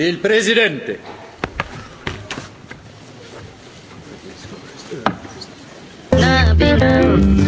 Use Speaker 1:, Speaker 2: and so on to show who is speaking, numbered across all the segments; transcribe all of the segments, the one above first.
Speaker 1: Il Presidente.
Speaker 2: Love you.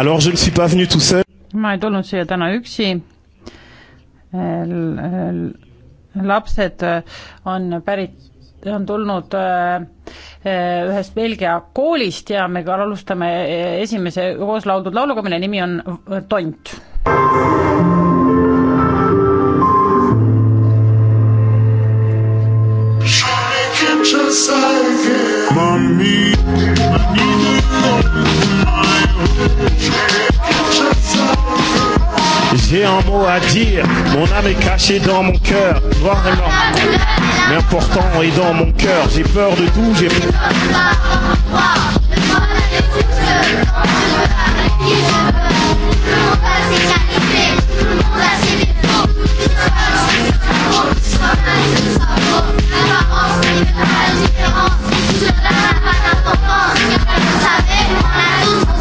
Speaker 3: Alors je ne suis pas venu tout seul. ma ei tulnud siia täna üksi. lapsed äh, on pärit, on tulnud äh, äh, ühest Belgia koolist ja me alustame esimese koos lauldud lauluga, mille nimi on Tont.
Speaker 2: Mami, mami, mami.
Speaker 4: J'ai un mot à dire, mon âme est cachée dans mon cœur, noir et blanc. Mais important est dans mon cœur, j'ai peur de tout, j'ai peur.
Speaker 2: Tout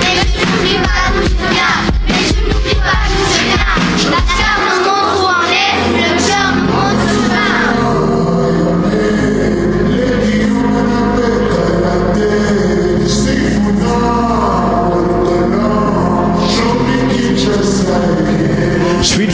Speaker 2: Mais ne t'oublie pas, nous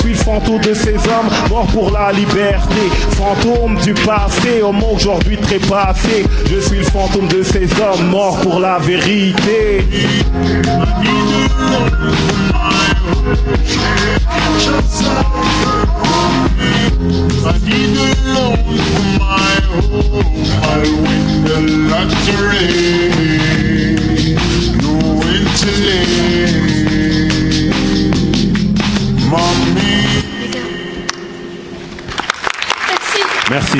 Speaker 4: suis le fantôme de ces hommes morts pour la liberté. Fantôme du passé, homme aujourd'hui trépassé. Je suis le fantôme de ces hommes morts pour la vérité.
Speaker 2: I need a loan for my home. I win the lottery. No intellect.
Speaker 4: Merci.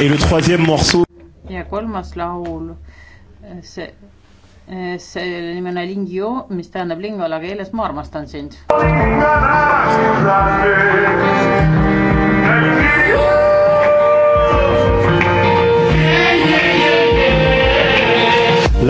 Speaker 4: Et le troisième morceau.
Speaker 3: ja kolmas laul, see, eh, selle nimi on Lingio, mis tähendab lingala keeles ma armastan sind.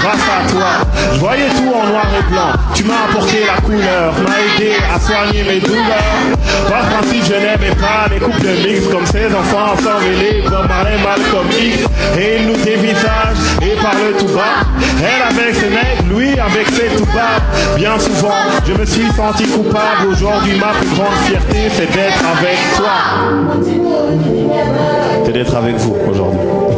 Speaker 4: Grâce à toi, je voyais tout en noir et blanc. Tu m'as apporté la couleur, m'as aidé à soigner mes douleurs. Par principe, je n'aimais pas les couples mixtes comme ces enfants ensorvelés, comme Marin mal comme X. Et il nous dévisage et parle tout bas. Elle avec ses mecs, lui avec ses tout bas. Bien souvent, je me suis senti coupable. Aujourd'hui, ma plus grande fierté, c'est d'être avec toi. C'est d'être avec vous aujourd'hui.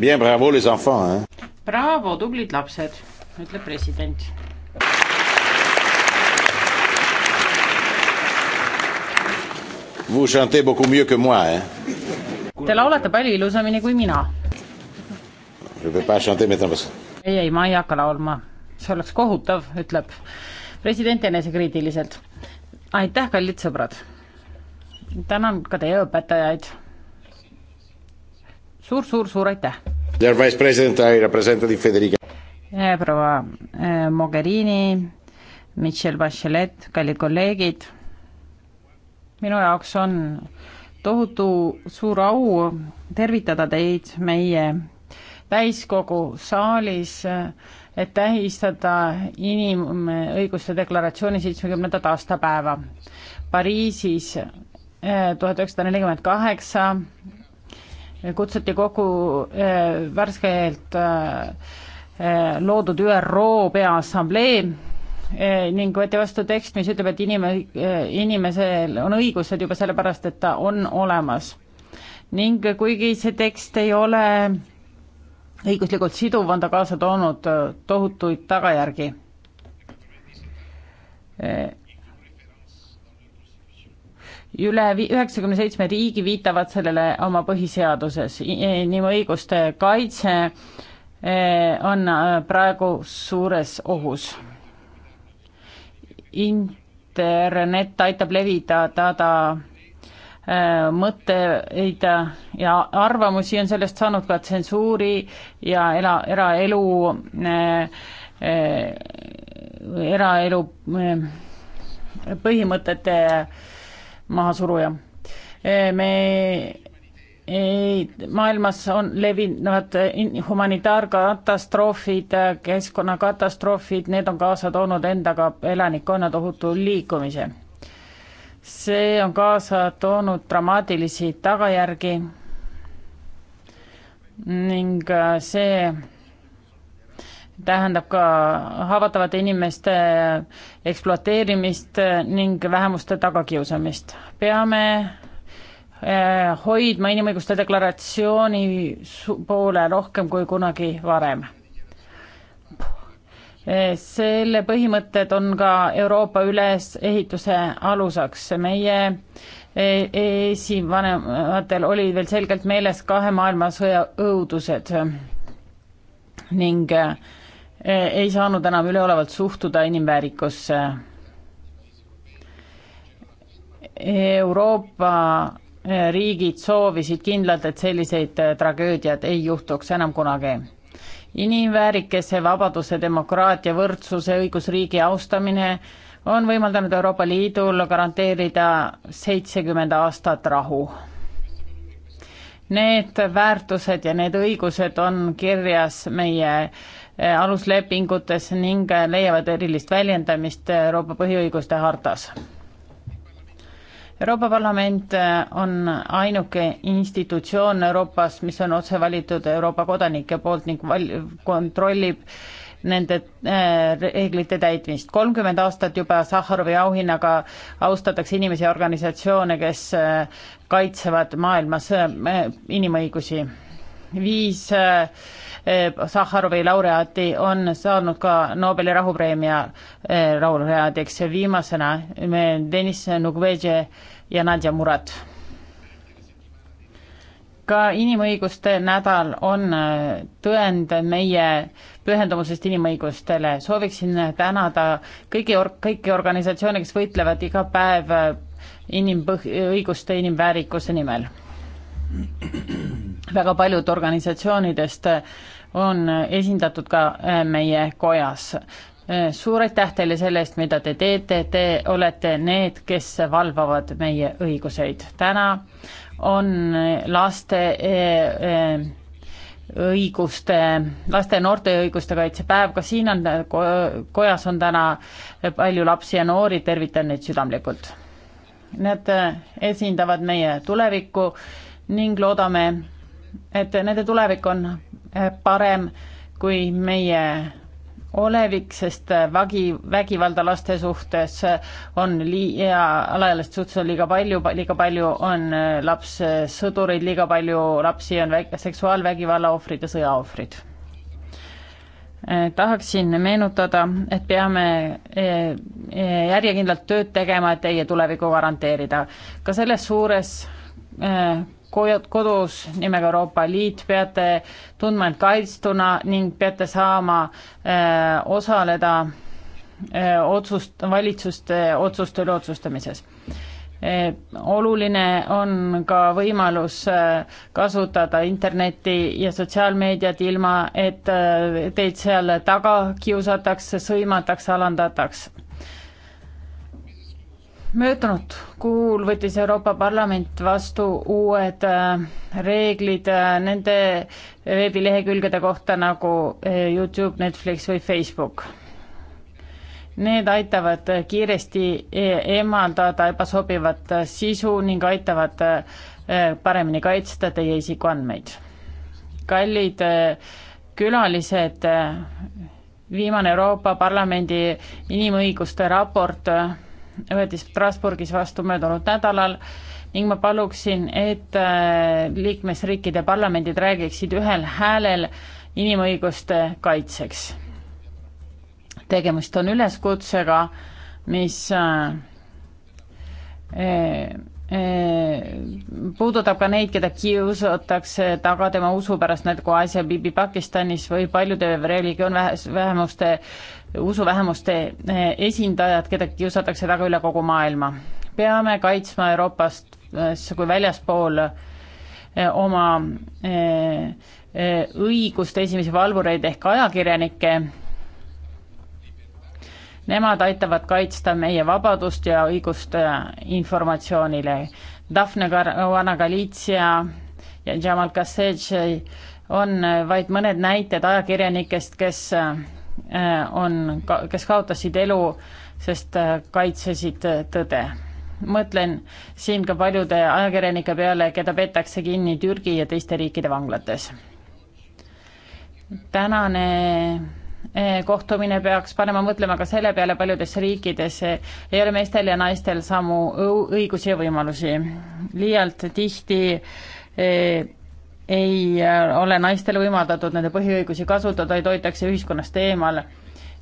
Speaker 1: bien, bravo les enfants, hein?
Speaker 3: Bravo, tublid lapsed, ütleb president.
Speaker 1: Vous chantez beaucoup mieux que moi, hein?
Speaker 3: Te laulate palju ilusamini kui mina.
Speaker 1: Je peux pas chanter maintenant parce
Speaker 3: ei, ei, ma ei hakka laulma. see oleks kohutav, ütleb president enesekriitiliselt. aitäh, kallid sõbrad. tänan ka teie õpetajaid suur,! suur-suur-suur aitäh! Eh, proua eh, Mogherini, Michel Bachelet, kallid kolleegid, minu jaoks on tohutu suur au tervitada teid meie täiskogu saalis, eh, et tähistada inimõiguste deklaratsiooni seitsmekümnendat aastapäeva. Pariisis tuhat üheksasada nelikümmend kaheksa kutsuti kogu eh, värskelt eh, eh, loodud ÜRO Peaassamblee ning võeti vastu tekst, mis ütleb, et inime, inimesel on õigused juba sellepärast, et ta on olemas. ning kuigi see tekst ei ole õiguslikult siduv, on ta kaasa toonud tohutuid tagajärgi üle üheksakümne seitsme riigi viitavad sellele oma põhiseaduses, inimõiguste e, kaitse e, on äh, praegu suures ohus. internet aitab levida tada äh, mõtteid ja arvamusi, on sellest saanud ka tsensuuri ja era, eraelu äh, eraelu põhimõtete äh, mahasuruja. E, me ei, maailmas on levinud humanitaarkatastroofid, keskkonnakatastroofid, need on kaasa toonud endaga elanikkonna tohutu liikumise. see on kaasa toonud dramaatilisi tagajärgi ning äh, see tähendab ka haavatavate inimeste ekspluateerimist ning vähemuste tagakiusamist. peame eh, hoidma inimõiguste deklaratsiooni poole rohkem kui kunagi varem. Eh, selle põhimõtted on ka Euroopa ülesehituse aluseks. meie eh, esivanematel oli veel selgelt meeles kahe maailmasõja õudused ning äh, Eh, ei saanud enam üleolevalt suhtuda inimväärikusse. Euroopa eh, riigid soovisid kindlalt, et selliseid eh, tragöödiad ei juhtuks enam kunagi. inimväärikese vabaduse, demokraatia, võrdsuse, õigusriigi austamine on võimaldanud Euroopa Liidul garanteerida seitsekümmend aastat rahu. Need väärtused ja need õigused on kirjas meie Eh, aluslepingutes ning eh, leiavad erilist väljendamist Euroopa põhiõiguste hartas. Euroopa Parlament eh, on ainuke institutsioon Euroopas, mis on otse valitud Euroopa kodanike poolt ning val-, kontrollib nende reeglite täitmist. kolmkümmend aastat juba Sahharovi auhinnaga austatakse inimesi ja organisatsioone, kes kaitsevad maailmas inimõigusi. viis Eh, Sahharovi laureaati on saanud ka Nobeli rahupreemia eh, laureaadiks ja viimasena Deniss Nugveje ja Nadja Murat. ka inimõiguste nädal on eh, tõend meie pühendumusest inimõigustele. sooviksin tänada kõigi or-, kõiki organisatsioone, kes võitlevad iga päev inimpõh-, õiguste, inimväärikuse nimel väga paljud organisatsioonidest on esindatud ka äh, meie kojas. Äh, suur aitäh teile selle eest, mida te teete, te olete need, kes valvavad meie õiguseid. täna on äh, laste õiguste, laste ja noorte õiguste kaitsepäev, ka siin on, kojas on täna palju lapsi ja noori, tervitan neid südamlikult. Nad esindavad meie tulevikku ning loodame, et nende tulevik on eh, parem kui meie olevik, sest eh, vägi, vägivalda laste suhtes eh, on lii- ja alaealiste suhtes on liiga palju, liiga palju on lapssõdureid, liiga palju lapsi on väik-, seksuaalvägivalla ohvrid ja sõjaohvrid tahaksin meenutada, et peame järjekindlalt tööd tegema, et teie tulevikku garanteerida. ka selles suures kojad kodus nimega Euroopa Liit, peate tundma end kaitstuna ning peate saama äh, osaleda äh, otsust, valitsuste otsuste üle otsustamises äh,. Oluline on ka võimalus äh, kasutada internetti ja sotsiaalmeediat ilma, et äh, teid seal taga kiusatakse, sõimatakse, alandatakse möödunud kuul võttis Euroopa Parlament vastu uued äh, reeglid äh, nende veebilehekülgede kohta nagu äh, Youtube, Netflix või Facebook. Need aitavad kiiresti eemaldada ebasobivat sisu ning aitavad paremini kaitsta teie isikuandmeid. kallid külalised, viimane Euroopa Parlamendi inimõiguste raport võeti Strasbourgis vastu möödunud nädalal ning ma paluksin, et äh, liikmesriikide parlamendid räägiksid ühel häälel inimõiguste kaitseks. tegemist on üleskutsega, mis äh, äh, puudutab ka neid, keda kiusatakse taga tema usu pärast, nagu Asia Bibi Pakistanis või paljude religioon vähemuste, usuvähemuste esindajad, keda kiusatakse taga üle kogu maailma. peame kaitsma Euroopast kui väljaspool oma õiguste esimesi valvureid ehk ajakirjanikke Nemad aitavad kaitsta meie vabadust ja õigust äh, informatsioonile. Daphne Caruana Galizia ja Jamal Khashoggi on äh, vaid mõned näited ajakirjanikest, kes äh, on, kes kaotasid elu, sest kaitsesid tõde. mõtlen siin ka paljude ajakirjanike peale, keda peetakse kinni Türgi ja teiste riikide vanglates. tänane Eh, kohtumine peaks panema mõtlema ka selle peale paljudes riikides ei ole meestel ja naistel samu õigusi ja võimalusi. liialt tihti eh, ei eh, ole naistele võimaldatud nende põhiõigusi kasutada, ei toitakse ühiskonnast eemal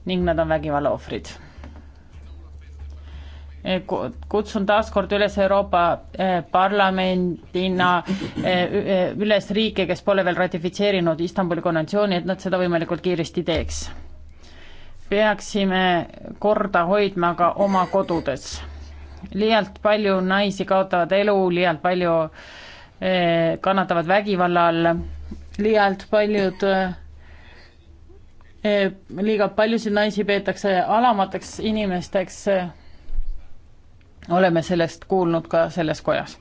Speaker 3: ning nad on vägivalla ohvrid Eh, kutsun taaskord üles Euroopa eh, Parlamendina eh, üles riike, kes pole veel ratifitseerinud Istanbuli konventsiooni, et nad seda võimalikult kiiresti teeks. peaksime korda hoidma ka oma kodudes. liialt palju naisi kaotavad elu, liialt palju kannatavad vägivalla all, liialt paljud liiga paljusid naisi peetakse alamateks inimesteks oleme sellest kuulnud ka selles kojas.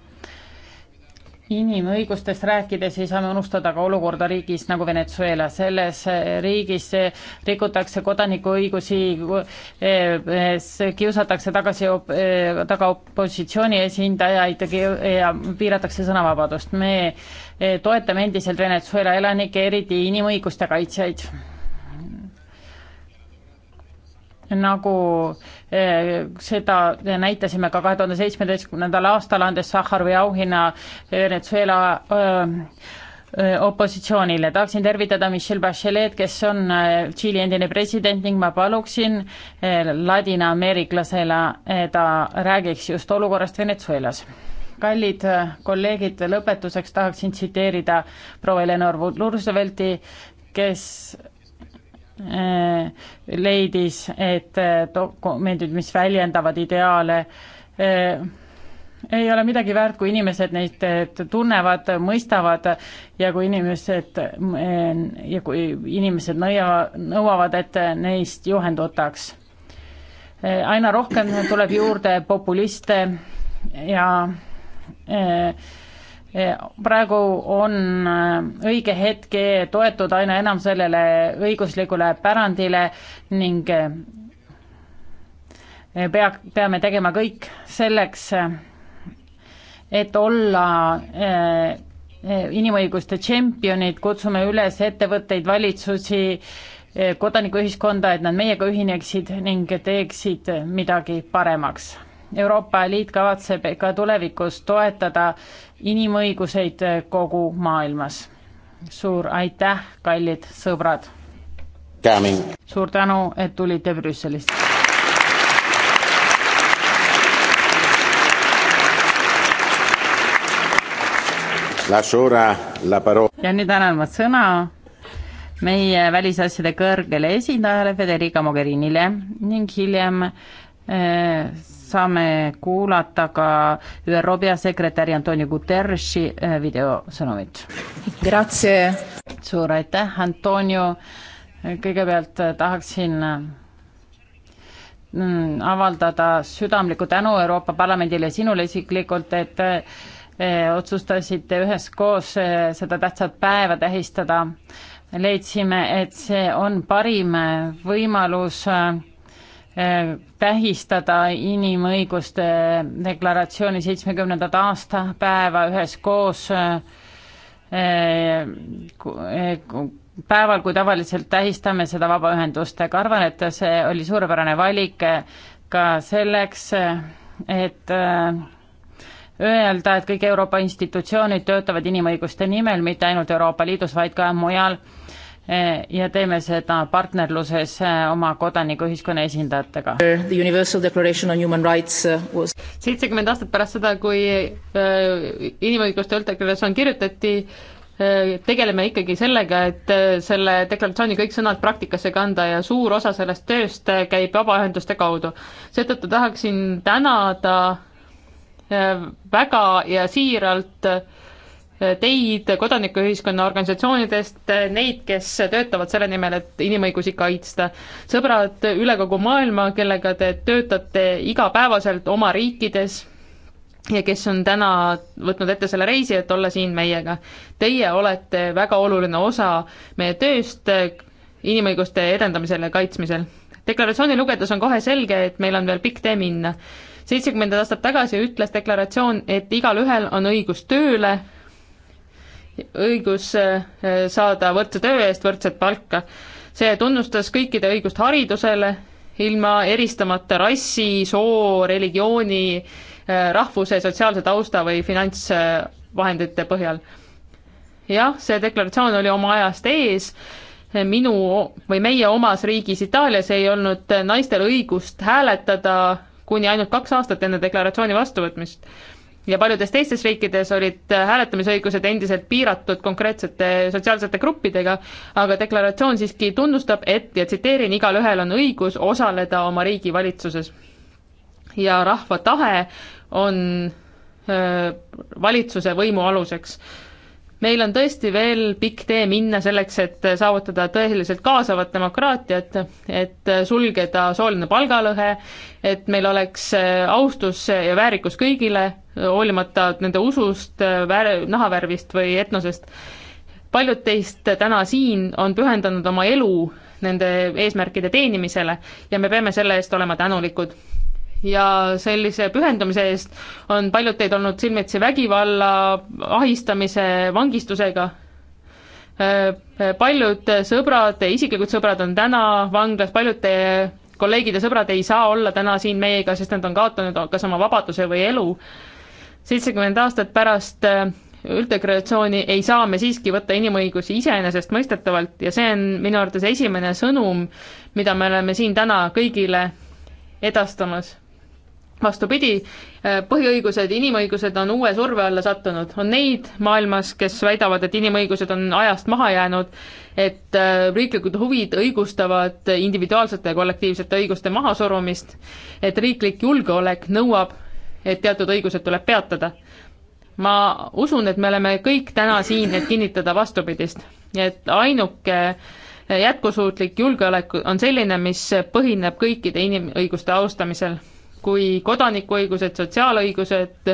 Speaker 3: inimõigustest rääkides ei saa me unustada ka olukorda riigis nagu Venezuela, selles riigis rikutakse kodanikuõigusi, eh, kiusatakse tagasi op-, eh, taga opositsiooni esindajaid ja piiratakse sõnavabadust. me eh, toetame endiselt Venezuela elanikke, eriti inimõiguste kaitsjaid nagu eh, seda näitasime ka kahe tuhande seitsmeteistkümnendal aastal, andes Sahharovi auhinna Venezuela eh, opositsioonile. tahaksin tervitada Michelle Bachelet, kes on eh, Tšiili endine president ning ma paluksin ladinaameeriklasele, ta räägiks just olukorrast Venezuelas. kallid kolleegid, lõpetuseks tahaksin tsiteerida proua Eleonor Roosevelti, kes Äh, leidis, et äh, dokumendid, mis väljendavad ideaale, äh, ei ole midagi väärt, kui inimesed neid tunnevad, mõistavad ja kui inimesed ja kui inimesed nõia, nõuavad, et neist juhendutaks. aina rohkem tuleb juurde populiste ja Eh, praegu on eh, õige hetk eh, toetuda aina enam sellele õiguslikule pärandile ning pea, peame tegema kõik selleks, et olla inimõiguste tšempionid, kutsume üles ettevõtteid, valitsusi, kodanikuühiskonda, et nad meiega ühineksid ning teeksid midagi paremaks. Euroopa Liit kavatseb ka tulevikus toetada inimõiguseid eh, kogu maailmas. suur aitäh, kallid sõbrad! suur tänu, et tulite
Speaker 1: Brüsselist! ja nüüd annan
Speaker 3: ma sõna meie välisasjade kõrgele esindajale Federica Mogherinile ning hiljem äh, saame kuulata ka ÜRO peasekretäri Antonio Guterresi äh, videosõnumit. suur aitäh, Antonio, kõigepealt äh, tahaksin äh, mm, avaldada südamlikku tänu Euroopa Parlamendile ja sinule isiklikult, et otsustasite üheskoos seda tähtsat päeva tähistada. leidsime, et see on parim võimalus Äh, tähistada inimõiguste deklaratsiooni seitsmekümnendat aastapäeva üheskoos äh, äh, päeval, kui tavaliselt tähistame seda vabaühendustega, arvan, et see oli suurepärane valik ka selleks, et öelda, et kõik Euroopa institutsioonid töötavad inimõiguste nimel, mitte ainult Euroopa Liidus, vaid ka mujal äh, ja teeme seda partnerluses äh, oma kodanikuühiskonna
Speaker 5: esindajatega. Äh, seitsekümmend aastat pärast seda, kui äh, inimõiguste ülddeklaratsioon kirjutati, tegeleme ikkagi sellega, et selle deklaratsiooni kõik sõnad praktikasse kanda ja suur osa sellest tööst käib vabaühenduste kaudu. seetõttu tahaksin tänada väga ja siiralt äh, teid, kodanikuühiskonna organisatsioonidest, neid, kes töötavad selle nimel, et inimõigusi kaitsta. sõbrad üle kogu maailma, kellega te töötate igapäevaselt oma riikides ja kes on täna võtnud ette selle reisi, et olla siin meiega. Teie olete väga oluline osa meie tööst inimõiguste edendamisel ja kaitsmisel. deklaratsiooni lugedes on kohe selge, et meil on veel pikk tee minna seitsekümmend aastat tagasi ütles deklaratsioon, et igalühel on õigus tööle, õigus äh, saada võrdse töö eest võrdset palka. see tunnustas kõikide õigust haridusele, ilma eristamata rassi, soo, religiooni, äh, rahvuse, sotsiaalse tausta või finantsvahendite põhjal. jah, see deklaratsioon oli oma ajast ees, minu või meie omas riigis Itaalias ei olnud naistel õigust hääletada kuni ainult kaks aastat enne deklaratsiooni vastuvõtmist ja paljudes teistes riikides olid hääletamisõigused endiselt piiratud konkreetsete sotsiaalsete gruppidega, aga deklaratsioon siiski tunnustab, et, ja tsiteerin, igalühel on õigus osaleda oma riigi valitsuses. ja rahva tahe on öö, valitsuse võimu aluseks meil on tõesti veel pikk tee minna selleks, et saavutada tõeliselt kaasavat demokraatiat, et sulgeda sooline palgalõhe, et meil oleks austus ja väärikus kõigile hoolimata nende usust, vär-, nahavärvist või etnosest. paljud teist täna siin on pühendanud oma elu nende eesmärkide teenimisele ja me peame selle eest olema tänulikud. ja sellise pühendumise eest on paljud teid olnud silmitsi vägivalla, ahistamise, vangistusega, paljud sõbrad, isiklikud sõbrad on täna vanglas, paljud teie kolleegid ja sõbrad ei saa olla täna siin meiega, sest nad on kaotanud kas oma vabaduse või elu seitsekümmend aastat pärast äh, ülddeklaratsiooni ei saa me siiski võtta inimõigusi iseenesestmõistetavalt ja see on minu arvates esimene sõnum, mida me oleme siin täna kõigile edastamas. vastupidi, äh, põhiõigused, inimõigused on uue surve alla sattunud, on neid maailmas, kes väidavad, et inimõigused on ajast maha jäänud, et äh, riiklikud huvid õigustavad individuaalsete ja kollektiivsete õiguste mahasurumist, et riiklik julgeolek nõuab et teatud õigused tuleb peatada. ma usun, et me oleme kõik täna siin, et kinnitada vastupidist, et ainuke jätkusuutlik julgeolek on selline, mis põhineb kõikide inimõiguste austamisel. kui kodanikuõigused, sotsiaalõigused,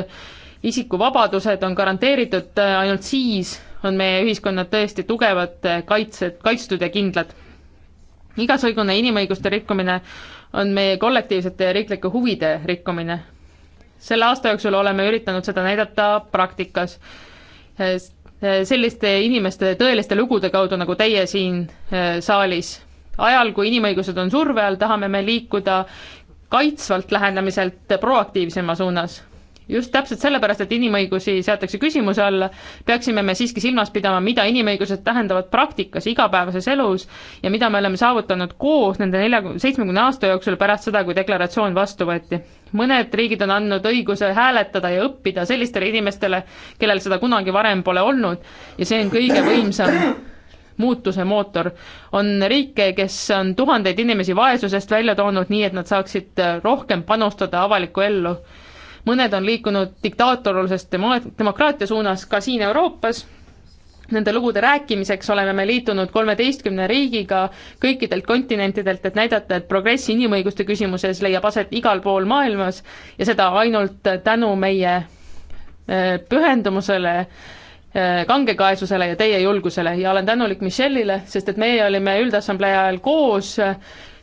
Speaker 5: isikuvabadused on garanteeritud, ainult siis on meie ühiskonnad tõesti tugevad, kaitsed, kaitstud ja kindlad. igasugune inimõiguste rikkumine on meie kollektiivsete ja riiklike huvide rikkumine selle aasta jooksul oleme üritanud seda näidata praktikas. selliste inimeste tõeliste lugude kaudu, nagu teie siin eh, saalis. ajal, kui inimõigused on surve all, tahame me liikuda kaitsvalt lähenemiselt proaktiivsema suunas just täpselt sellepärast, et inimõigusi seatakse küsimuse alla, peaksime me siiski silmas pidama, mida inimõigused tähendavad praktikas, igapäevases elus ja mida me oleme saavutanud koos nende nelja, seitsmekümne aasta jooksul pärast seda, kui deklaratsioon vastu võeti. mõned riigid on andnud õiguse hääletada ja õppida sellistele inimestele, kellel seda kunagi varem pole olnud ja see on kõige võimsam muutuse mootor. on riike, kes on tuhandeid inimesi vaesusest välja toonud, nii et nad saaksid rohkem panustada avalikku ellu mõned on liikunud diktaatorlusest demo-, demokraatia suunas ka siin Euroopas, nende lugude rääkimiseks oleme me liitunud kolmeteistkümne riigiga kõikidelt kontinentidelt, et näidata, et progress inimõiguste küsimuses leiab aset igal pool maailmas ja seda ainult tänu meie äh, pühendumusele, äh, kangekaesusele ja teie julgusele ja olen tänulik Michelle'ile, sest et meie olime üldassamblee ajal koos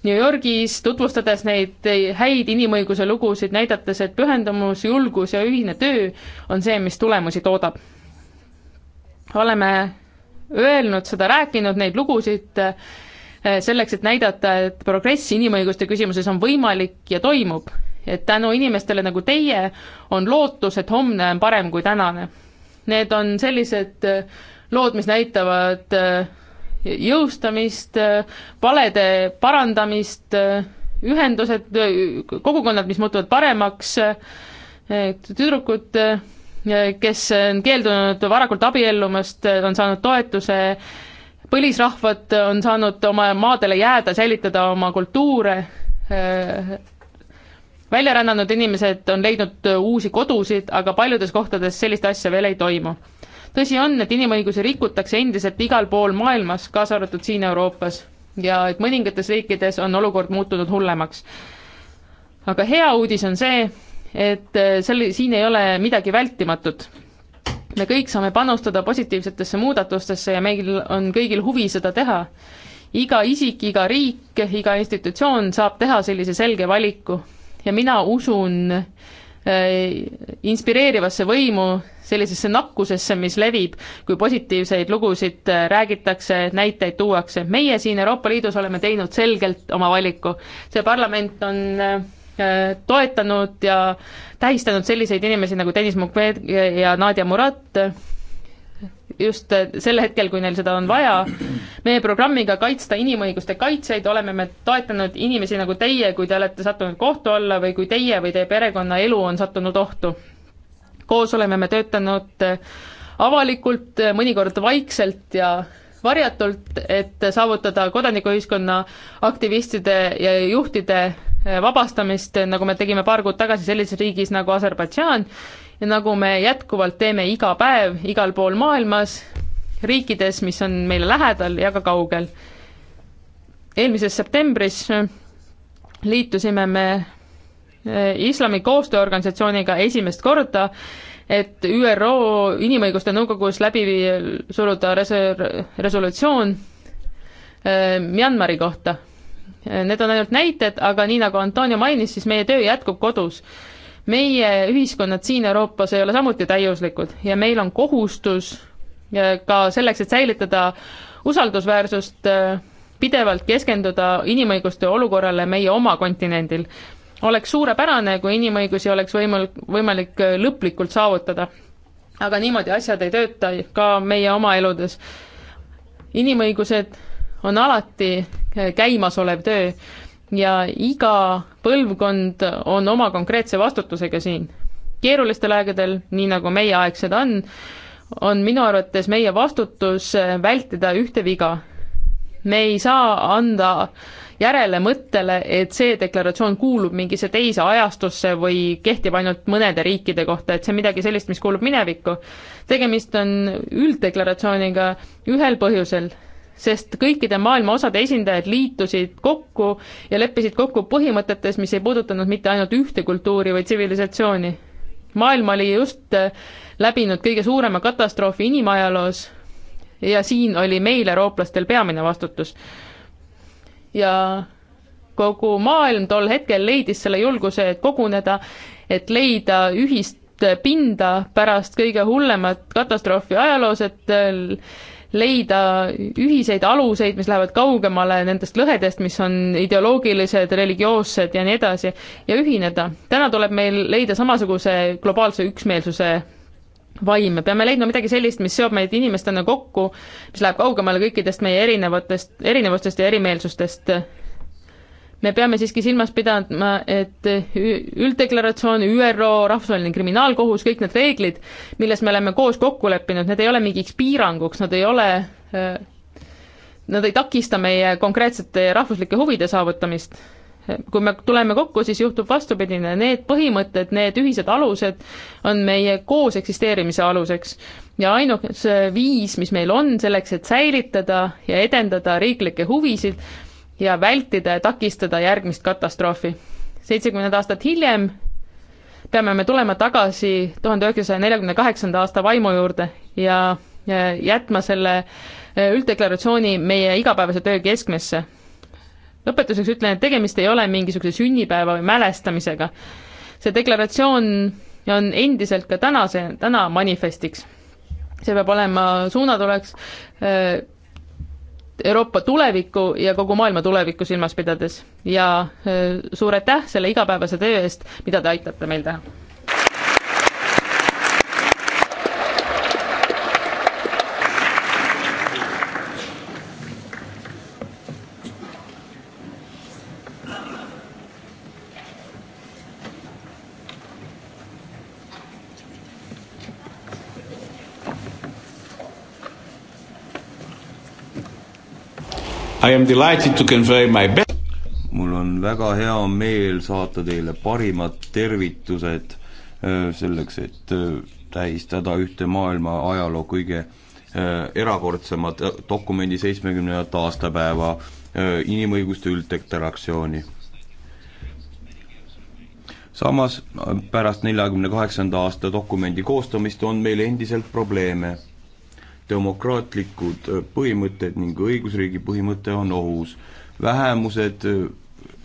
Speaker 5: New Yorgis, tutvustades neid häid inimõiguse lugusid, näidates, et pühendumus, julgus ja ühine töö on see, mis tulemusi toodab. oleme öelnud seda, rääkinud neid lugusid eh, selleks, et näidata, et progress inimõiguste küsimuses on võimalik ja toimub. et tänu inimestele nagu teie on lootus, et homne on parem kui tänane. Need on sellised eh, lood, mis näitavad äh, jõustamist, valede parandamist, ühendused, kogukonnad, mis muutuvad paremaks, tüdrukud, kes on keeldunud varakult abiellumast, on saanud toetuse, põlisrahvad on saanud oma maadele jääda, säilitada oma kultuure, välja rännanud inimesed on leidnud uusi kodusid, aga paljudes kohtades sellist asja veel ei toimu tõsi on, et inimõigusi rikutakse endiselt igal pool maailmas, kaasa arvatud siin Euroopas ja et mõningates riikides on olukord muutunud hullemaks. aga hea uudis on see, et äh, selle, siin ei ole midagi vältimatut. me kõik saame panustada positiivsetesse muudatustesse ja meil on kõigil huvi seda teha. iga isik, iga riik, iga institutsioon saab teha sellise selge valiku ja mina usun, Äh, inspireerivasse võimu, sellisesse nakkusesse, mis levib, kui positiivseid lugusid äh, räägitakse, näiteid tuuakse. meie siin Euroopa Liidus oleme teinud selgelt oma valiku. see parlament on äh, toetanud ja tähistanud selliseid inimesi nagu Deniss Mukwege ja Nadia Murat, just äh, sel hetkel, kui neil seda on vaja. meie programmiga Kaitsta inimõiguste kaitsjaid oleme me toetanud inimesi nagu teie, kui te olete sattunud kohtu alla või kui teie või teie perekonna elu on sattunud ohtu. koos oleme me töötanud äh, avalikult, äh, mõnikord vaikselt ja varjatult, et saavutada kodanikuühiskonna aktivistide ja juhtide vabastamist, nagu me tegime paar kuud tagasi sellises riigis nagu Aserbaidžaan nagu me jätkuvalt teeme iga päev igal pool maailmas, riikides, mis on meile lähedal ja ka kaugel. eelmises septembris liitusime me eh, islami koostööorganisatsiooniga esimest korda, et ÜRO Inimõiguste Nõukogus läbi suruda res-, resolutsioon eh, Myanmari kohta. Eh, need on ainult näited, aga nii, nagu Antonio mainis, siis meie töö jätkub kodus meie ühiskonnad siin Euroopas ei ole samuti täiuslikud ja meil on kohustus ka selleks, et säilitada usaldusväärsust, pidevalt keskenduda inimõiguste olukorrale meie oma kontinendil. oleks suurepärane, kui inimõigusi oleks võimalik, võimalik lõplikult saavutada. aga niimoodi asjad ei tööta ka meie oma eludes. inimõigused on alati käimasolev töö ja iga põlvkond on oma konkreetse vastutusega siin. keerulistel aegadel, nii nagu meie aeg seda on, on minu arvates meie vastutus eh, vältida ühte viga. me ei saa anda järele mõttele, et see deklaratsioon kuulub mingisse teise ajastusse või kehtib ainult mõnede riikide kohta, et see on midagi sellist, mis kuulub minevikku. tegemist on ülddeklaratsiooniga ühel põhjusel sest kõikide maailma osade esindajad liitusid kokku ja leppisid kokku põhimõtetes, mis ei puudutanud mitte ainult ühte kultuuri või tsivilisatsiooni. maailm oli just äh, läbinud kõige suurema katastroofi inimajaloos ja siin oli meil, eurooplastel, peamine vastutus. ja kogu maailm tol hetkel leidis selle julguse, et koguneda, et leida ühist pinda pärast kõige hullemat katastroofi ajaloos, et äh, leida ühiseid aluseid, mis lähevad kaugemale nendest lõhedest, mis on ideoloogilised, religioossed ja nii edasi, ja ühineda. täna tuleb meil leida samasuguse globaalse üksmeelsuse vaim, me peame leidma midagi sellist, mis seob meid inimestena kokku, mis läheb kaugemale kõikidest meie erinevatest, erinevustest ja erimeelsustest me peame siiski silmas pidama, et ülddeklaratsioon, ÜRO, Rahvusvaheline Kriminaalkohus, kõik need reeglid, milles me oleme koos kokku leppinud, need ei ole mingiks piiranguks, nad ei ole äh, Nad ei takista meie konkreetsete rahvuslike huvide saavutamist kui me tuleme kokku, siis juhtub vastupidine, need põhimõtted, need ühised alused on meie koos eksisteerimise aluseks. ja ainus viis, mis meil on selleks, et säilitada ja edendada riiklikke huvisid, ja vältida ja takistada järgmist katastroofi. seitsekümmend aastat hiljem peame me tulema tagasi tuhande üheksasaja neljakümne kaheksanda aasta vaimu juurde ja jätma selle eh, ülddeklaratsiooni meie igapäevase töö keskmesse. lõpetuseks ütlen, et tegemist ei ole mingisuguse sünnipäeva või mälestamisega. see deklaratsioon on endiselt ka tänase, täna manifestiks. see peab olema suunatuleks eh, Euroopa tulevikku ja kogu maailma tulevikku silmas pidades ja äh, suur aitäh selle igapäevase töö eest, mida te aitate meil teha!
Speaker 6: I am delighted to convey my best mul on väga hea meel saata teile parimad tervitused äh, selleks, et äh, tähistada ühte maailma ajaloo kõige äh, erakordsema dokumendi seitsmekümnendat aastapäeva inimõiguste ülddeklaratsiooni. samas pärast neljakümne kaheksanda aasta dokumendi koostamist on meil endiselt probleeme demokraatlikud äh, põhimõtted ning õigusriigi põhimõte on ohus. vähemused äh,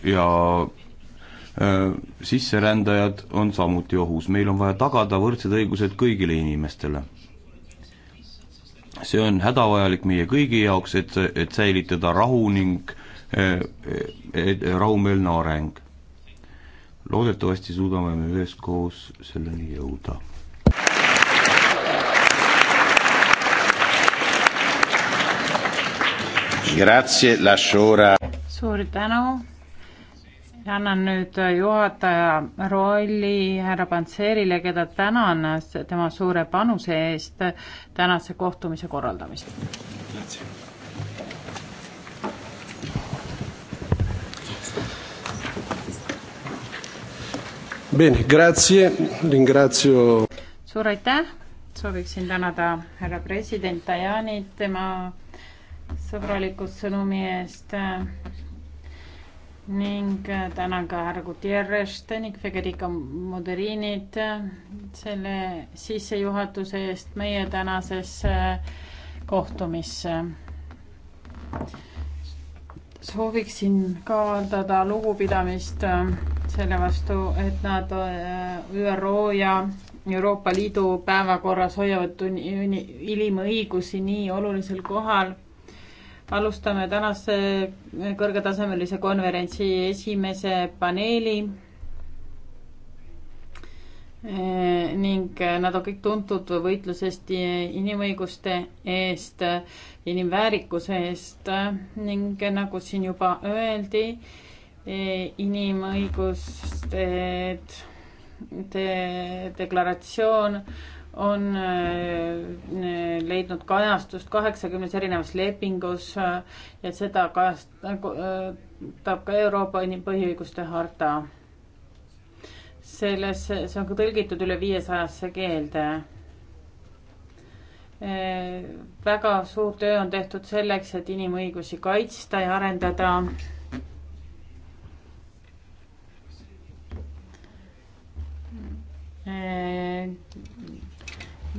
Speaker 6: ja äh, sisserändajad on samuti ohus, meil on vaja tagada võrdsed õigused kõigile inimestele. see on hädavajalik meie kõigi jaoks, et, et säilitada rahu ning äh, äh, rahumeelne areng. loodetavasti suudame me üheskoos selleni jõuda
Speaker 3: suur tänu. annan nüüd juhataja rolli härra Pantserile, keda tänan tema suure panuse eest tänase kohtumise korraldamist.
Speaker 7: Bene, grazie, ringrazio.
Speaker 3: suur aitäh, sooviksin tänada härra president Tajanit, tema sõbraliku sõnumi eest ning äh, tänan ka härra Gutierrest ning Federica Moderinit äh, selle sissejuhatuse eest meie tänasesse äh, kohtumisse. sooviksin ka avaldada lugupidamist selle vastu, et nad ÜRO ja Euroopa Liidu päevakorras hoiavad inimõigusi nii olulisel kohal alustame tänase kõrgetasemelise konverentsi esimese paneeli eh, ning eh, nad on kõik tuntud võitlusest inimõiguste eest, inimväärikuse eest ning eh, nagu siin juba öeldi, inimõiguste deklaratsioon on äh, leidnud kajastust kaheksakümnes erinevas lepingus äh, ja seda kajastab nagu, äh, ka Euroopa põhiõiguste harta. selles, see on ka tõlgitud üle viiesajasse keelde. väga suur töö on tehtud selleks, et inimõigusi kaitsta ja arendada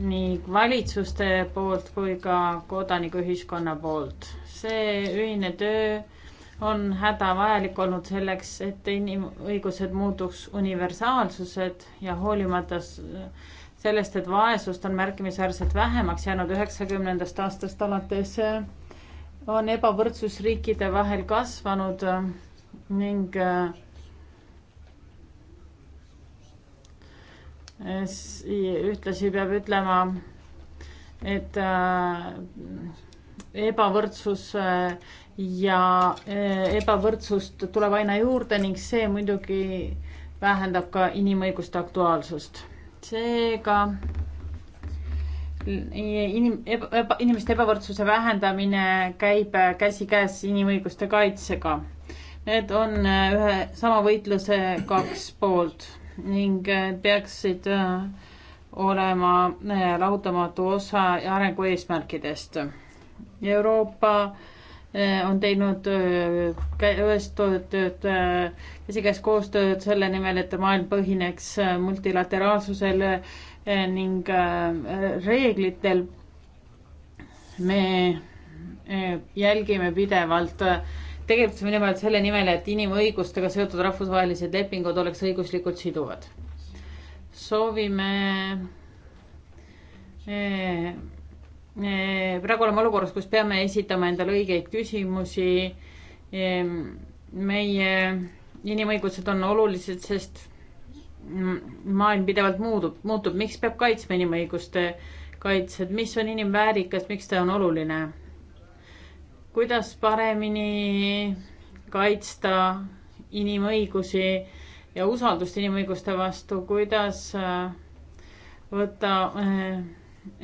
Speaker 3: nii valitsuste poolt kui ka kodanikuühiskonna poolt. see ühine töö on hädavajalik olnud selleks, et inimõigused muutuks universaalsused ja hoolimata sellest, et vaesust on märkimisväärselt vähemaks jäänud üheksakümnendast aastast alates, on ebavõrdsus riikide vahel kasvanud ning äh, ühtlasi peab ütlema, et äh, ebavõrdsus äh, ja äh, ebavõrdsust tuleb aina juurde ning see muidugi vähendab ka inimõiguste aktuaalsust. seega inim-, eba, inimeste ebavõrdsuse vähendamine käib käsikäes inimõiguste kaitsega. Need on ühe sama võitluse kaks poolt ning eh, peaksid eh, olema eh, lahutamatu osa arengu eesmärkidest. Euroopa on teinud koostööd, käsikäes koostööd selle nimel, et maailm põhineks multilateraalsusel ning reeglitel. me jälgime pidevalt äh, tegutseme nimelt selle nimel, et inimõigustega seotud rahvusvahelised lepingud oleks õiguslikult siduvad. soovime eh, eh, praegu oleme olukorras, kus peame esitama endale õigeid küsimusi. Ehm, meie inimõigused on olulised, sest maailm pidevalt muutub, muutub, miks peab kaitsma inimõiguste kaitset, mis on inimväärikas, miks ta on oluline kuidas paremini kaitsta inimõigusi ja usaldust inimõiguste vastu, kuidas äh, võtta äh,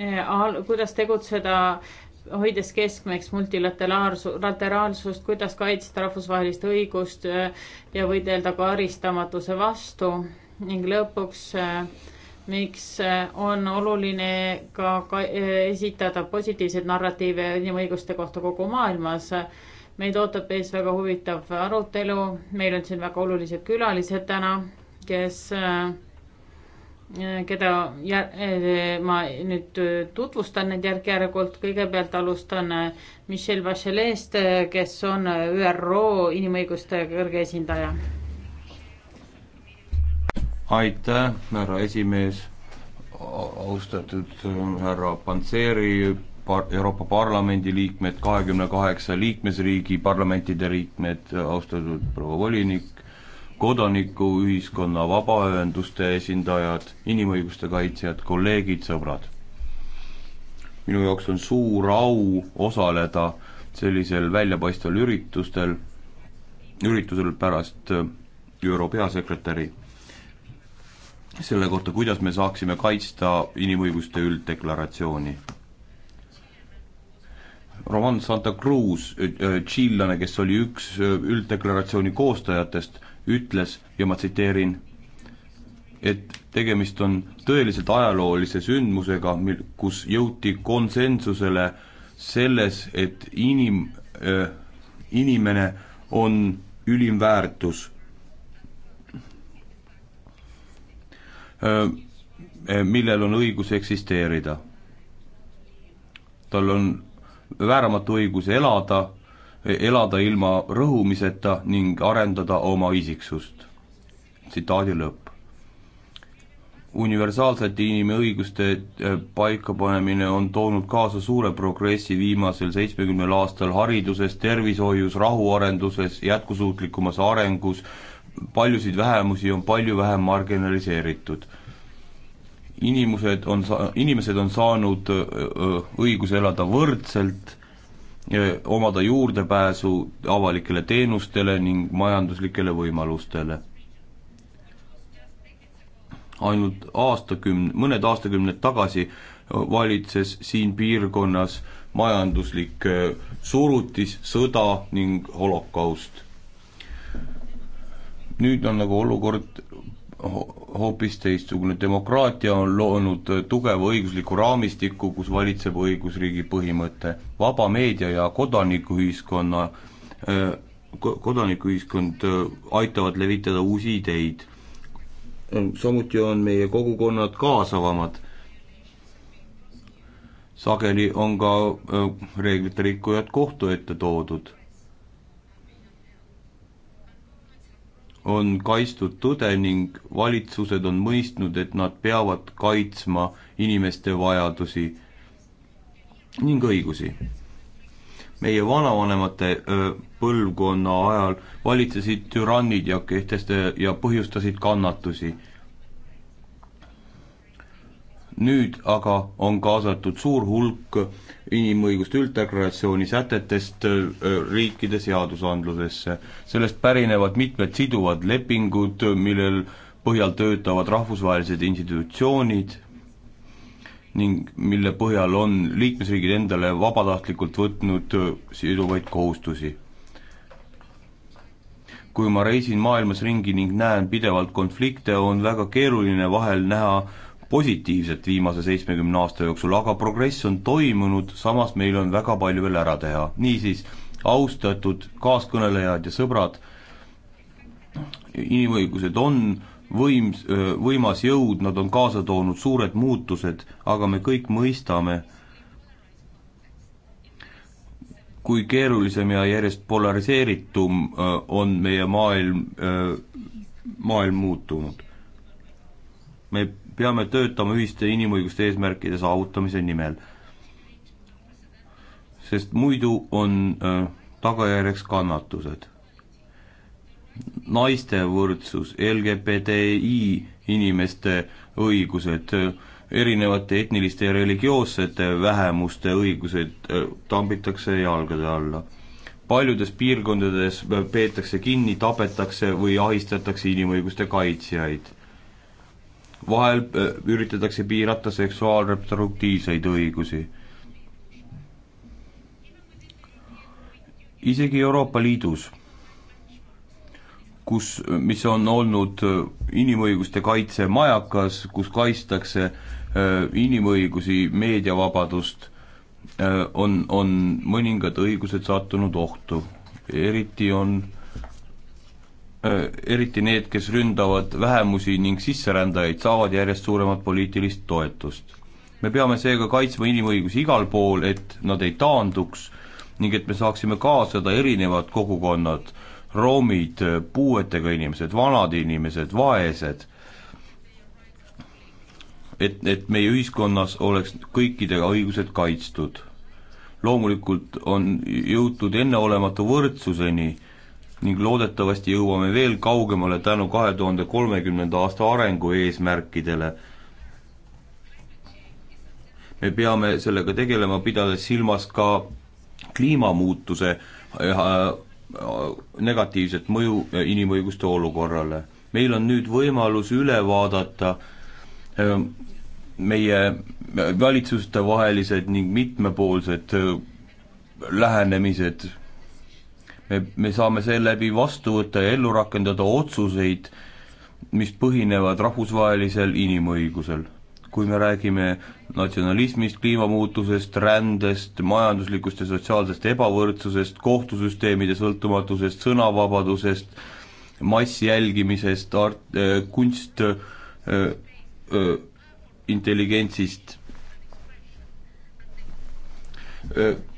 Speaker 3: äh, kuidas tegutseda, hoides keskmeks multilateraalsust, kuidas kaitsta rahvusvahelist õigust ja võidelda karistamatuse vastu ning lõpuks äh, miks äh, on oluline ka, ka äh, esitada positiivseid narratiive inimõiguste kohta kogu maailmas. meid ootab ees väga huvitav arutelu, meil on siin väga olulised külalised täna, kes, äh, keda ma nüüd tutvustan nüüd järk-järgult, kõigepealt alustan Michelle Bachelet'st, kes on ÜRO inimõiguste kõrge esindaja
Speaker 6: aitäh, härra esimees, austatud äh, härra Panseri, par-, Euroopa Parlamendi liikmed, kahekümne kaheksa liikmesriigi parlamentide liikmed, austatud proua volinik, kodanikuühiskonna vabaühenduste esindajad, inimõiguste kaitsjad, kolleegid, sõbrad. minu jaoks on suur au osaleda sellisel väljapaistval üritustel, üritusel pärast äh, ÜRO peasekretäri selle kohta, kuidas me saaksime kaitsta inimõiguste ülddeklaratsiooni. Roman Santa Cruz, äh, äh, tšiillane, kes oli üks äh, ülddeklaratsiooni koostajatest, ütles ja ma tsiteerin, et tegemist on tõeliselt ajaloolise sündmusega, mil, kus jõuti konsensusele selles, et inim, inimene on ülim väärtus Äh, äh, millel on õigus eksisteerida. tal on vääramatu õigus elada, elada ilma rõhumiseta ning arendada oma isiksust. tsitaadi lõpp. universaalsete inimõiguste äh, paikapanemine on toonud kaasa suure progressi viimasel seitsmekümnel aastal hariduses, tervishoius, rahuarenduses, jätkusuutlikumas arengus, paljusid vähemusi on palju vähem marginaliseeritud. inimesed on sa-, inimesed on saanud õiguse elada võrdselt, omada juurdepääsu avalikele teenustele ning majanduslikele võimalustele. ainult aastakümn-, mõned aastakümned tagasi valitses siin piirkonnas majanduslik surutis, sõda ning holokaust nüüd on nagu olukord hoopis teistsugune, demokraatia on loonud tugeva õigusliku raamistiku, kus valitseb õigusriigi põhimõte. vaba meedia ja kodanikuühiskonna, kodanikuühiskond aitavad levitada uusi ideid. samuti on meie kogukonnad kaasavamad. sageli on ka reeglite rikkujad kohtu ette toodud on kaitstud tõde ning valitsused on mõistnud, et nad peavad kaitsma inimeste vajadusi ning õigusi. meie vanavanemate põlvkonna ajal valitsesid türannid ja kehteste- ja põhjustasid kannatusi. nüüd aga on kaasatud suur hulk inimõiguste ülddeklaratsiooni sätetest äh, riikide seadusandlusesse. sellest pärinevad mitmed siduvad lepingud, millel põhjal töötavad rahvusvahelised institutsioonid ning mille põhjal on liikmesriigid endale vabatahtlikult võtnud äh, siduvaid kohustusi. kui ma reisin maailmas ringi ning näen pidevalt konflikte, on väga keeruline vahel näha positiivset viimase seitsmekümne aasta jooksul, aga progress on toimunud, samas meil on väga palju veel ära teha. niisiis, austatud kaaskõnelejad ja sõbrad, inimõigused on võims, võimas jõud, nad on kaasa toonud suured muutused, aga me kõik mõistame, kui keerulisem ja järjest polariseeritum äh, on meie maailm, äh, maailm muutunud. me peame töötama ühiste inimõiguste eesmärkide saavutamise nimel. sest muidu on äh, tagajärjeks kannatused. naiste võrdsus, LGBTI inimeste õigused, äh, erinevate etniliste ja religioossete vähemuste õigused äh, tambitakse jalgade alla. paljudes piirkondades äh, peetakse kinni, tapetakse või ahistatakse inimõiguste kaitsjaid vahel äh, üritatakse piirata seksuaalreproduktiivseid õigusi. isegi Euroopa Liidus, kus, mis on olnud äh, inimõiguste kaitse majakas, kus kaitstakse äh, inimõigusi, meediavabadust, on, on mõningad õigused sattunud ohtu. eriti on äh, Äh, eriti need, kes ründavad vähemusi ning sisserändajaid, saavad järjest suuremat poliitilist toetust. me peame seega kaitsma inimõigusi igal pool, et nad ei taanduks ning et me saaksime kaasada erinevad kogukonnad, roomid, puuetega inimesed, vanad inimesed, vaesed, et, et meie ühiskonnas oleks kõikidega õigused kaitstud. loomulikult on jõutud enneolematu võrdsuseni ning loodetavasti jõuame veel kaugemale tänu kahe tuhande kolmekümnenda aasta arengu eesmärkidele. me peame sellega tegelema, pidades silmas ka kliimamuutuse äh, äh, negatiivset mõju äh, inimõiguste olukorrale. meil on nüüd võimalus üle vaadata ähm, meie valitsustevahelised ning mitmepoolsed lähenemised me, me saame seeläbi vastu võtta ja ellu rakendada otsuseid, mis põhinevad rahvusvahelisel inimõigusel. kui me räägime natsionalismist, kliimamuutusest, rändest, majanduslikust ja sotsiaalsest ebavõrdsusest, kohtusüsteemide sõltumatusest, sõnavabadusest, massjälgimisest, art-, äh, kunst, äh, äh, intelligentsist,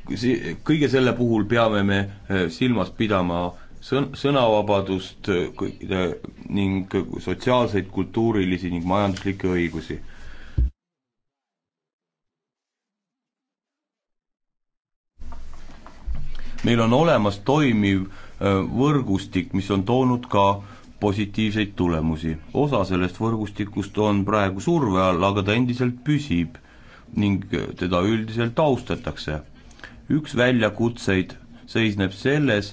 Speaker 6: kõige selle puhul peame me eh, silmas pidama sõn-, sõnavabadust eh, kõikide eh, ning sotsiaalseid, kultuurilisi ning majanduslikke õigusi. meil on olemas toimiv võrgustik, mis on toonud ka positiivseid tulemusi. osa sellest võrgustikust on praegu surve all, aga ta endiselt püsib ning teda üldiselt austatakse üks väljakutseid seisneb selles,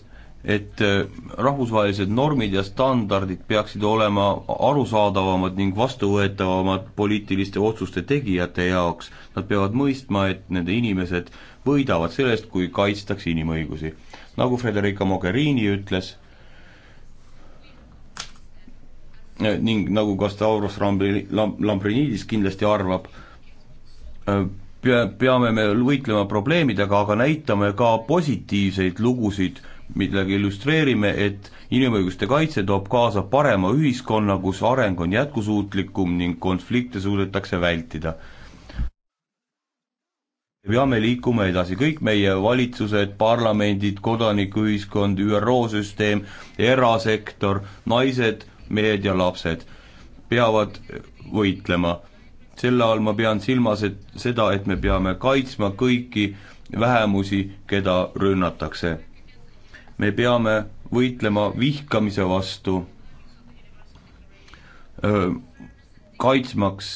Speaker 6: et äh, rahvusvahelised normid ja standardid peaksid olema arusaadavamad ning vastuvõetavamad poliitiliste otsuste tegijate jaoks. Nad peavad mõistma, et nende inimesed võidavad sellest, kui kaitstakse inimõigusi. nagu Federica Mogherini ütles, äh, ning nagu ka Stavros Lambrinidis kindlasti arvab, äh, pea, peame me võitlema probleemidega, aga näitame ka positiivseid lugusid, millega illustreerime, et inimõiguste kaitse toob kaasa parema ühiskonna, kus areng on jätkusuutlikum ning konflikte suudetakse vältida. peame liikuma edasi, kõik meie valitsused, parlamendid, kodanikuühiskond, ÜRO süsteem, erasektor, naised, mehed ja lapsed peavad võitlema selle all ma pean silmas, et seda, et me peame kaitsma kõiki vähemusi, keda rünnatakse. me peame võitlema vihkamise vastu, kaitsmaks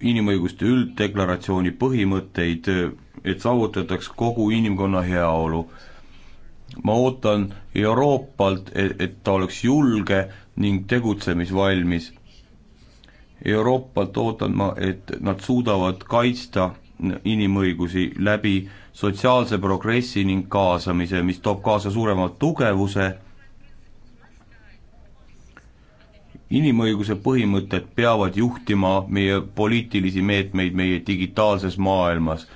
Speaker 6: inimõiguste ülddeklaratsiooni põhimõtteid, et saavutataks kogu inimkonna heaolu. ma ootan Euroopalt, et ta oleks julge ning tegutsemisvalmis Euroopalt ootan ma, et nad suudavad kaitsta inimõigusi läbi sotsiaalse progressi ning kaasamise, mis toob kaasa suurema tugevuse, inimõiguse põhimõtted peavad juhtima meie poliitilisi meetmeid meie digitaalses maailmas.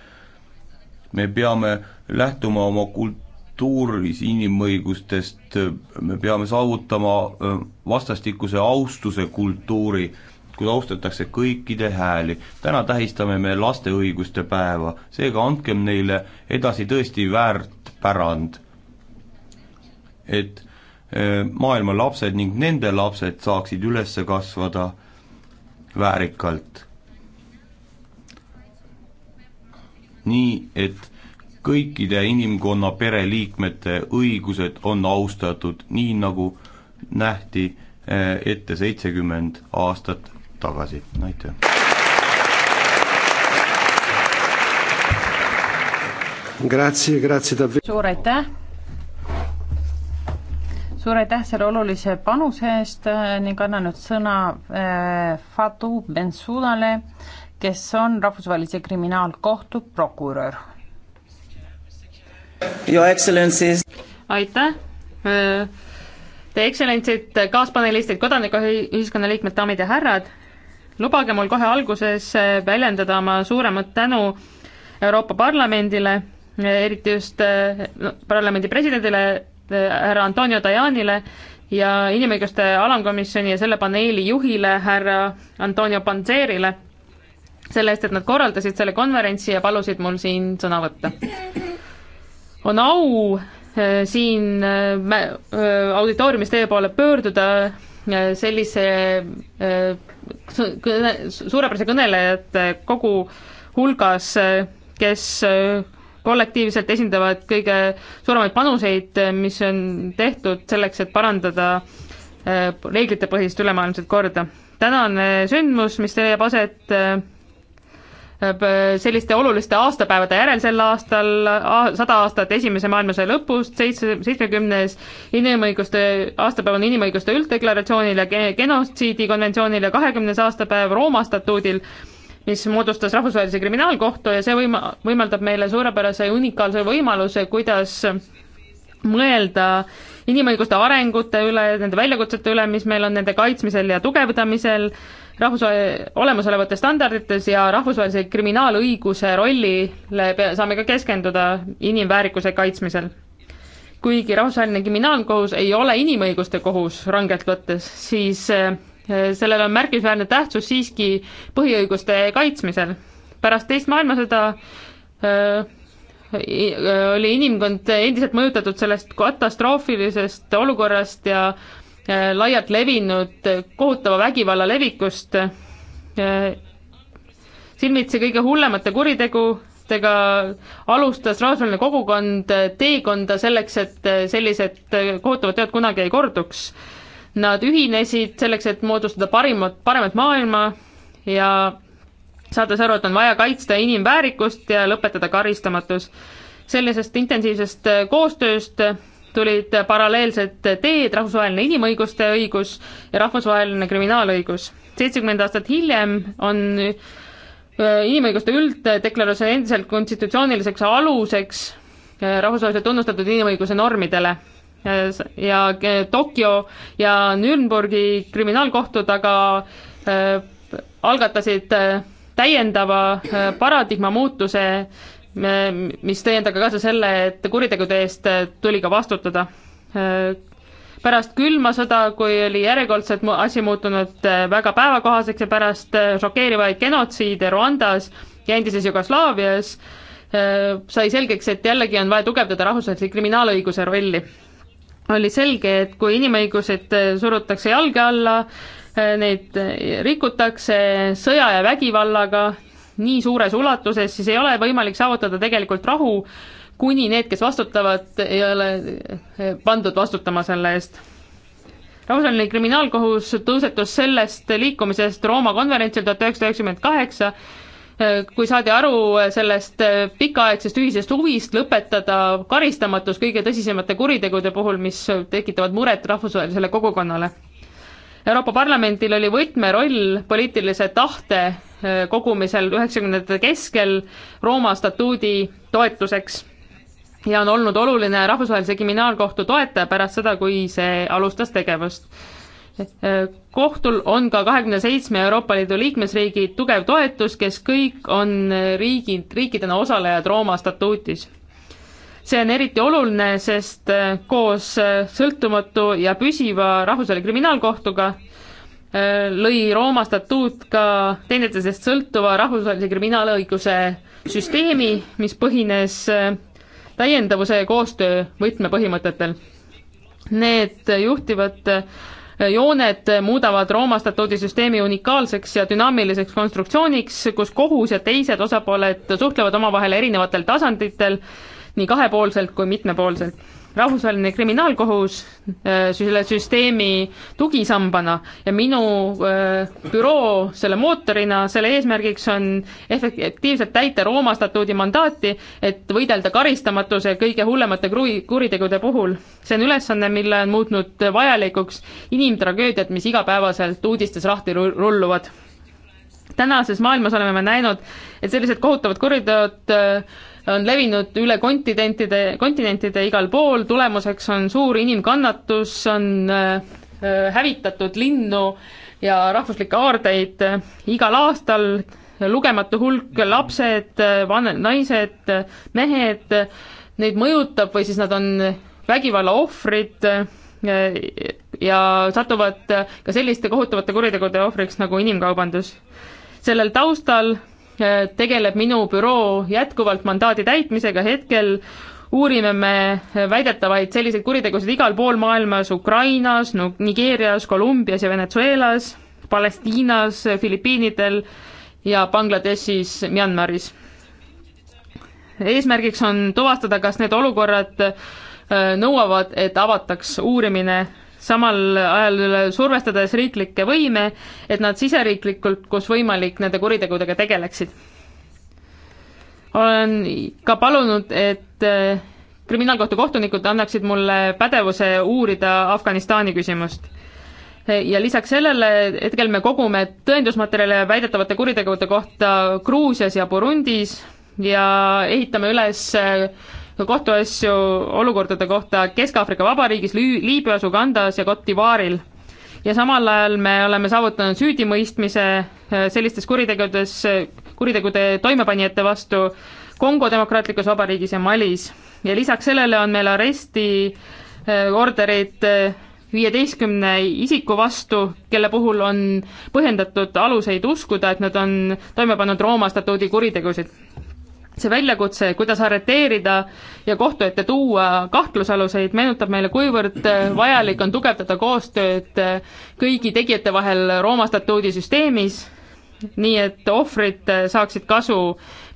Speaker 6: me peame lähtuma oma kultuuris inimõigustest, me peame saavutama äh, vastastikuse austuse kultuuri, kus austatakse kõikide hääli. täna tähistame me laste õiguste päeva, seega andkem neile edasi tõesti väärt pärand. et eh, maailma lapsed ning nende lapsed saaksid üles kasvada väärikalt. nii, et kõikide inimkonna pereliikmete õigused on austatud, nii nagu nähti eh, ette seitsekümmend aastat tagasi, aitäh.
Speaker 2: suur aitäh.
Speaker 3: suur aitäh selle olulise panuse eest eh, ning annan nüüd sõna äh, eh, Fatou Bensudale, kes on
Speaker 5: Rahvusvahelise Kriminaalkohtu prokurör. aitäh äh,. Teie ekstsellentsid, kaaspanelistid, kodanikuühiskonna liikmed, daamid ja härrad lubage mul kohe alguses eh, väljendada oma suuremat tänu Euroopa Parlamendile, eriti just eh, parlamendi presidendile, eh, härra Antonio Tajanile ja inimõiguste alamkomisjoni ja selle paneeli juhile, härra Antonio Panzerile, selle eest, et nad korraldasid selle konverentsi ja palusid mul siin sõna võtta. on au siin auditooriumis teie poole pöörduda sellise äh, suurepärase kõnelejate kogu hulgas, kes äh, kollektiivselt esindavad kõige suuremaid panuseid, mis on tehtud selleks, et parandada äh, reeglitepõhist ülemaailmset korda. tänane sündmus, mis leiab aset Äh, selliste oluliste aastapäevade järel sel aastal, sada aastat Esimese maailmasõja lõpust, seitse, seitsmekümnes inimõiguste, aastapäevane inimõiguste ülddeklaratsioonile, genotsiidi konventsioonile, kahekümnes aastapäev Rooma statuudil, mis moodustas Rahvusvahelise Kriminaalkohtu ja see võima-, võimaldab meile suurepärase ja unikaalse võimaluse, kuidas mõelda inimõiguste arengute üle, nende väljakutsete üle, mis meil on nende kaitsmisel ja tugevdamisel, rahvusvahe, olemasolevate standardites ja rahvusvahelise kriminaalõiguse rollile pea, saame ka keskenduda inimväärikuse kaitsmisel. kuigi Rahvusvaheline Kriminaalkohus ei ole inimõiguste kohus rangelt võttes, siis eh, sellel on märkimisväärne tähtsus siiski põhiõiguste kaitsmisel. pärast teist maailmasõda öö, eh, oli inimkond endiselt mõjutatud sellest katastroofilisest olukorrast ja laialt levinud kohutava vägivalla levikust, silmitsi kõige hullemate kuritegudega alustas rahvusvaheline kogukond teekonda selleks, et sellised kohutavad teod kunagi ei korduks. Nad ühinesid selleks, et moodustada parimat, paremat maailma ja saades aru, et on vaja kaitsta inimväärikust ja lõpetada karistamatus. sellisest intensiivsest koostööst tulid paralleelsed teed, rahvusvaheline inimõiguste õigus ja rahvusvaheline kriminaalõigus. seitsekümmend aastat hiljem on äh, inimõiguste ülddeklaratsioon endiselt konstitutsiooniliseks aluseks äh, rahvusvaheliselt tunnustatud inimõiguse normidele ja äh, Tokyo ja Nürnbergi kriminaalkohtud aga algatasid täiendava paradigma muutuse mis tõi endaga kaasa selle, et kuritegude eest äh, tuli ka vastutada. Äh, pärast külma sõda, kui oli järjekordselt asi muutunud äh, väga päevakohaseks ja pärast šokeerivaid genotsiide Rwandas ja endises Jugoslaavias, sai selgeks, et jällegi on vaja tugevdada rahvusvahelise kriminaalõiguse rolli. oli selge, et kui inimõigused surutakse jalge alla, neid rikutakse sõja ja vägivallaga nii suures ulatuses, siis ei ole võimalik saavutada tegelikult rahu, kuni need, kes vastutavad, ei ole eh, pandud vastutama selle eest. rahvusvaheline kriminaalkohus tõusetus sellest liikumisest Rooma konverentsil tuhat üheksasada üheksakümmend kaheksa, eh, kui saadi aru sellest eh, pikaaegsest ühisest huvist lõpetada karistamatus kõige tõsisemate kuritegude puhul, mis tekitavad muret rahvusvahelisele kogukonnale Euroopa Parlamendil oli võtmeroll poliitilise tahte äh, kogumisel üheksakümnendate keskel Rooma statuudi toetuseks ja on olnud oluline rahvusvahelise kriminaalkohtu toetaja pärast seda, kui see alustas tegevust. Äh, kohtul on ka kahekümne seitsme Euroopa Liidu liikmesriigi tugev toetus, kes kõik on riigid, riikidena osalejad Rooma statuutis see on eriti oluline, sest äh, koos äh, sõltumatu ja püsiva rahvusvahelise kriminaalkohtuga äh, lõi Rooma statuut ka teineteisest sõltuva rahvusvahelise kriminaalõiguse süsteemi, mis põhines täiendavuse ja koostöö võtmepõhimõtetel. Need juhtivad jooned muudavad Rooma statuudi süsteemi unikaalseks ja dünaamiliseks konstruktsiooniks, kus kohus ja teised osapooled suhtlevad omavahel erinevatel tasanditel nii kahepoolselt kui mitmepoolselt. rahvusvaheline kriminaalkohus äh, selle süsteemi tugisambana ja minu äh, büroo selle mootorina, selle eesmärgiks on efektiivselt täita Rooma statuudi mandaati, et võidelda karistamatuse kõige hullemate kru-, kuritegude puhul. see on ülesanne, mille on muutnud vajalikuks inimtragöödiad, mis igapäevaselt uudistes lahti rulluvad tänases maailmas oleme me näinud, et sellised kohutavad kuriteod äh, on levinud üle kontinentide, kontinentide igal pool, tulemuseks on suur inimkannatus, on äh, äh, hävitatud linnu ja rahvuslikke aardeid äh, igal aastal, lugematu hulk lapsed, van-, naised, mehed, neid mõjutab või siis nad on vägivalla ohvrid ja satuvad ka selliste kohutavate kuritegude ohvriks nagu inimkaubandus. sellel taustal Eh, tegeleb minu büroo jätkuvalt mandaadi täitmisega, hetkel uurime me eh, väidetavaid selliseid kuritegusid igal pool maailmas, Ukrainas, Nigeerias, Kolumbias ja Venezuelas, Palestiinas, Filipiinidel ja Bangladeshis, Myanmaris. eesmärgiks on tuvastada, kas need olukorrad eh, nõuavad, et avataks uurimine samal ajal survestades riiklikke võime, et nad siseriiklikult, kus võimalik, nende kuritegudega tegeleksid. olen ka palunud, et eh, kriminaalkohtu kohtunikud annaksid mulle pädevuse uurida Afganistani küsimust. Eh, ja lisaks sellele hetkel me kogume tõendusmaterjale väidetavate kuritegude kohta Gruusias ja Burundis ja ehitame üles eh, kohtuasju olukordade kohta Kesk-Aafrika Vabariigis, Liibüas, Ugandas ja Cote d'Ivoire'il. ja samal ajal me oleme saavutanud süüdimõistmise äh, sellistes kuritegudes, äh, kuritegude toimepanijate vastu Kongo Demokraatlikus Vabariigis ja Malis. ja lisaks sellele on meil aresti äh, orderid viieteistkümne isiku vastu, kelle puhul on põhjendatud aluseid uskuda, et nad on toime pannud Rooma statuudi kuritegusid see väljakutse, kuidas arreteerida ja kohtu ette tuua kahtlusaluseid, meenutab meile, kuivõrd äh, vajalik on tugevdada koostööd äh, kõigi tegijate vahel Rooma statuudi süsteemis, nii et ohvrid äh, saaksid kasu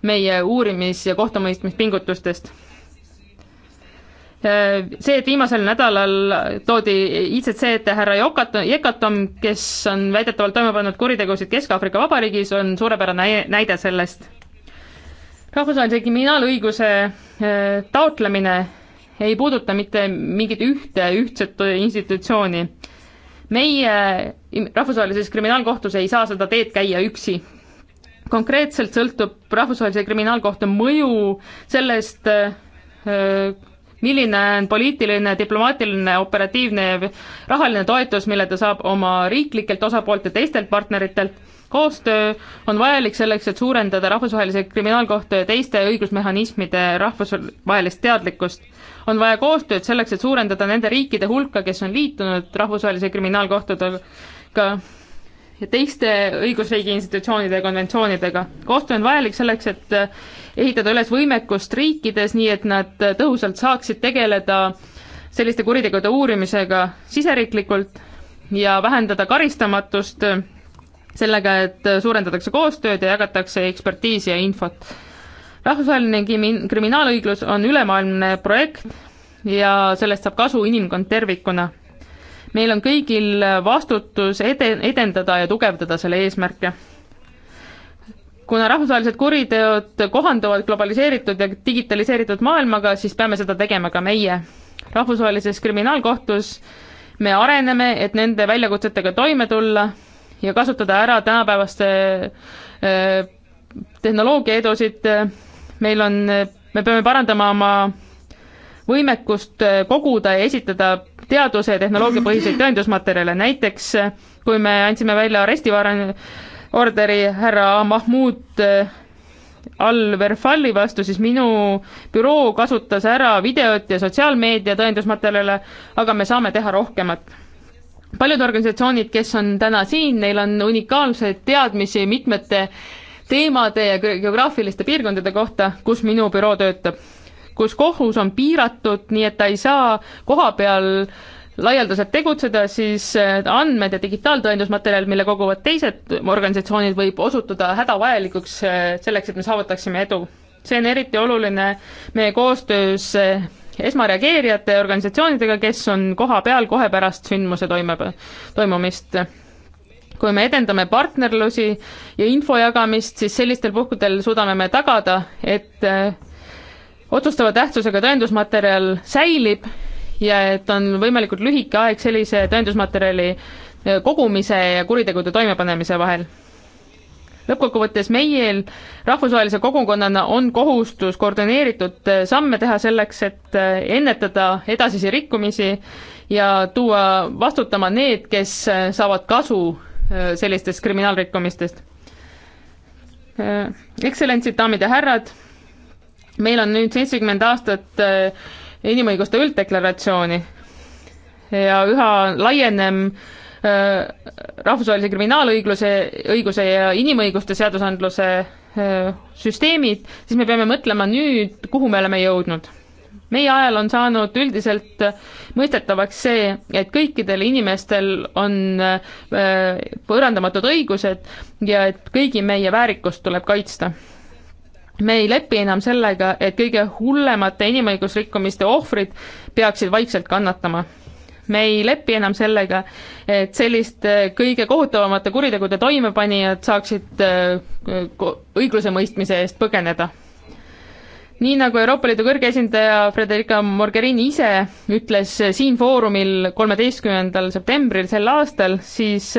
Speaker 5: meie uurimis- ja kohtumõistmispingutustest. See, et viimasel nädalal toodi ICC ette härra Jokato-, Jekatom, kes on väidetavalt toime pannud kuritegusid Kesk-Aafrika Vabariigis, on suurepärane näide sellest rahvusvahelise kriminaalõiguse eh, taotlemine ei puuduta mitte mingit ühte ühtset institutsiooni. meie rahvusvahelises kriminaalkohtus ei saa seda teed käia üksi. konkreetselt sõltub rahvusvahelise kriminaalkohtu mõju sellest, eh, milline on poliitiline, diplomaatiline, operatiivne, rahaline toetus, mille ta saab oma riiklikelt osapooltelt ja teistelt partneritelt. koostöö on vajalik selleks, et suurendada rahvusvahelise kriminaalkohtu ja teiste õigusmehhanismide rahvusvahelist teadlikkust. on vaja koostööd selleks, et suurendada nende riikide hulka, kes on liitunud rahvusvahelise kriminaalkohtadega ja teiste õigusriigi institutsioonide ja konventsioonidega. koostöö on vajalik selleks, et äh, ehitada üles võimekust riikides, nii et nad äh, tõhusalt saaksid tegeleda selliste kuritegude uurimisega siseriiklikult ja vähendada karistamatust äh, sellega, et suurendatakse koostööd ja jagatakse ekspertiisi ja infot. rahvusvaheline krimin-, kriminaalõiglus on ülemaailmne projekt ja sellest saab kasu inimkond tervikuna meil on kõigil vastutus ede-, edendada ja tugevdada selle eesmärke kuna rahvusvahelised kuriteod kohanduvad globaliseeritud ja digitaliseeritud maailmaga, siis peame seda tegema ka meie. rahvusvahelises kriminaalkohtus me areneme, et nende väljakutsetega toime tulla ja kasutada ära tänapäevaste äh, tehnoloogia edusid, meil on, me peame parandama oma võimekust äh, koguda ja esitada teaduse ja tehnoloogiapõhiseid tõendusmaterjale, näiteks äh, kui me andsime välja arestiorderi härra Mahmud äh, Al-Verfalli vastu, siis minu büroo kasutas ära videot ja sotsiaalmeedia tõendusmaterjale, aga me saame teha rohkemat. paljud organisatsioonid, kes on täna siin, neil on unikaalseid teadmisi mitmete teemade ja geograafiliste piirkondade kohta, kus minu büroo töötab kus kohus on piiratud, nii et ta ei saa koha peal laialdaselt tegutseda, siis äh, andmed ja digitaaltõendusmaterjal, mille koguvad teised organisatsioonid, võib osutuda hädavajalikuks äh, selleks, et me saavutaksime edu. see on eriti oluline meie koostöös äh, esmareageerijate organisatsioonidega, kes on koha peal kohe pärast sündmuse toime, toimumist kui me edendame partnerlusi ja info jagamist, siis sellistel puhkudel suudame me tagada, et otsustava tähtsusega tõendusmaterjal säilib ja et on võimalikult lühike aeg sellise tõendusmaterjali kogumise ja kuritegude toimepanemise vahel. lõppkokkuvõttes meil rahvusvahelise kogukonnana on kohustus koordineeritud samme teha selleks, et ennetada edasisi rikkumisi ja tuua vastutama need, kes saavad kasu sellistest kriminaalrikkumistest. Ekstsellentsid, daamid ja härrad meil on nüüd seitsekümmend aastat äh, inimõiguste ülddeklaratsiooni ja üha laienem äh, rahvusvahelise kriminaalõigluse, õiguse ja inimõiguste seadusandluse äh, süsteemid, siis me peame mõtlema nüüd, kuhu me oleme jõudnud. meie ajal on saanud üldiselt mõistetavaks see, et kõikidel inimestel on võõrandamatud õigused ja et kõigi meie väärikust tuleb kaitsta me ei lepi enam sellega, et kõige hullemate inimõigusrikkumiste ohvrid peaksid vaikselt kannatama. me ei lepi enam sellega, et selliste äh, kõige kohutavamate kuritegude toimepanijad saaksid äh, õiglusemõistmise eest põgeneda. nii nagu Euroopa Liidu kõrge esindaja Frederica Morgherini ise ütles äh, siin foorumil kolmeteistkümnendal septembril sel aastal, siis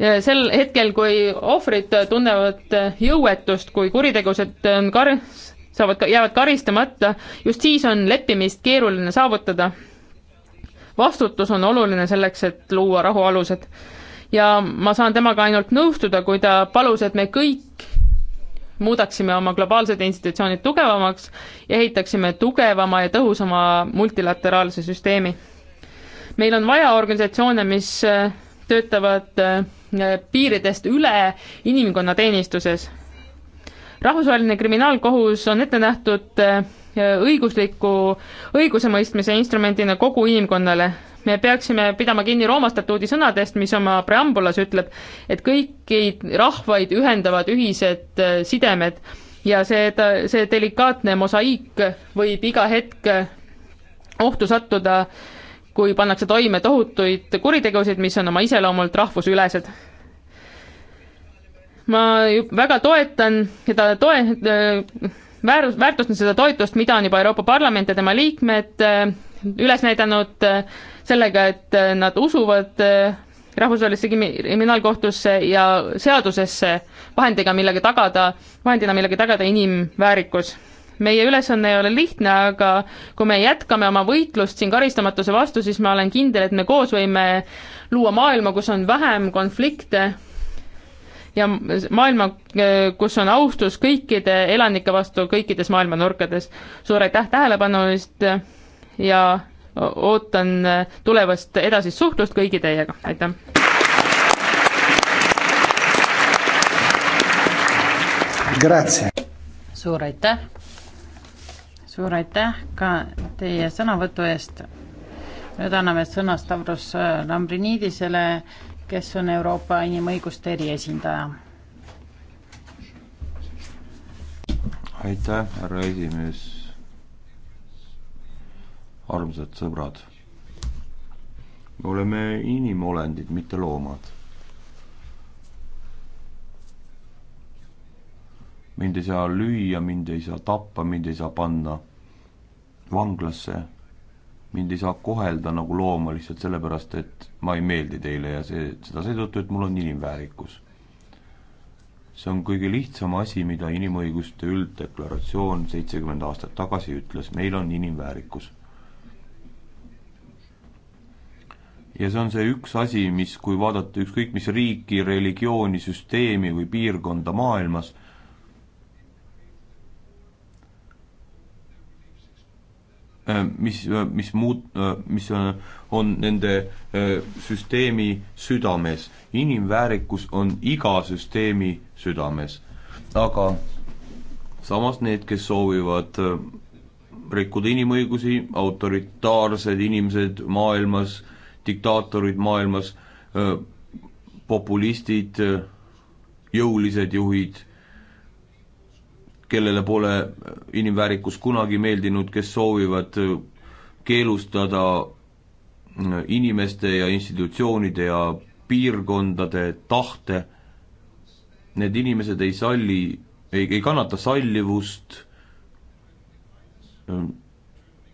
Speaker 5: sel hetkel, kui ohvrid tunnevad äh, jõuetust, kui kuritegused äh, on kar-, saavad, jäävad karistamata, just siis on leppimist keeruline saavutada. vastutus on oluline selleks, et luua rahualused. ja ma saan temaga ainult nõustuda, kui ta palus, et me kõik muudaksime oma globaalsed institutsioonid tugevamaks ja ehitaksime tugevama ja tõhusama multilateraalse süsteemi. meil on vaja organisatsioone, mis äh, töötavad Äh, piiridest üle inimkonna teenistuses. rahvusvaheline kriminaalkohus on ette nähtud äh, õigusliku õigusemõistmise instrumendina kogu inimkonnale. me peaksime pidama kinni Rooma statuudi sõnadest, mis oma preambulas ütleb, et kõiki rahvaid ühendavad ühised äh, sidemed ja see, see delikaatne mosaiik võib iga hetk ohtu sattuda äh, kui pannakse toime tohutuid kuritegusid, mis on oma iseloomult rahvusülesed. ma väga toetan seda toe-, väär-, väärtustan seda toetust, mida on juba Euroopa Parlament ja tema liikmed äh, üles näidanud äh, sellega, et äh, nad usuvad rahvusvahelisse kriminaalkohtusse ja seadusesse vahendiga, millega tagada, vahendina, millega tagada inimväärikus meie ülesanne ei ole lihtne, aga kui me jätkame oma võitlust siin karistamatuse vastu, siis ma olen kindel, et me koos võime luua maailma, kus on vähem konflikte ja maailma, kus on austus kõikide elanike vastu kõikides maailma nurkades. suur aitäh tähelepanu eest ja ootan tulevast edasist suhtlust kõigi teiega, aitäh!
Speaker 3: suur aitäh! suur aitäh ka teie sõnavõtu eest. nüüd anname sõna Stavros Lambrinidisele, kes on Euroopa inimõiguste eriesindaja.
Speaker 6: aitäh, härra esimees. armsad sõbrad, me oleme inimolendid, mitte loomad mind ei saa lüüa, mind ei saa tappa, mind ei saa panna vanglasse, mind ei saa kohelda nagu looma lihtsalt sellepärast, et ma ei meeldi teile ja see, seda seetõttu, et mul on inimväärikus. see on kõige lihtsam asi, mida inimõiguste ülddeklaratsioon seitsekümmend aastat tagasi ütles, meil on inimväärikus. ja see on see üks asi, mis, kui vaadata ükskõik mis riiki, religiooni, süsteemi või piirkonda maailmas, Äh, mis, äh, mis muut-, äh, mis on, on nende süsteemi südames. inimväärikus on iga süsteemi südames. aga samas need, kes soovivad rikkuda inimõigusi, autoritaarsed inimesed maailmas, diktaatorid maailmas, populistid, jõulised juhid kellele pole inimväärikus kunagi meeldinud, kes soovivad keelustada inimeste ja institutsioonide ja piirkondade tahte, need inimesed ei salli, ei, ei kannata sallivust,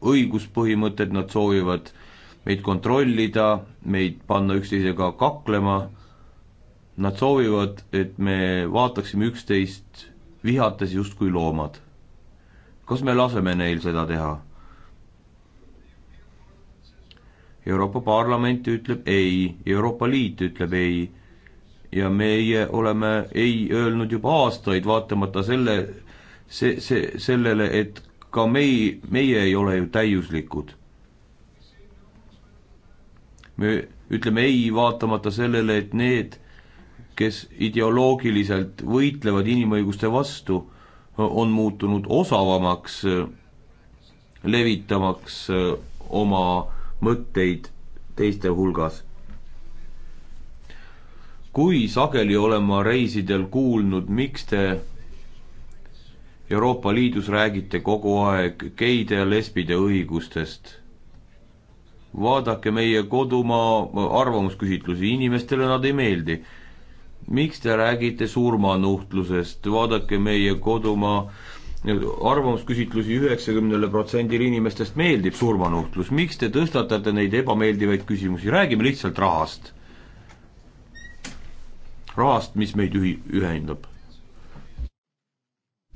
Speaker 6: õiguspõhimõtted, nad soovivad meid kontrollida, meid panna üksteisega kaklema, nad soovivad, et me vaataksime üksteist vihates justkui loomad. kas me laseme neil seda teha? Euroopa Parlament ütleb ei, Euroopa Liit ütleb ei ja meie oleme ei öelnud juba aastaid, vaatamata selle, see, see, sellele, et ka mei-, meie ei ole ju täiuslikud. me ütleme ei, vaatamata sellele, et need, kes ideoloogiliselt võitlevad inimõiguste vastu, on muutunud osavamaks, levitamaks oma mõtteid teiste hulgas. kui sageli olen ma reisidel kuulnud, miks te Euroopa Liidus räägite kogu aeg geide ja lesbide õigustest. vaadake meie kodumaa arvamusküsitlusi, inimestele nad ei meeldi miks te räägite surmanuhtlusest, vaadake meie kodumaa arvamusküsitlusi üheksakümnele protsendile inimestest meeldib surmanuhtlus, miks te tõstatate neid ebameeldivaid küsimusi, räägime lihtsalt rahast. rahast, mis meid ühi-, ühendab.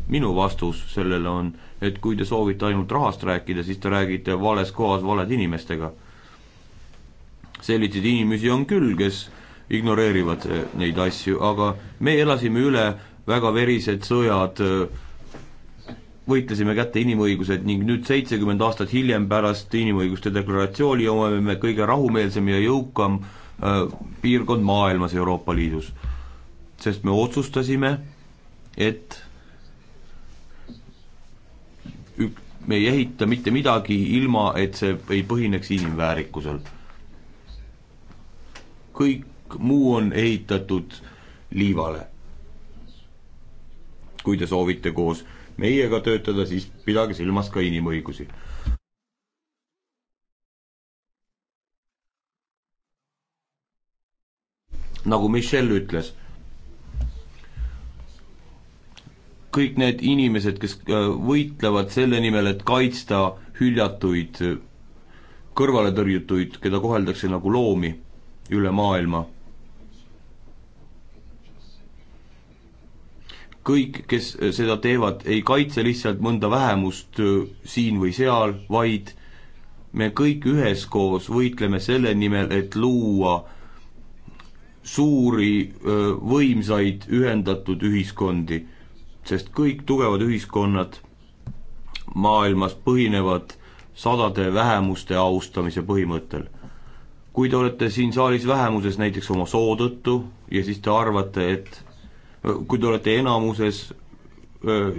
Speaker 6: minu vastus sellele on, et kui te soovite ainult rahast rääkida, siis te räägite vales kohas valed inimestega. selliseid inimesi on küll, kes ignoreerivad eh, neid asju, aga me elasime üle väga verised sõjad, eh, võitlesime kätte inimõigused ning nüüd seitsekümmend aastat hiljem pärast inimõiguste deklaratsiooni omame me kõige rahumeelsem ja jõukam eh, piirkond maailmas Euroopa Liidus. sest me otsustasime, et ük-, me ei ehita mitte midagi, ilma et see ei põhineks inimväärikusel. kõik kõik muu on ehitatud liivale. kui te soovite koos meiega töötada, siis pidage silmas ka inimõigusi. nagu Michel ütles, kõik need inimesed, kes äh, võitlevad selle nimel, et kaitsta hüljatuid, kõrvaletõrjutuid, keda koheldakse nagu loomi üle maailma kõik, kes äh, seda teevad, ei kaitse lihtsalt mõnda vähemust äh, siin või seal, vaid me kõik üheskoos võitleme selle nimel, et luua suuri, äh, võimsaid ühendatud ühiskondi, sest kõik tugevad ühiskonnad maailmas põhinevad sadade vähemuste austamise põhimõttel. kui te olete siin saalis vähemuses näiteks oma soo tõttu ja siis te arvate, et kui te olete enamuses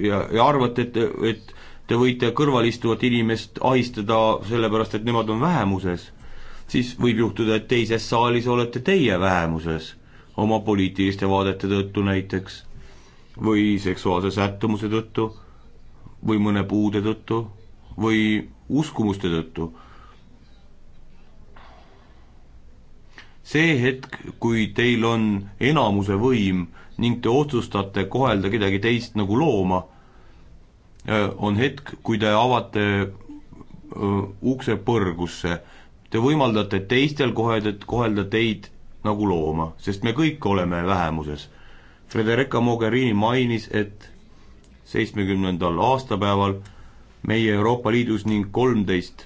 Speaker 6: ja, ja arvate, et, et te võite kõrval istuvat inimest ahistada sellepärast, et nemad on vähemuses, siis võib juhtuda, et teises saalis olete teie vähemuses oma poliitiliste vaadete tõttu näiteks või seksuaalse sättumuse tõttu või mõne puude tõttu või uskumuste tõttu. see hetk, kui teil on enamuse võim ning te otsustate kohelda kedagi teist nagu looma, on hetk, kui te avate ukse põrgusse. Te võimaldate teistel kohelda, kohelda teid nagu looma, sest me kõik oleme vähemuses. Frederica Mogherini mainis, et seitsmekümnendal aastapäeval meie Euroopa Liidus ning kolmteist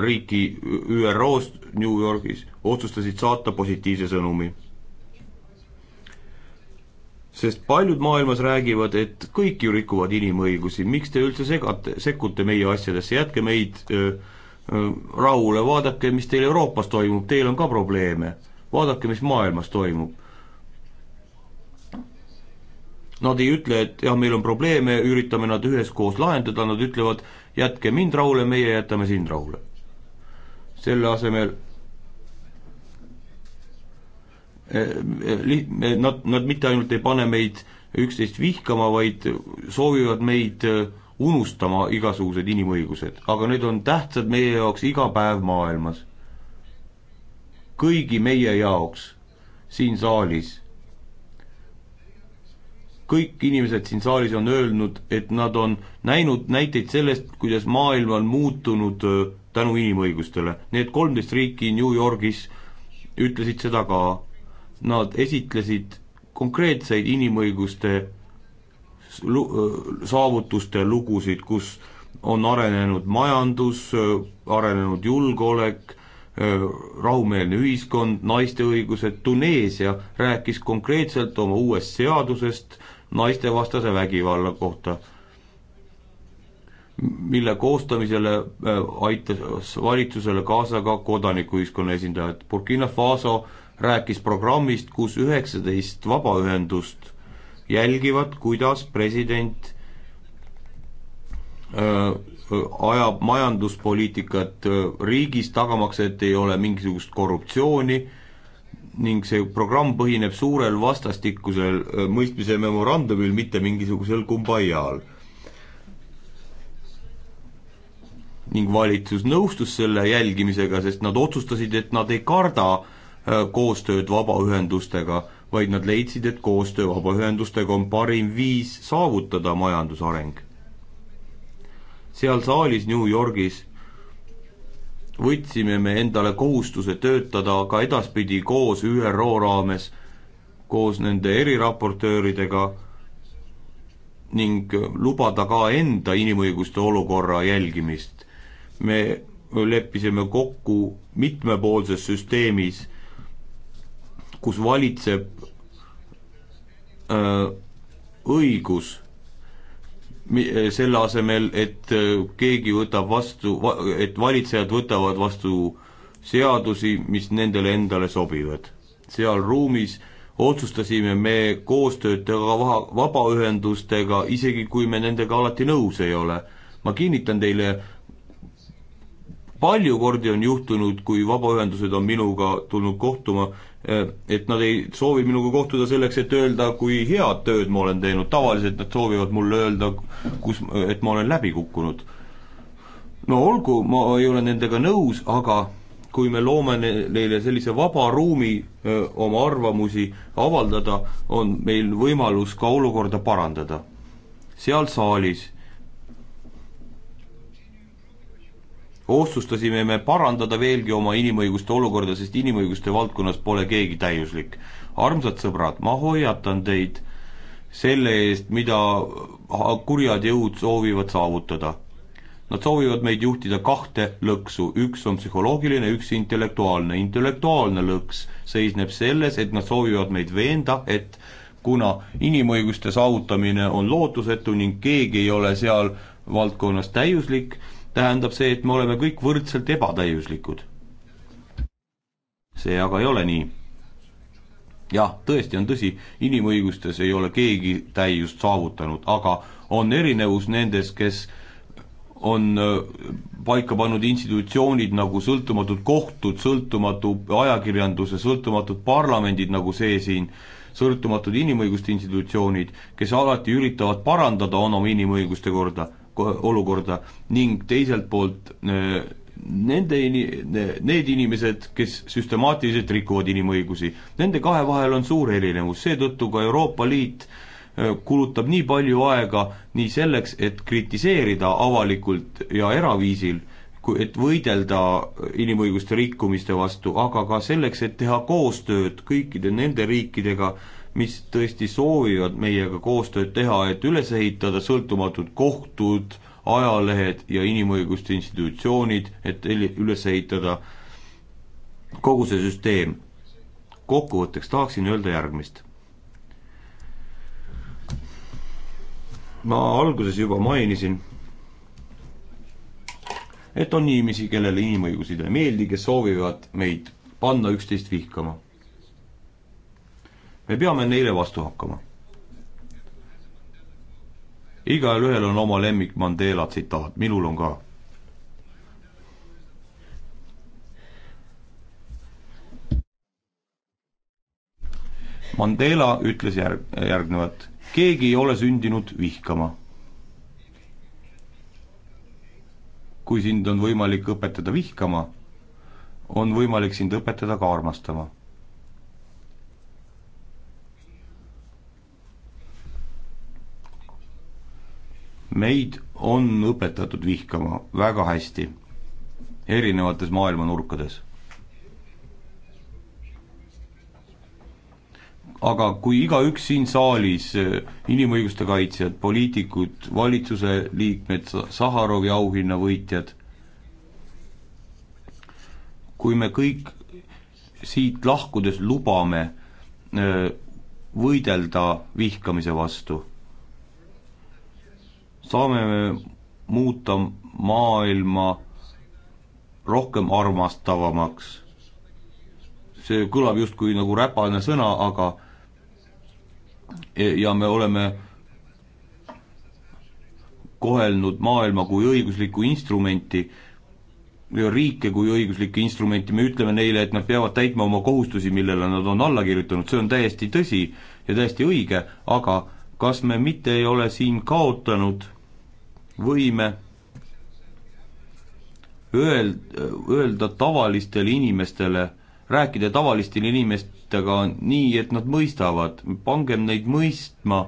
Speaker 6: riiki ÜRO-st New Yorgis otsustasid saata positiivse sõnumi. sest paljud maailmas räägivad, et kõik ju rikuvad inimõigusi, miks te üldse segate, sekkute meie asjadesse, jätke meid öö, öö, rahule, vaadake, mis teil Euroopas toimub, teil on ka probleeme. vaadake, mis maailmas toimub. Nad ei ütle, et jah, meil on probleeme, üritame nad üheskoos lahendada, nad ütlevad, jätke mind rahule, meie jätame sind rahule selle asemel eh, eh, eh, nad, nad mitte ainult ei pane meid üksteist vihkama, vaid soovivad meid unustama igasugused inimõigused, aga need on tähtsad meie jaoks iga päev maailmas. kõigi meie jaoks siin saalis. kõik inimesed siin saalis on öelnud, et nad on näinud näiteid sellest, kuidas maailm on muutunud tänu inimõigustele. Need kolmteist riiki New Yorgis ütlesid seda ka, nad esitlesid konkreetseid inimõiguste lu-, äh, saavutuste lugusid, kus on arenenud majandus, äh, arenenud julgeolek, äh, rahumeelne ühiskond, naiste õigused, Tuneesia rääkis konkreetselt oma uuest seadusest naistevastase vägivalla kohta mille koostamisele äh, aitas valitsusele kaasa ka kodanikuühiskonna esindajad. Burkina Faso rääkis programmist, kus üheksateist vabaühendust jälgivad, kuidas president öö, äh, ajab majanduspoliitikat äh, riigis, tagamaks, et ei ole mingisugust korruptsiooni ning see programm põhineb suurel vastastikusel mõistmise memorandumil, mitte mingisugusel kumbaiaal ning valitsus nõustus selle jälgimisega, sest nad otsustasid, et nad ei karda äh, koostööd vabaühendustega, vaid nad leidsid, et koostöö vabaühendustega on parim viis saavutada majandusareng. seal saalis New Yorgis võtsime me endale kohustuse töötada ka edaspidi koos ÜRO raames, koos nende eriraportööridega ning lubada ka enda inimõiguste olukorra jälgimist me leppisime kokku mitmepoolses süsteemis, kus valitseb öö, äh, õigus, selle asemel, et äh, keegi võtab vastu, et valitsejad võtavad vastu seadusi, mis nendele endale sobivad. seal ruumis otsustasime me koostööd teha vabaühendustega, isegi kui me nendega alati nõus ei ole. ma kinnitan teile, palju kordi on juhtunud, kui vabaühendused on minuga tulnud kohtuma, eh, et nad ei soovi minuga kohtuda selleks, et öelda, kui head tööd ma olen teinud, tavaliselt nad soovivad mulle öelda, kus, et ma olen läbi kukkunud. no olgu, ma ei ole nendega nõus, aga kui me loome neile sellise vaba ruumi öö, eh, oma arvamusi avaldada, on meil võimalus ka olukorda parandada. seal saalis otsustasime me parandada veelgi oma inimõiguste olukorda, sest inimõiguste valdkonnas pole keegi täiuslik. armsad sõbrad, ma hoiatan teid selle eest, mida kurjad jõud soovivad saavutada. Nad soovivad meid juhtida kahte lõksu, üks on psühholoogiline, üks intellektuaalne. intellektuaalne lõks seisneb selles, et nad soovivad meid veenda, et kuna inimõiguste saavutamine on lootusetu ning keegi ei ole seal valdkonnas täiuslik, tähendab see, et me oleme kõik võrdselt ebatäiuslikud. see aga ei ole nii. jah, tõesti on tõsi, inimõigustes ei ole keegi täiust saavutanud, aga on erinevus nendes, kes on äh, paika pannud institutsioonid nagu sõltumatud kohtud, sõltumatu ajakirjanduse, sõltumatud parlamendid, nagu see siin, sõltumatud inimõiguste institutsioonid, kes alati üritavad parandada oma inimõiguste korda olukorda ning teiselt poolt äh, nende ini-, need inimesed, kes süstemaatiliselt rikuvad inimõigusi. Nende kahe vahel on suur erinevus, seetõttu ka Euroopa Liit äh, kulutab nii palju aega nii selleks, et kritiseerida avalikult ja eraviisil, et võidelda äh, inimõiguste rikkumiste vastu, aga ka selleks, et teha koostööd kõikide nende riikidega, mis tõesti soovivad meiega koostööd teha, et üles ehitada sõltumatud kohtud, ajalehed ja inimõiguste institutsioonid, et üles ehitada kogu see süsteem. kokkuvõtteks tahaksin öelda järgmist. ma alguses juba mainisin, et on inimesi, kellele inimõigused ei meeldi, kes soovivad meid panna üksteist vihkama me peame neile vastu hakkama. igaühel on oma lemmik Mandela tsitaat, minul on ka. Mandela ütles järg-, järgnevat, keegi ei ole sündinud vihkama. kui sind on võimalik õpetada vihkama, on võimalik sind õpetada ka armastama meid on õpetatud vihkama väga hästi, erinevates maailma nurkades. aga kui igaüks siin saalis, inimõiguste kaitsjad, poliitikud, valitsuse liikmed, Saharovi auhinna võitjad, kui me kõik siit lahkudes lubame äh, võidelda vihkamise vastu saame me muuta maailma rohkem armastavamaks. see kõlab justkui nagu räpane sõna, aga e, ja me oleme kohelnud maailma kui õiguslikku instrumenti ja riike kui õiguslikke instrumenti, me ütleme neile, et nad peavad täitma oma kohustusi, millele nad on alla kirjutanud, see on täiesti tõsi ja täiesti õige, aga kas me mitte ei ole siin kaotanud võime öeld-, öelda tavalistele inimestele, rääkida tavalistele inimestega nii, et nad mõistavad, pangem neid mõistma,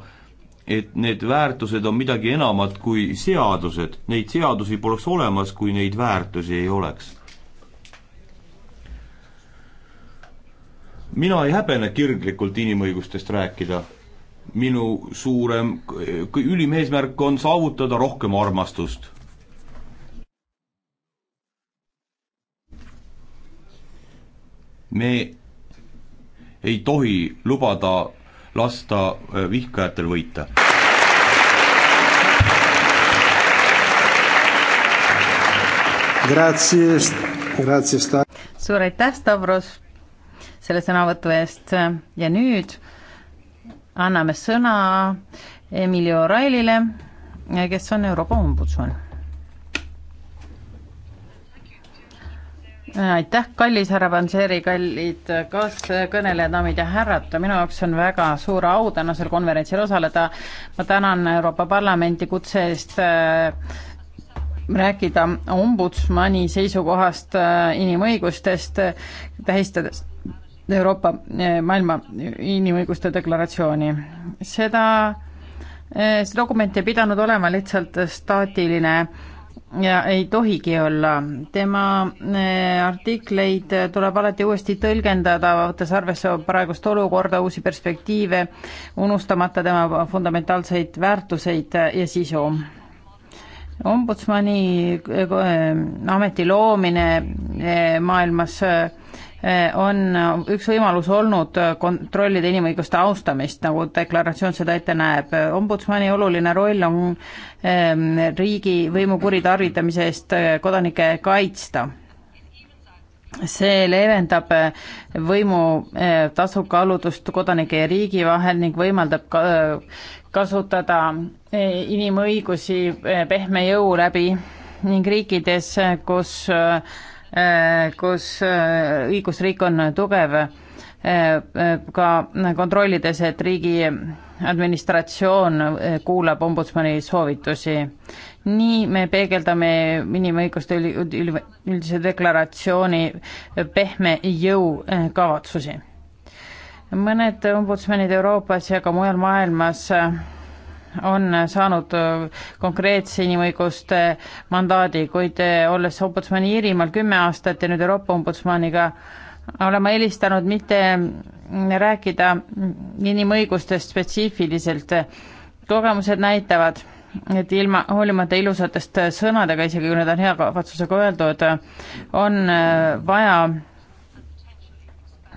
Speaker 6: et need väärtused on midagi enamat kui seadused, neid seadusi poleks olemas, kui neid väärtusi ei oleks. mina ei häbene kirglikult inimõigustest rääkida minu suurem, ülim eesmärk on saavutada rohkem armastust. me ei tohi lubada lasta äh, vihkajatel võita.
Speaker 3: suur aitäh, Stavros, selle sõnavõtu eest ja nüüd anname sõna Emilio Railile, kes on Euroopa ombudsman. aitäh, kallis härra Panseri, kallid kaaskõnelejad, daamid ja härrad, minu jaoks on väga suur au tänasel konverentsil osaleda. ma tänan Euroopa Parlamenti kutse eest äh, rääkida ombudsmani seisukohast äh, inimõigustest, tähistades Euroopa eh, maailma inimõiguste deklaratsiooni. seda, eh, see dokument ei pidanud olema lihtsalt staatiline ja ei tohigi olla, tema eh, artikleid tuleb alati uuesti tõlgendada, võttes arvesse praegust olukorda, uusi perspektiive, unustamata tema fundamentaalseid väärtuseid ja sisu ombudsmani ameti loomine maailmas Eh, on eh, üks võimalus olnud eh, kontrollida inimõiguste austamist, nagu deklaratsioon seda ette näeb. ombudsmani oluline roll on ehm, riigivõimu kuritarvitamise eest kodanikke kaitsta see leevendab võimu tasukaalutust kodanike ja riigi vahel ning võimaldab ka kasutada inimõigusi pehme jõu läbi ning riikides, kus Äh, kus äh, õigusriik on tugev, äh, ka kontrollides, et riigi administratsioon kuulab ombudsmani soovitusi. nii me peegeldame inimõiguste üli, üli, üldise deklaratsiooni pehme jõu kavatsusi. mõned ombudsmanid Euroopas ja ka mujal maailmas on saanud äh, konkreetse inimõiguste mandaadi, kuid äh, olles ombudsmani Iirimaal kümme aastat ja nüüd Euroopa ombudsmaniga, olen ma eelistanud mitte mm, rääkida inimõigustest spetsiifiliselt. kogemused näitavad, et ilma, hoolimata ilusatest sõnadega, isegi kui need on hea kavatsusega öeldud, on äh, vaja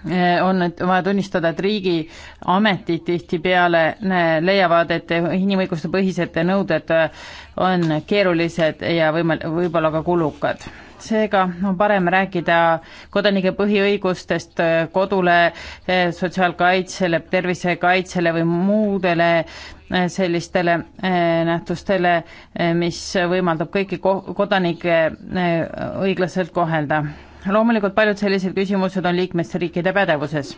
Speaker 3: Eh, on vaja tunnistada, et riigi ametid tihtipeale eh, leiavad, et inimõiguste põhised nõuded eh, on keerulised ja võima-, võib-olla ka kulukad. seega on parem rääkida kodanike põhiõigustest kodule, sotsiaalkaitsele, tervisekaitsele või muudele sellistele nähtustele, mis võimaldab kõiki ko-, kodanikke õiglaselt kohelda loomulikult paljud sellised küsimused on liikmesriikide pädevuses.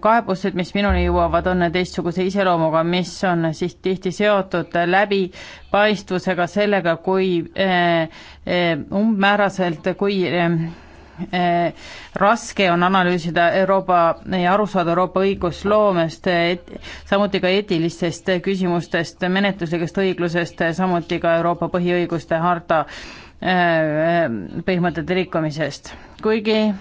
Speaker 3: kaebused, mis minuni jõuavad, on teistsuguse iseloomuga, mis on siis tihti seotud läbipaistvusega, sellega, kui eh, eh, umbmääraselt, kui eh, raske on analüüsida Euroopa ja aru saada Euroopa õigusloomest, samuti ka eetilistest küsimustest, menetluslikest õiglusest, samuti ka Euroopa põhiõiguste harta Äh, äh, põhimõtete rikkumisest. kuigi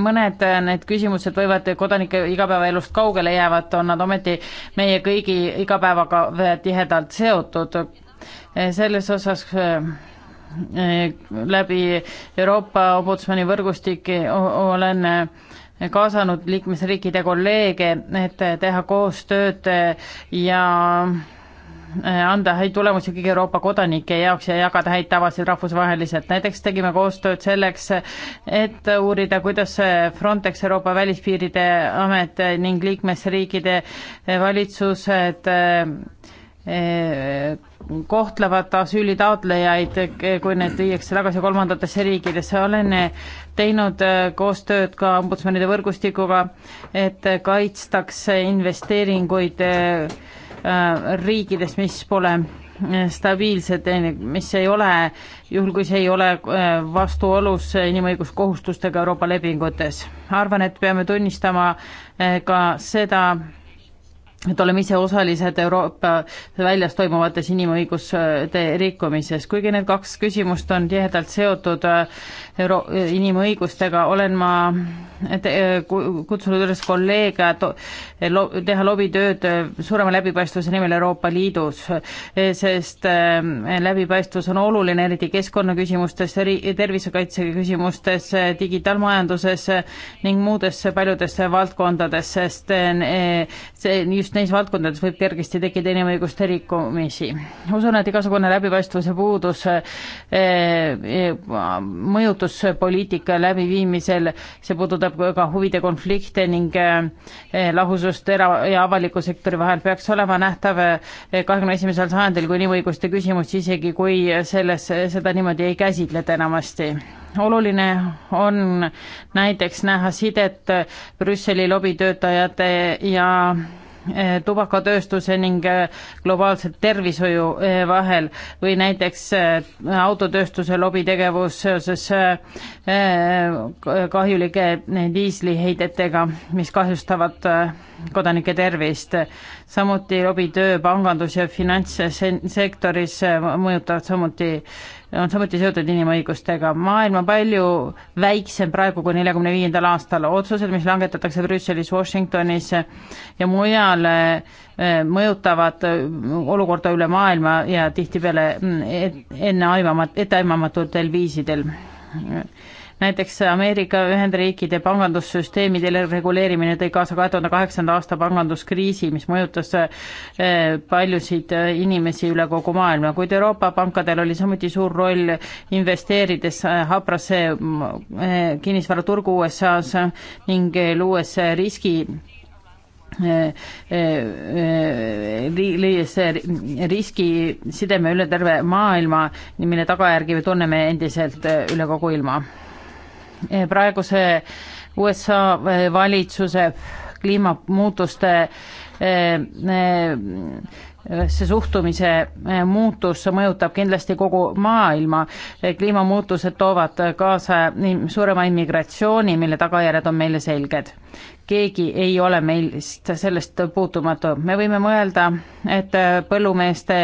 Speaker 3: mõned äh, need küsimused võivad kodanike igapäevaelust kaugele jäävad, on nad ometi meie kõigi igapäevaga tihedalt seotud. selles osas läbi Euroopa Ombudsmani võrgustiki olen kaasanud liikmesriikide kolleege, et teha koostööd ja Äh, anda häid tulemusi kõigi Euroopa kodanike jaoks ja jagada häid tavasid rahvusvaheliselt. näiteks tegime koostööd selleks, et uurida, kuidas Frontex, Euroopa Välispiiride Amet ning liikmesriikide valitsused äh, kohtlevad asüülitaotlejaid, kui need viiakse tagasi kolmandatesse riikidesse, olen teinud koostööd ka ombudsmanide võrgustikuga, et kaitstaks investeeringuid äh, Äh, riikides, mis pole äh, stabiilsed, mis ei ole, juhul kui see ei ole äh, vastuolus inimõiguskohustustega Euroopa lepingutes. arvan, et peame tunnistama ka seda, et oleme ise osalised Euroopa väljas toimuvates inimõiguste rikkumises. kuigi need kaks küsimust on tihedalt seotud äh, euro-, inimõigustega, olen ma äh, kutsunud üles kolleege äh, teha lobitööd suurema läbipaistvuse nimel Euroopa Liidus, sest läbipaistvus on oluline, eriti keskkonnaküsimustes, tervisekaitse küsimustes, digitaalmajanduses ning muudes paljudes valdkondades, sest see just sest neis valdkondades võib kergesti tekkida inimõiguste rikkumisi. usun, et igasugune läbipaistvuse puudus eh, eh, mõjutuspoliitika läbiviimisel, see puudutab ka huvide konflikte ning eh, lahusust era- ja avaliku sektori vahel, peaks olema nähtav kahekümne esimesel sajandil kui inimõiguste küsimus, isegi kui selles, seda niimoodi ei käsitleta enamasti oluline on näiteks näha sidet Brüsseli lobitöötajate ja Eh, tubakatööstuse ning eh, globaalse tervishoiu eh, vahel või näiteks autotööstuse lobitegevus seoses kahjulike diisliheidetega, mis kahjustavad kodanike tervist. samuti lobitöö pangandus- ja finantssektoris mõjutavad samuti on samuti seotud inimõigustega. maailm on palju väiksem praegu kui neljakümne viiendal aastal. otsused, mis langetatakse Brüsselis, Washingtonis ja mujal, eh, mõjutavad eh, olukorda üle maailma ja tihtipeale mm, enneaimamat, etteaimamatutel viisidel näiteks Ameerika Ühendriikide pangandussüsteemide reguleerimine tõi kaasa kahe tuhande kaheksanda aasta panganduskriisi, mis mõjutas eh, paljusid eh, inimesi üle kogu maailma, kuid Euroopa pankadel oli samuti suur roll investeerides eh, haprasse kinnisvaraturgu USA-s ning luues riski liies riskisideme üle terve maailma, mille tagajärgi me tunneme endiselt üle kogu ilma Eh, praeguse USA eh, valitsuse kliimamuutuste eh, see suhtumise muutus mõjutab kindlasti kogu maailma. kliimamuutused toovad kaasa suurema immigratsiooni, mille tagajärjed on meile selged keegi ei ole meist sellest puutumatu. me võime mõelda, et põllumeeste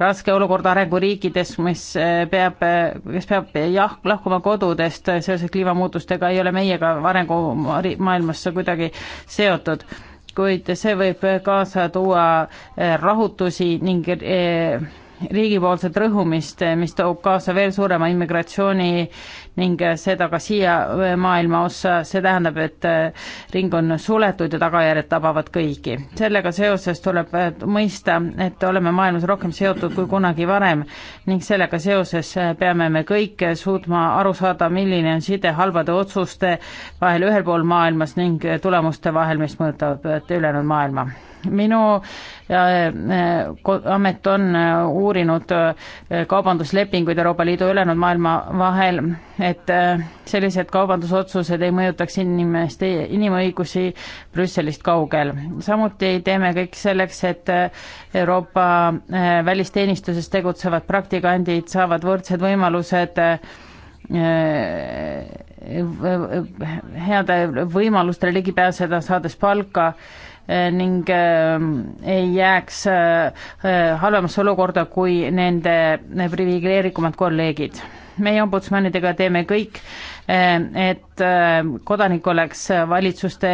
Speaker 3: raske olukord arenguriikides, mis eh, peab, kes peab eh, jah, lahkuma kodudest seoses kliimamuutustega, ei ole meiega arengumaailmas kuidagi seotud, kuid see võib kaasa tuua eh, rahutusi ning riigipoolset rõhumist, mis toob kaasa veel suurema immigratsiooni ning seda ka siia maailma ossa, see tähendab, et äh, ring on suletud ja tagajärjed tabavad kõiki. sellega seoses tuleb äh, mõista, et oleme maailmas rohkem seotud kui kunagi varem ning sellega seoses äh, peame me kõik suutma aru saada, milline on side halbade otsuste vahel ühel pool maailmas ning tulemuste vahel, mis mõjutavad ülejäänud maailma minu äh, äh, amet on äh, uurinud kaubanduslepinguid Euroopa Liidu ülejäänud maailma vahel, et sellised kaubandusotsused ei mõjutaks inimeste, inimõigusi Brüsselist kaugel. samuti teeme kõik selleks, et Euroopa välisteenistuses tegutsevad praktikandid saavad võrdsed võimalused heade võimalustele ligi pääseda, saades palka Eh, ning eh, ei jääks eh, halvemasse olukorda kui nende priviligeerikumad kolleegid. meie ombudsmanidega teeme kõik, et kodanik oleks valitsuste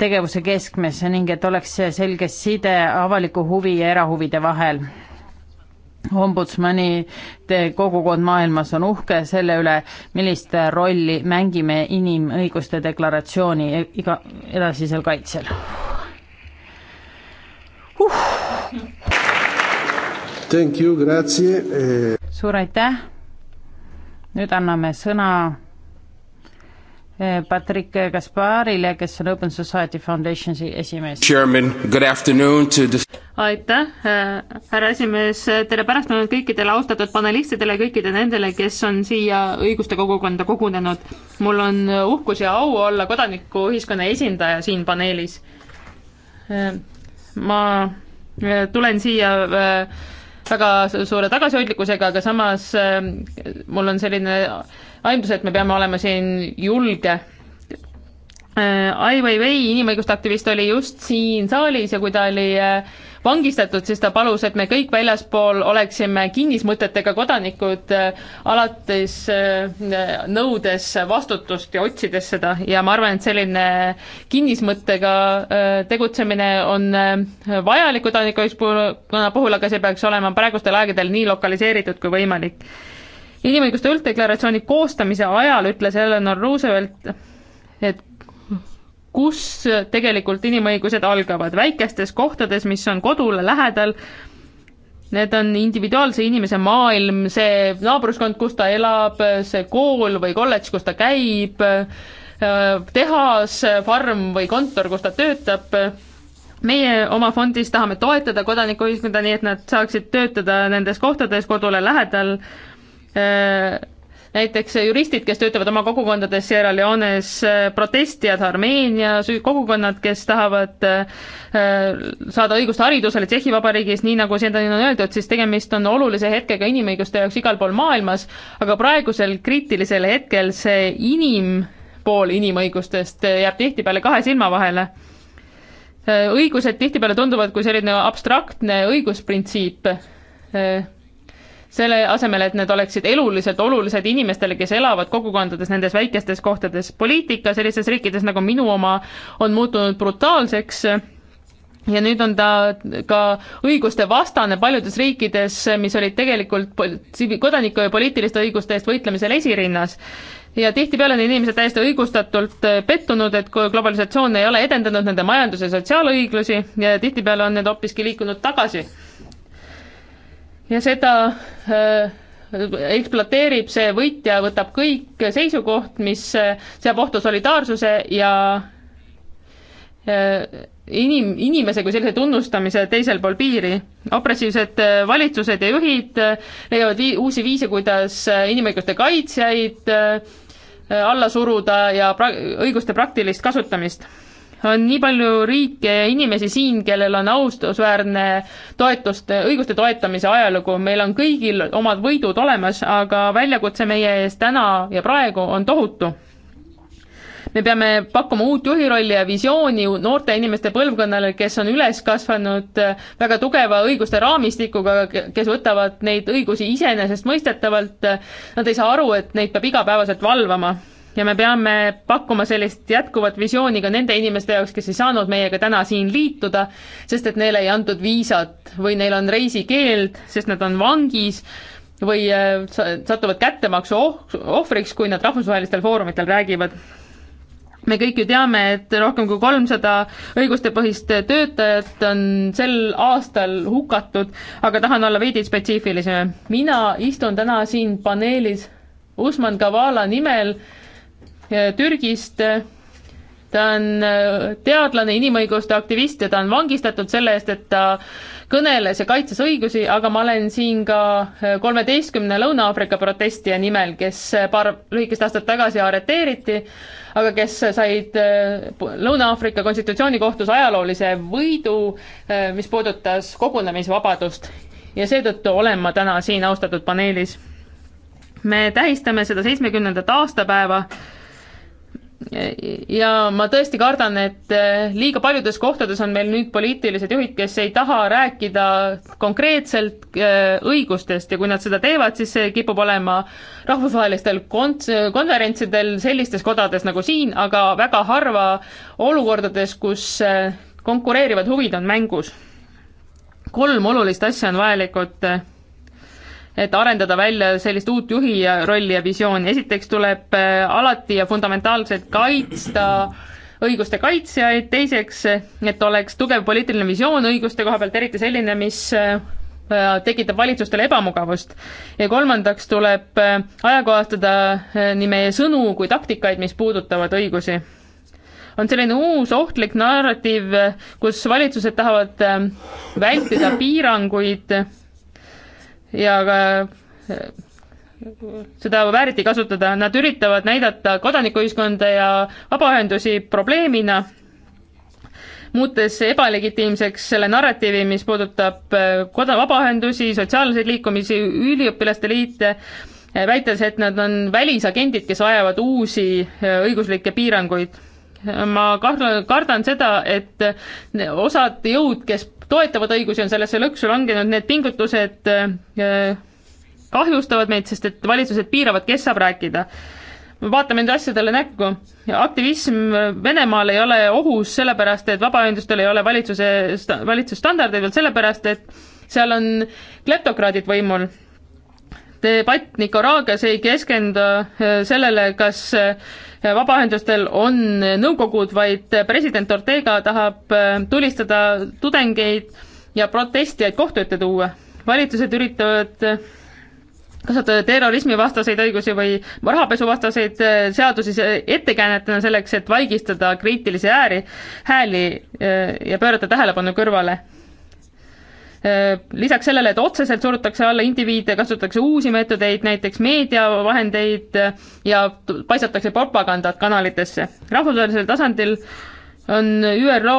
Speaker 3: tegevuse keskmes ning et oleks selge side avaliku huvi ja erahuvide vahel ombudsmani kogukond maailmas on uhke selle üle, millist rolli mängime inimõiguste deklaratsiooni e-, iga edasisel kaitsel huh.. suur aitäh, nüüd anname sõna Eh, Patrick Gasparile, kes on Open Society Foundation'i esimees.
Speaker 5: aitäh, eh, härra esimees, tere pärastlõunat kõikidele austatud panelistidele, kõikidele nendele, kes on siia õiguste kogukonda kogunenud. mul on uhkus ja au olla kodanikuühiskonna esindaja siin paneelis. Eh, ma tulen siia väga suure tagasihoidlikkusega, aga samas mul on selline aimdus, et me peame olema siin julge. Äh, Ai Weiwei, inimõiguste aktivist, oli just siin saalis ja kui ta oli äh, vangistatud, siis ta palus, et me kõik väljaspool oleksime kinnismõtetega kodanikud, äh, alates nõudes vastutust ja otsides seda ja ma arvan, et selline kinnismõttega tegutsemine on vajalik kodanikuühiskonna puhul, aga see peaks olema praegustel aegadel nii lokaliseeritud kui võimalik inimõiguste ülddeklaratsiooni koostamise ajal ütles Eleanor Roosevelt, et kus tegelikult inimõigused algavad, väikestes kohtades, mis on kodule lähedal, need on individuaalse inimese maailm, see naabruskond, kus ta elab, see kool või kolledž, kus ta käib, tehas, farm või kontor, kus ta töötab, meie oma fondis tahame toetada kodanikuühiskonda, nii et nad saaksid töötada nendes kohtades kodule lähedal Äh, näiteks juristid, kes töötavad oma kogukondades Sierra Leones, äh, protestijad Armeenias, kogukonnad, kes tahavad äh, saada õigust haridusele Tšehhi Vabariigis, nii nagu siin on öeldud, siis tegemist on olulise hetkega inimõiguste jaoks igal pool maailmas, aga praegusel kriitilisel hetkel see inimpool inimõigustest jääb tihtipeale kahe silma vahele. õigused tihtipeale tunduvad kui selline abstraktne õigusprintsiip selle asemel, et need oleksid eluliselt olulised inimestele, kes elavad kogukondades nendes väikestes kohtades. poliitika sellistes riikides nagu minu oma on muutunud brutaalseks ja nüüd on ta ka õiguste vastane paljudes riikides, mis olid tegelikult kodaniku ja poliitiliste õiguste eest võitlemisel esirinnas ja tihtipeale on inimesed täiesti õigustatult pettunud, et globalisatsioon ei ole edendanud nende majandus- ja sotsiaalõiglusi ja tihtipeale on need hoopiski liikunud tagasi ja seda äh, ekspluateerib see võitja, võtab kõik seisukoht, mis äh, seab ohtu solidaarsuse ja äh, inim-, inimese kui sellise tunnustamise teisel pool piiri. opressiivsed valitsused ja juhid leiavad vii-, uusi viise, kuidas inimõiguste kaitsjaid alla suruda ja pra-, õiguste praktilist kasutamist on nii palju riike ja inimesi siin, kellel on austusväärne toetuste, õiguste toetamise ajalugu, meil on kõigil omad võidud olemas, aga väljakutse meie ees täna ja praegu on tohutu me peame pakkuma uut juhirolli ja visiooni noorte inimeste põlvkonnale, kes on üles kasvanud väga tugeva õiguste raamistikuga, kes võtavad neid õigusi iseenesestmõistetavalt. Nad ei saa aru, et neid peab igapäevaselt valvama ja me peame pakkuma sellist jätkuvat visiooni ka nende inimeste jaoks, kes ei saanud meiega täna siin liituda, sest et neile ei antud viisat või neil on reisikeeld, sest nad on vangis või äh, satuvad kättemaksu oh-, ohvriks, kui nad rahvusvahelistel foorumitel räägivad me kõik ju teame, et rohkem kui kolmsada õigustepõhist töötajat on sel aastal hukatud, aga tahan olla veidi spetsiifilisem. mina istun täna siin paneelis Usman Kavala nimel, Türgist. ta on äh, teadlane, inimõiguste aktivist ja ta on vangistatud selle eest, et ta kõneles ja kaitses õigusi, aga ma olen siin ka äh, kolmeteistkümne Lõuna-Aafrika protestija nimel, kes äh, paar lühikest aastat tagasi arreteeriti, aga kes said Lõuna-Aafrika konstitutsioonikohtus ajaloolise võidu, mis puudutas kogunemisvabadust. ja seetõttu olen ma täna siin austatud paneelis. me tähistame seda seitsmekümnendat aastapäeva ja ma tõesti kardan, et eh, liiga paljudes kohtades on meil nüüd poliitilised juhid, kes ei taha rääkida konkreetselt eh, õigustest ja kui nad seda teevad, siis see kipub olema rahvusvahelistel kon-, konverentsidel sellistes kodades nagu siin, aga väga harva olukordades, kus eh, konkureerivad huvid on mängus. kolm olulist asja on vajalikud et arendada välja sellist uut juhi rolli ja visiooni. esiteks tuleb äh, alati ja fundamentaalselt kaitsta õiguste kaitsjaid, teiseks, et oleks tugev poliitiline visioon õiguste koha pealt, eriti selline, mis äh, tekitab valitsustele ebamugavust. ja kolmandaks tuleb äh, ajakohastada nii meie sõnu kui taktikaid, mis puudutavad õigusi. on selline uus ohtlik narratiiv, kus valitsused tahavad vältida piiranguid ja ka seda vääriti kasutada, nad üritavad näidata kodanikuühiskonda ja vabaühendusi probleemina, muutes ebalegitiimseks selle narratiivi, mis puudutab äh, koda-, vabaühendusi, sotsiaalseid liikumisi, üliõpilaste liite, äh, väites, et nad on välisagendid, kes vajavad uusi äh, õiguslikke piiranguid ma kardan seda, et osad jõud, kes toetavad õigusi, on sellesse lõksu langenud, need pingutused äh, kahjustavad meid, sest et valitsused piiravad, kes saab rääkida. vaatame nende asjadele näkku. aktivism Venemaal ei ole ohus sellepärast, et vabaühendustel ei ole valitsuse, valitsusstandardeid, vaid sellepärast, et seal on kleptokraadid võimul debatt Nicaraguas ei keskenda äh, sellele, kas äh, vabaühendustel on nõukogud, vaid president Ortega tahab äh, tulistada tudengeid ja protestijaid kohtu ette tuua. valitsused üritavad äh, kasutada terrorismivastaseid õigusi või rahapesuvastaseid äh, seadusi ettekäänetena selleks, et vaigistada kriitilisi ääri, hääli ja pöörata tähelepanu kõrvale Äh, lisaks sellele, et otseselt surutakse alla indiviide, kasutatakse uusi meetodeid, näiteks meediavahendeid äh, ja paisatakse propagandat kanalitesse. rahvusvahelisel tasandil on ÜRO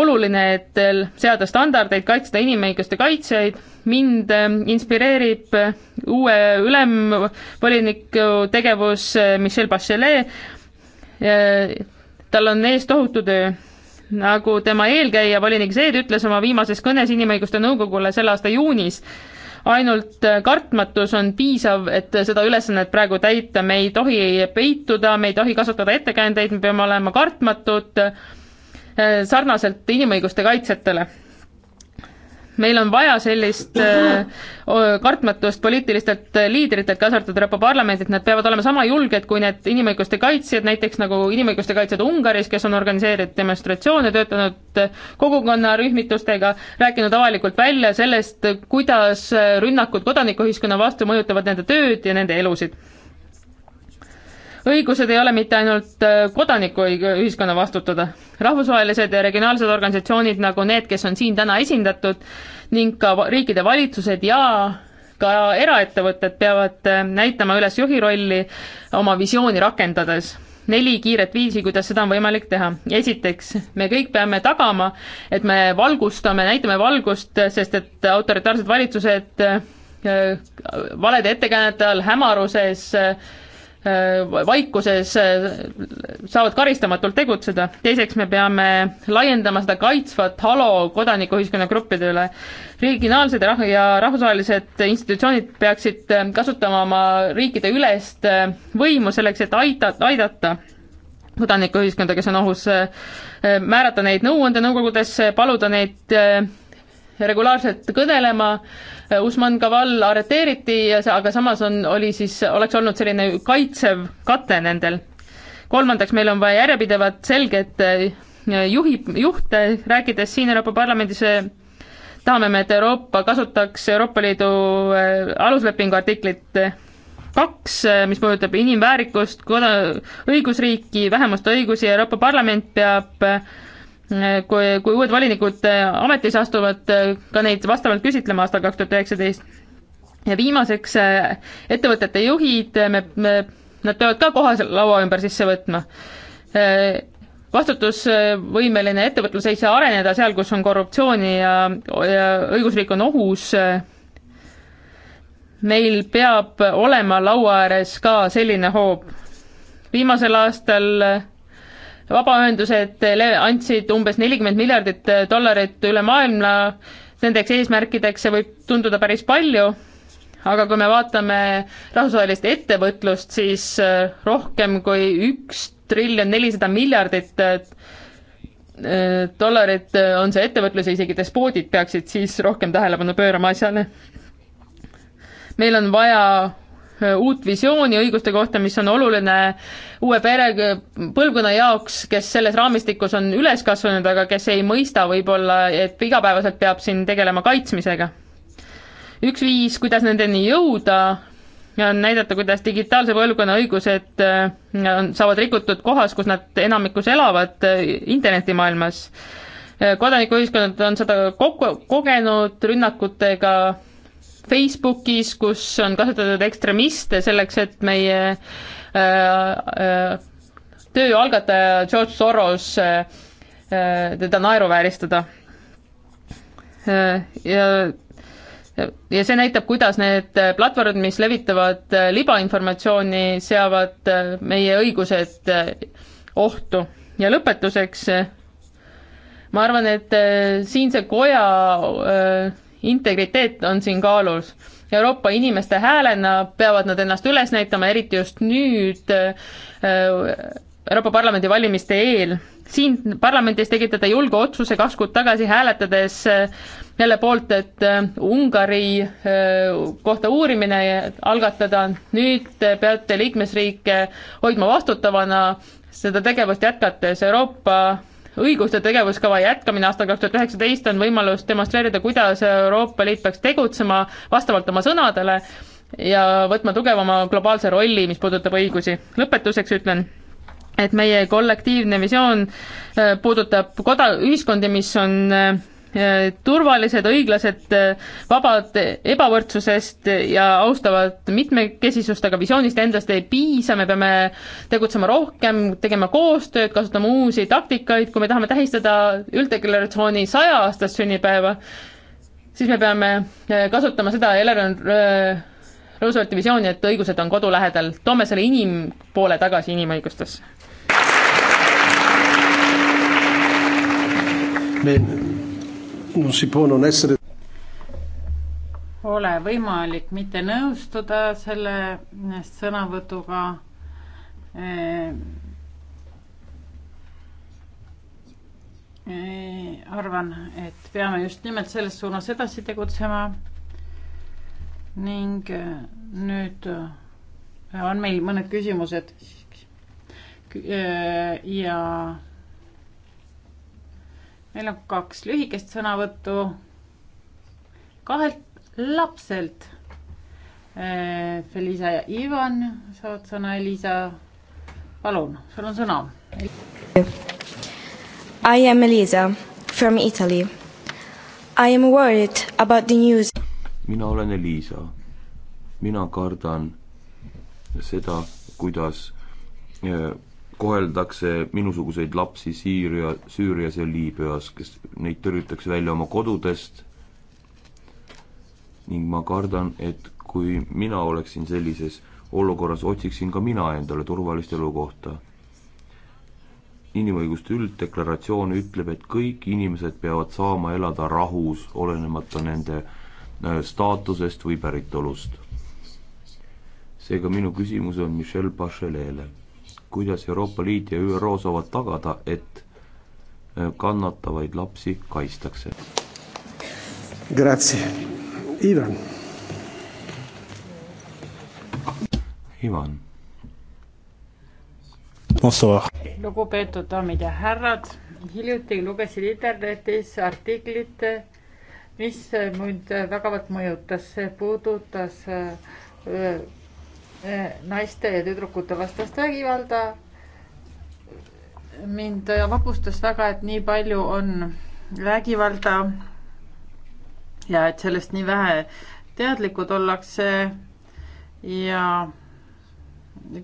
Speaker 5: oluline, et seada standardeid, kaitsta inimõiguste kaitsjaid, mind äh, inspireerib uue ülemvoliniku tegevus Michelle Bachelet, tal on ees tohutu töö nagu tema eelkäija volinik Seed ütles oma viimases kõnes Inimõiguste Nõukogule selle aasta juunis, ainult kartmatus on piisav, et seda ülesannet praegu täita, me ei tohi peituda, me ei tohi kasutada ettekäändeid, me peame olema kartmatud eh, sarnaselt inimõiguste kaitsjatele meil on vaja sellist äh, kartmatust poliitilistelt liidritelt, kaasa arvatud Euroopa Parlamendilt, nad peavad olema sama julged kui need inimõiguste kaitsjad, näiteks nagu inimõiguste kaitsjad Ungaris, kes on organiseerinud demonstratsioone, töötanud kogukonnarühmitustega, rääkinud avalikult välja sellest, kuidas rünnakud kodanikuühiskonna vastu mõjutavad nende tööd ja nende elusid õigused ei ole mitte ainult äh, kodanikuühiskonna vastutada. rahvusvahelised ja regionaalsed organisatsioonid nagu need, kes on siin täna esindatud ning ka riikide valitsused ja ka eraettevõtted peavad äh, näitama üles juhi rolli oma visiooni rakendades neli kiiret viisi, kuidas seda on võimalik teha. esiteks, me kõik peame tagama, et me valgustame, näitame valgust, sest et autoritaarsed valitsused äh, valede ettekäänete all, hämaruses äh, Äh, vaikuses äh, saavad karistamatult tegutseda, teiseks me peame laiendama seda kaitsvat halo kodanikuühiskonna gruppidele. regionaalsed ja rah-, ja rahvusvahelised institutsioonid peaksid äh, kasutama oma riikide ülest võimu selleks, et aita, aidata kodanikuühiskonda, kes on ohus, määrata neid nõuandenõukogudesse, paluda neid regulaarselt kõnelema äh, Usman Kaval arreteeriti ja see, aga samas on, oli siis, oleks olnud selline kaitsev kate nendel. kolmandaks, meil on vaja järjepidevat selget äh, juhi, juhte, rääkides siin Euroopa Parlamendis äh, tahame me, et Euroopa kasutaks Euroopa Liidu äh, aluslepingu artiklit kaks, mis puudutab inimväärikust, koda-, õigusriiki, vähemuste õigusi, Euroopa Parlament peab äh, kui, kui uued volinikud äh, ametisse astuvad, äh, ka neid vastavalt küsitlema aastal kaks tuhat üheksateist. ja viimaseks äh, ettevõtete juhid, me, me, nad peavad ka koha seal laua ümber sisse võtma. vastutusvõimeline ettevõtlus ei saa areneda seal, kus on korruptsiooni ja, ja õigusriik on ohus, meil peab olema laua ääres ka selline hoob. viimasel aastal vabaühendused andsid umbes nelikümmend miljardit dollarit üle maailma nendeks eesmärkideks, see võib tunduda päris palju, aga kui me vaatame rahvusvahelist ettevõtlust, siis äh, rohkem kui üks triljon nelisada miljardit äh, dollarit äh, on see ettevõtlus ja isegi despoodid peaksid siis rohkem tähelepanu pöörama asjale. meil on vaja Äh, uut visiooni õiguste kohta, mis on oluline uue pere, põlvkonna jaoks, kes selles raamistikus on üles kasvanud, aga kes ei mõista võib-olla, et igapäevaselt peab siin tegelema kaitsmisega. üks viis, kuidas nendeni jõuda, on näidata, kuidas digitaalse põlvkonna õigused äh, on, saavad rikutud kohas, kus nad enamikus elavad, äh, internetimaailmas. kodanikuühiskonnad on seda kokku, kogenud rünnakutega Facebookis, kus on kasutatud ekstremiste selleks, et meie äh, äh, töö algataja George Soros äh, äh teda naeruvääristada äh,. ja ja see näitab, kuidas need platvormid, mis levitavad äh, libainformatsiooni, seavad äh, meie õigused ohtu. ja lõpetuseks ma arvan, et siinse koja integriteet on siin kaalus. Euroopa inimeste häälena peavad nad ennast üles näitama, eriti just nüüd äh, Euroopa Parlamendi valimiste eel. siin parlamendis tegite te julge otsuse kaks kuud tagasi hääletades selle äh, poolt, et äh, Ungari kohta uurimine algatada. nüüd peate liikmesriike hoidma vastutavana seda tegevust jätkates Euroopa õiguste tegevuskava jätkamine aastal kaks tuhat üheksateist on võimalus demonstreerida, kuidas Euroopa Liit peaks tegutsema vastavalt oma sõnadele ja võtma tugevama globaalse rolli, mis puudutab õigusi. lõpetuseks ütlen, et meie kollektiivne visioon äh, puudutab koda, ühiskondi, mis on äh, Eh, turvalised, õiglased, eh, vabad ebavõrdsusest ja austavad mitmekesisust, aga visioonist endast ei piisa, me peame tegutsema rohkem, tegema koostööd, kasutama uusi taktikaid, kui me tahame tähistada ülddeklaratsiooni saja-aastast sünnipäeva, siis me peame eh, kasutama seda Eleron Roosevelti visiooni, et õigused on kodu lähedal, toome selle inimpoole tagasi inimõigustesse
Speaker 8: non si può
Speaker 2: non
Speaker 7: essere
Speaker 3: pole võimalik mitte nõustuda selle sõnavõtuga eh,. Eh, arvan, et peame just nimelt selles suunas edasi tegutsema. ning eh, nüüd eh, on meil mõned küsimused eh, ja meil on kaks lühikest sõnavõttu kahelt lapselt. Eh, Felisa ja Ivan saavad sõna, Elisa, palun, sul on sõna.
Speaker 7: I am Elisa from Italy. I am worried about the news.
Speaker 6: mina olen Elisa. mina kardan seda, kuidas eh, koheldakse minusuguseid lapsi Siiria, Süürias ja Liibüas, kes, neid tõrjutakse välja oma kodudest ning ma kardan, et kui mina oleksin sellises olukorras, otsiksin ka mina endale turvalist elukohta. inimõiguste ülddeklaratsioon ütleb, et kõik inimesed peavad saama elada rahus, olenemata nende äh, staatusest või päritolust. seega minu küsimus on Michel Bachelet'le kuidas Euroopa Liit ja ÜRO saavad tagada, et äh, kannatavaid lapsi kaitstakse. Grazie, Ivan. Ivan.
Speaker 3: lugupeetud daamid ja härrad, hiljuti lugesin internetis artiklit, mis mind vägavalt mõjutas, see puudutas äh, naiste ja tüdrukute vastast vägivalda. mind vapustas väga, et nii palju on vägivalda ja et sellest nii vähe teadlikud ollakse ja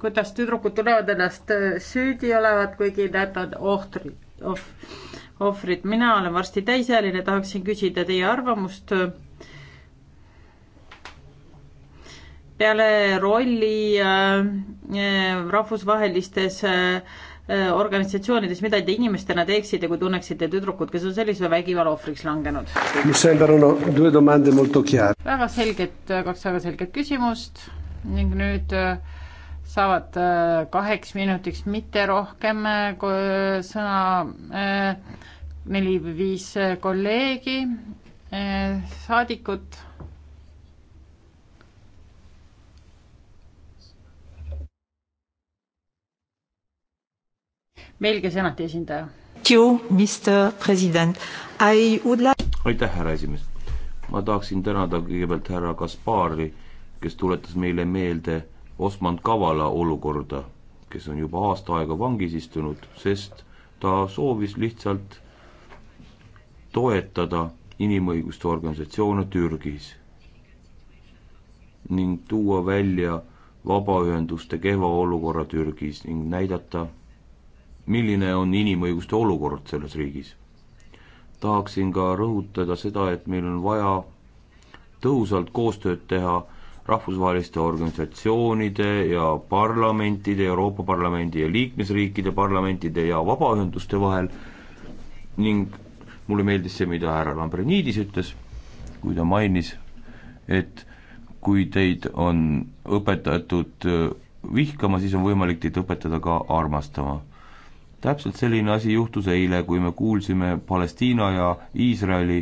Speaker 3: kuidas tüdrukud tunnevad ennast süüdi olevat, kuigi nad on ohtrid oh,, ohvrid. mina olen varsti täisealine, tahaksin küsida teie arvamust peale rolli äh, äh, rahvusvahelistes äh, organisatsioonides, mida te inimestena teeksite, kui tunneksite tüdrukut, kes on sellise vägivalla ohvriks langenud? väga selged, kaks väga selget küsimust ning nüüd saavad kaheks minutiks, mitte rohkem sõna neli-viis kolleegi, saadikut Belgia senati esindaja.
Speaker 6: aitäh, härra esimees. ma tahaksin tänada kõigepealt härra Kaspari, kes tuletas meile meelde Osman Kavala olukorda, kes on juba aasta aega vangis istunud, sest ta soovis lihtsalt toetada inimõiguste organisatsioone Türgis ning tuua välja vabaühenduste kehva olukorra Türgis ning näidata, milline on inimõiguste olukord selles riigis. tahaksin ka rõhutada seda, et meil on vaja tõhusalt koostööd teha rahvusvaheliste organisatsioonide ja parlamentide, Euroopa Parlamendi ja liikmesriikide parlamentide ja vabaühenduste vahel ning mulle meeldis see, mida härra Lambrinidis ütles, kui ta mainis, et kui teid on õpetatud vihkama, siis on võimalik teid õpetada ka armastama täpselt selline asi juhtus eile, kui me kuulsime Palestiina ja Iisraeli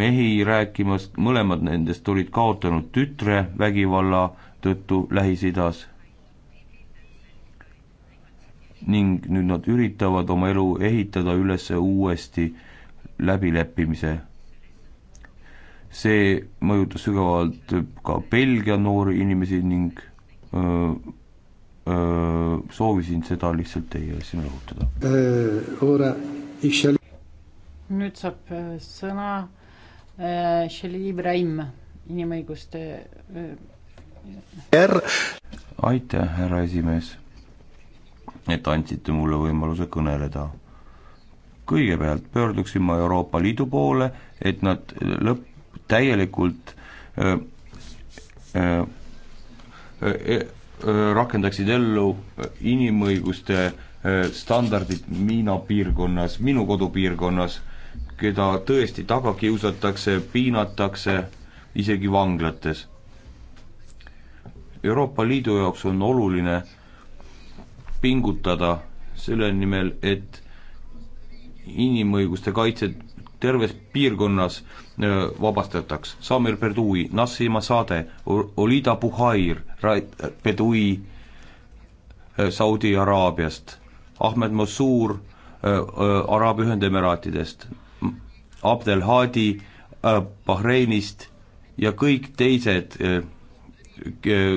Speaker 6: mehi rääkimas, mõlemad nendest olid kaotanud tütre vägivalla tõttu Lähis-Idas ning nüüd nad üritavad oma elu ehitada üles uuesti läbileppimise. see mõjutas sügavalt ka Belgia noori inimesi ning öö, Äh, soovisin seda lihtsalt teie siin rõhutada.
Speaker 2: Äh,
Speaker 3: nüüd saab äh, sõna Sheli Ibrahim inimõiguste R.
Speaker 6: Er- aitäh, härra esimees, et andsite mulle võimaluse kõneleda. kõigepealt pöörduksin ma Euroopa Liidu poole, et nad lõpp, täielikult öö, öö, öö, rakendaksid ellu inimõiguste standardid Miina piirkonnas, minu kodupiirkonnas, keda tõesti taga kiusatakse, piinatakse, isegi vanglates. Euroopa Liidu jaoks on oluline pingutada selle nimel, et inimõiguste kaitset terves piirkonnas Äh, vabastataks. Samir Berdui, Nassima Sade, Olida Buhair, Bedui äh, Saudi Araabiast, Ahmed Mossur äh, Araabia Ühendemiraatidest, Abdel Hadi Bahreinist ja kõik teised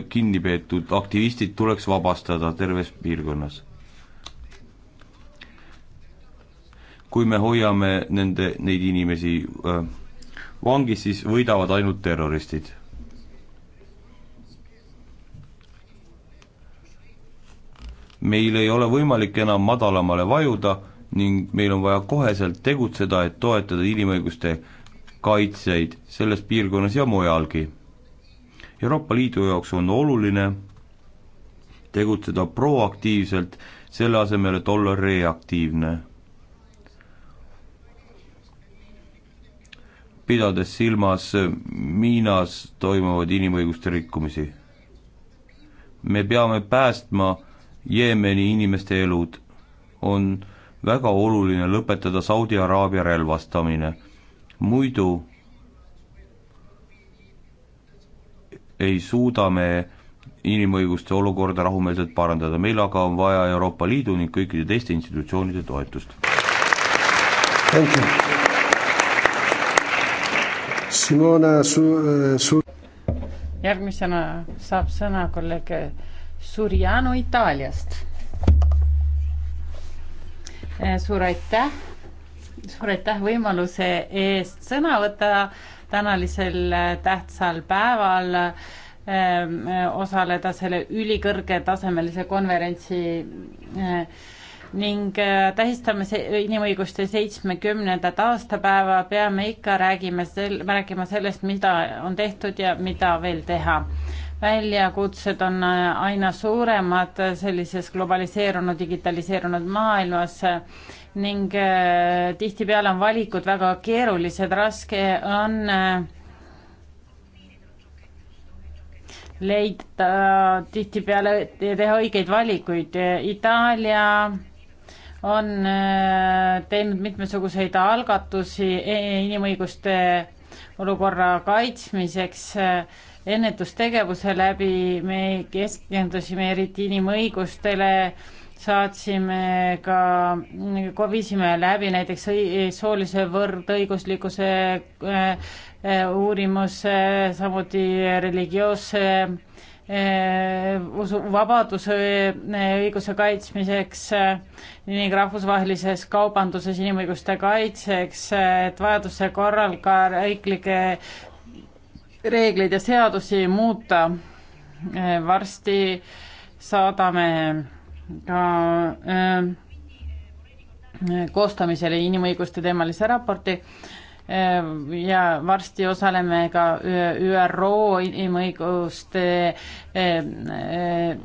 Speaker 6: kinnipeetud aktivistid tuleks vabastada terves piirkonnas kui me hoiame nende, neid inimesi äh, vangis, siis võidavad ainult terroristid. meil ei ole võimalik enam madalamale vajuda ning meil on vaja koheselt tegutseda, et toetada inimõiguste kaitsjaid selles piirkonnas ja mujalgi. Euroopa Liidu jaoks on oluline tegutseda proaktiivselt, selle asemel, et olla reaktiivne pidades silmas Miinas toimuvaid inimõiguste rikkumisi. me peame päästma Jeemeni inimeste elud. on väga oluline lõpetada Saudi Araabia relvastamine, muidu ei suuda me inimõiguste olukorda rahumeelselt parandada, meil aga on vaja Euroopa Liidu ning kõikide teiste institutsioonide toetust. Thank you.
Speaker 8: Simona Su-, eh, Su-.
Speaker 3: järgmisena saab sõna kolleeg Suriano Itaaliast. Eh, suur aitäh, suur aitäh võimaluse eest sõna võtta tänalisel eh, tähtsal päeval osaleda selle ülikõrgetasemelise konverentsi ning äh, tähistame inimõiguste seitsmekümnendat aastapäeva, peame ikka räägime sel-, rääkima sellest, mida on tehtud ja mida veel teha. väljakutsed on äh, aina suuremad sellises globaliseerunud, digitaliseerunud maailmas äh, ning tihtipeale on valikud väga keerulised, raske on leida tihtipeale ja teha õigeid valikuid. Itaalia on äh, teinud mitmesuguseid algatusi e-, inimõiguste olukorra kaitsmiseks äh, ennetustegevuse läbi, me keskendusime eriti inimõigustele, saatsime ka, viisime läbi näiteks soolise võrdõiguslikkuse äh, uurimuse, samuti religioosse Eh, vabaduse eh, õiguse kaitsmiseks eh, ning rahvusvahelises kaubanduses inimõiguste kaitseks, et vajaduse korral ka riiklikke reegleid ja seadusi muuta. varsti saadame ka koostamisele inimõiguste teemalise raporti Ehm, ja varsti osaleme ka ÜRO inimõiguste ehm, ehm,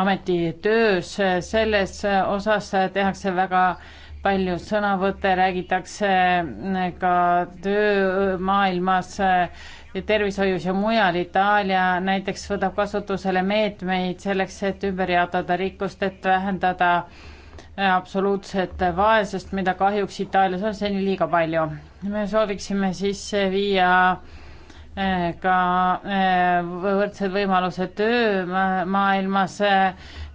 Speaker 3: ameti töös, selles osas tehakse väga palju sõnavõtte, räägitakse mm, ka töömaailmas, tervishoius ja mujal. Itaalia näiteks võtab kasutusele meetmeid selleks, et ümber jaotada rikkust, et vähendada äh, absoluutset vaesust, mida kahjuks Itaalias on seni liiga palju. me sooviksime sisse viia eh, ka eh, võrdsed võimalused töömaailmas eh,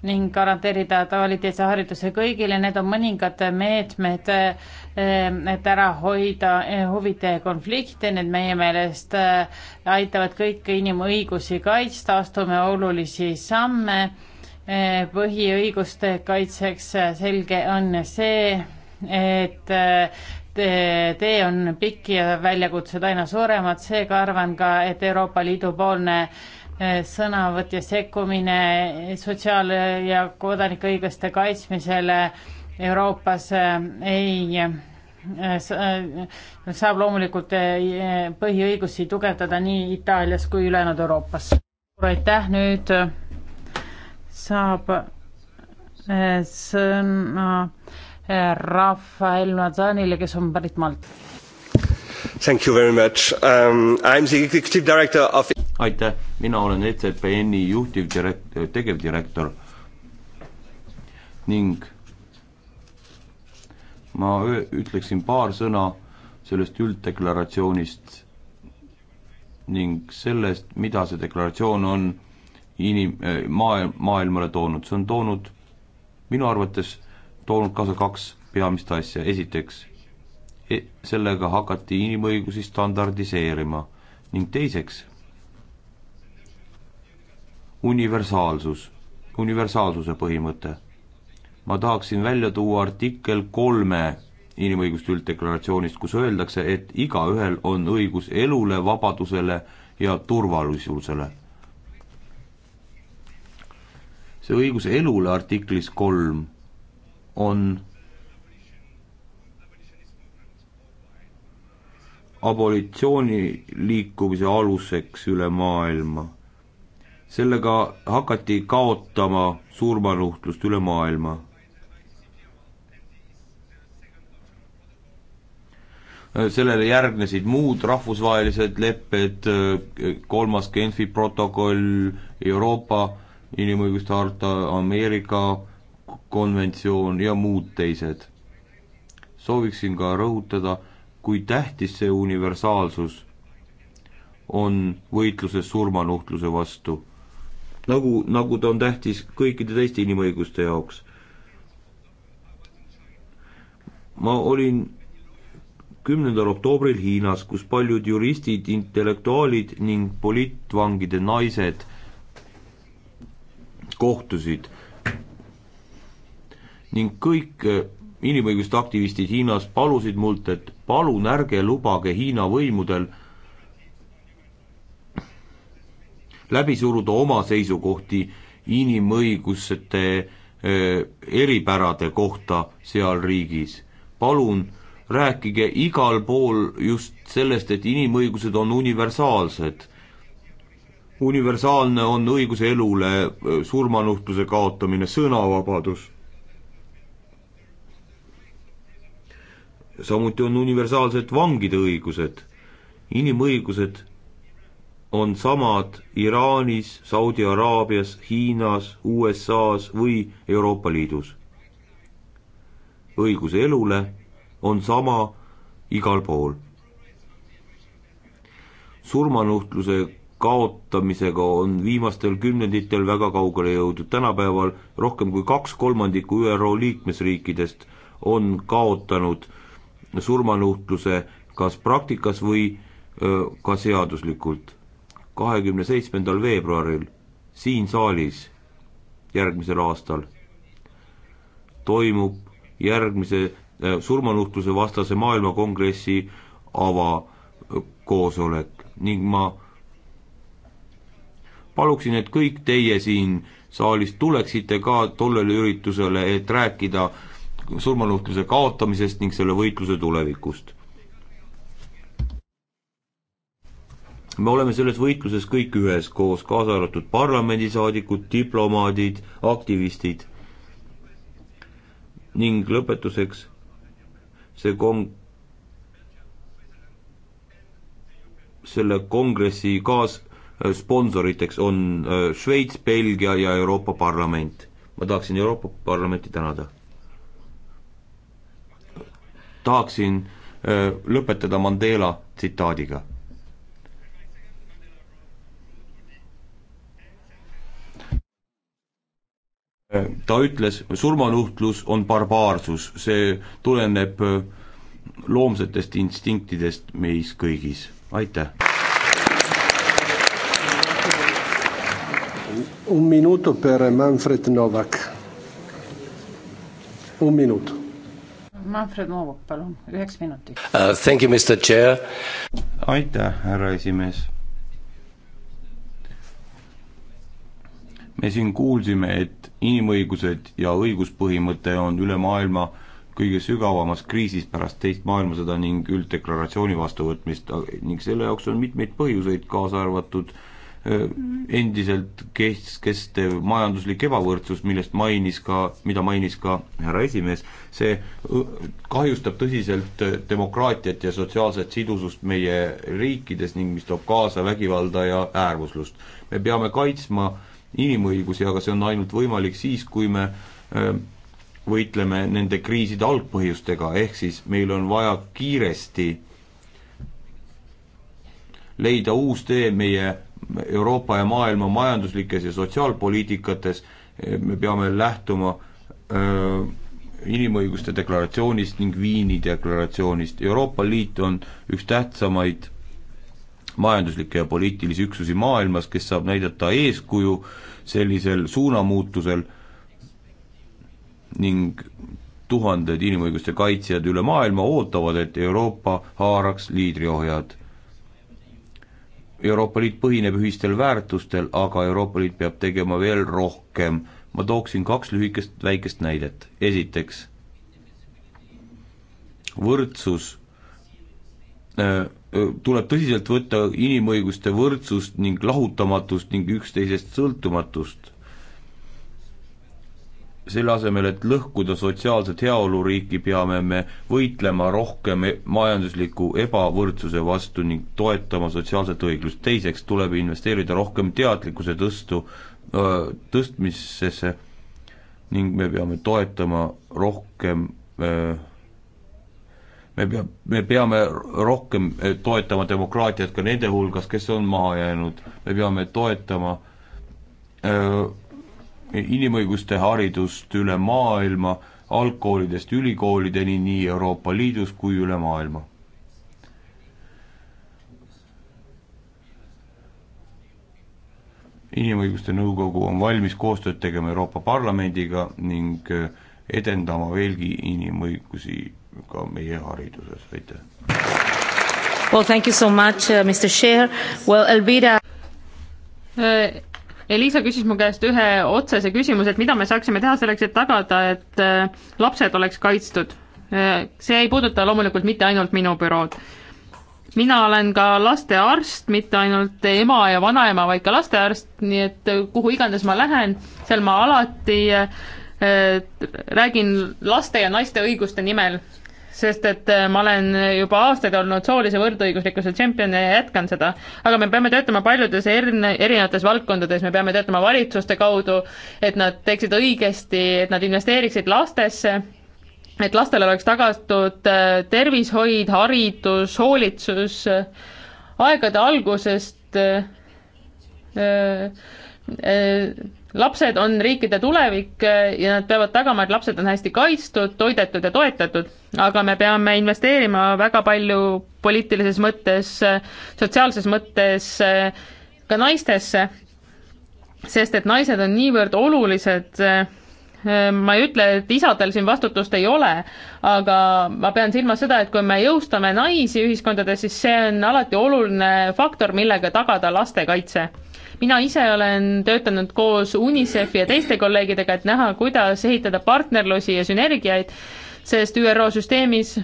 Speaker 3: ning garanteerida kvaliteetse hariduse kõigile, need on mõningad meetmed, et ära hoida huvide konflikte, need meie meelest aitavad kõiki inimõigusi kaitsta, astume olulisi samme Eh, põhiõiguste kaitseks. Eh, selge on see, et eh, tee on pikk ja väljakutsed aina suuremad, seega arvan ka, et Euroopa Liidu poolne sõnavõtt ja sekkumine sotsiaal- ja kodanikuõiguste kaitsmisele Euroopas ei saab loomulikult põhiõigusi tugevdada nii Itaalias kui ülejäänud Euroopas. aitäh, nüüd saab eh, sõna eh, Rafael Madanile, kes on pärit Malt.
Speaker 6: Thank you very much um,. I am the executive director of aitäh, mina olen ECPN-i juhtivdirekt-, eh, tegevdirektor ning ma ütleksin paar sõna sellest ülddeklaratsioonist ning sellest, mida see deklaratsioon on inim-, maailm, maailmale toonud, see on toonud minu arvates toonud kaasa kaks peamist asja, esiteks e sellega hakati inimõigusi standardiseerima ning teiseks universaalsus, universaalsuse põhimõte. ma tahaksin välja tuua artikkel kolme inimõiguste ülddeklaratsioonist, kus öeldakse, et igaühel on õigus elule, vabadusele ja turvalisusele see õigus elule artiklis kolm on abolitsiooni liikumise aluseks üle maailma. sellega hakati kaotama surmanuhtlust üle maailma. sellele järgnesid muud rahvusvahelised lepped, kolmas Genfi protokoll, Euroopa inimõiguste harta, Ameerika konventsioon ja muud teised. sooviksin ka rõhutada, kui tähtis see universaalsus on võitluses surmanuhtluse vastu. nagu, nagu ta on tähtis kõikide teiste inimõiguste jaoks. ma olin kümnendal oktoobril Hiinas, kus paljud juristid, intellektuaalid ning poliitvangide naised kohtusid ning kõik eh, inimõiguste aktivistid Hiinas palusid mult, et palun ärge lubage Hiina võimudel läbi suruda oma seisukohti inimõiguste eh, eripärade kohta seal riigis. palun rääkige igal pool just sellest, et inimõigused on universaalsed universaalne on õiguse elule, äh, surmanuhtluse kaotamine, sõnavabadus. samuti on universaalsed vangide õigused, inimõigused on samad Iraanis, Saudi Araabias, Hiinas, USA-s või Euroopa Liidus. õigus elule on sama igal pool. surmanuhtluse kaotamisega on viimastel kümnenditel väga kaugele jõudnud. tänapäeval rohkem kui kaks kolmandikku ÜRO liikmesriikidest on kaotanud surmanuhtluse kas praktikas või öö, ka seaduslikult. kahekümne seitsmendal veebruaril siin saalis järgmisel aastal toimub järgmise öö, surmanuhtluse vastase maailmakongressi avakoosolek ning ma paluksin, et kõik teie siin saalis tuleksite ka tollele üritusele, et rääkida surmanuhtluse kaotamisest ning selle võitluse tulevikust. me oleme selles võitluses kõik üheskoos, kaasa arvatud parlamendisaadikud, diplomaadid, aktivistid. ning lõpetuseks see kon-, selle kongressi kaas- Äh, sponsoriteks on äh, Šveits, Belgia ja Euroopa Parlament. ma tahaksin Euroopa Parlamenti tänada. tahaksin äh, lõpetada Mandela tsitaadiga. ta ütles, surmanuhtlus on barbaarsus, see tuleneb loomsetest instinktidest meis kõigis, aitäh!
Speaker 1: un
Speaker 7: minuto per Manfred Novak. un minut.
Speaker 3: Manfred Novak, palun, üheks minutiks
Speaker 6: uh,. Thank you, Mr Chair. aitäh, härra esimees. me siin kuulsime, et inimõigused ja õiguspõhimõte on üle maailma kõige sügavamas kriisis pärast teist maailmasõda ning ülddeklaratsiooni vastuvõtmist ning selle jaoks on mitmeid põhjuseid, kaasa arvatud äh, Äh, endiselt kes-, kestev majanduslik ebavõrdsus, millest mainis ka, mida mainis ka härra esimees, see äh, kahjustab tõsiselt äh, demokraatiat ja sotsiaalset sidusust meie riikides ning mis toob kaasa vägivalda ja äärmuslust. me peame kaitsma inimõigusi, aga see on ainult võimalik siis, kui me võitleme nende kriiside algpõhjustega, ehk siis meil on vaja kiiresti leida uus tee meie Euroopa ja maailma majanduslikes ja sotsiaalpoliitikates eh, me peame lähtuma öö, eh, inimõiguste deklaratsioonist ning Viini deklaratsioonist. Euroopa Liit on üks tähtsamaid majanduslikke ja poliitilisi üksusi maailmas, kes saab näidata eeskuju sellisel suunamuutusel ning tuhanded inimõiguste kaitsjad üle maailma ootavad, et Euroopa haaraks liidriohjad Euroopa Liit põhineb ühistel väärtustel, aga Euroopa Liit peab tegema veel rohkem. ma tooksin kaks lühikest väikest näidet. esiteks, võrdsus äh, äh, tuleb tõsiselt võtta inimõiguste võrdsust ning lahutamatust ning üksteisest sõltumatust selle asemel, et lõhkuda sotsiaalset heaoluriiki, peame me võitlema rohkem e-, majandusliku ebavõrdsuse vastu ning toetama sotsiaalset õiglust. teiseks tuleb investeerida rohkem teadlikkuse tõstu, tõstmisesse ning me peame toetama rohkem öö, me pea, me peame rohkem e, toetama demokraatiat ka nende hulgas, kes on maha jäänud, me peame toetama öö, inimõiguste haridust üle maailma, algkoolidest ülikoolideni nii Euroopa Liidus kui üle maailma. inimõiguste nõukogu on valmis koostööd tegema Euroopa Parlamendiga ning eh, edendama veelgi inimõigusi ka meie hariduses, aitäh.
Speaker 5: Well, thank you so much uh,, Mr Chair, well Elvira uh Liisa küsis mu käest ühe otsese küsimuse, et mida me saaksime teha selleks, et tagada, et äh, lapsed oleks kaitstud. Äh, see ei puuduta loomulikult mitte ainult minu bürood. mina olen ka lastearst, mitte ainult ema ja vanaema, vaid ka lastearst, nii et äh, kuhu iganes ma lähen, seal ma alati räägin laste ja naiste õiguste nimel sest et äh, ma olen juba aastaid olnud soolise võrdõiguslikkuse tšempion ja jätkan seda. aga me peame töötama paljudes erne-, erinevates valdkondades, me peame töötama valitsuste kaudu, et nad teeksid õigesti, et nad investeeriksid lastesse, et lastele oleks tagatud äh, tervishoid, haridus, hoolitsus, aegade algusest öö, äh, öö, lapsed on riikide tulevik eh, ja nad peavad tagama, et lapsed on hästi kaitstud, toidetud ja toetatud, aga me peame investeerima väga palju poliitilises mõttes, eh, sotsiaalses mõttes eh, ka naistesse, sest et naised on niivõrd olulised ma ei ütle, et isadel siin vastutust ei ole, aga ma pean silmas seda, et kui me jõustame naisi ühiskondades, siis see on alati oluline faktor, millega tagada lastekaitse mina ise olen töötanud koos UNICEF-i ja teiste kolleegidega, et näha, kuidas ehitada partnerlusi ja sünergiaid, sest ÜRO süsteemis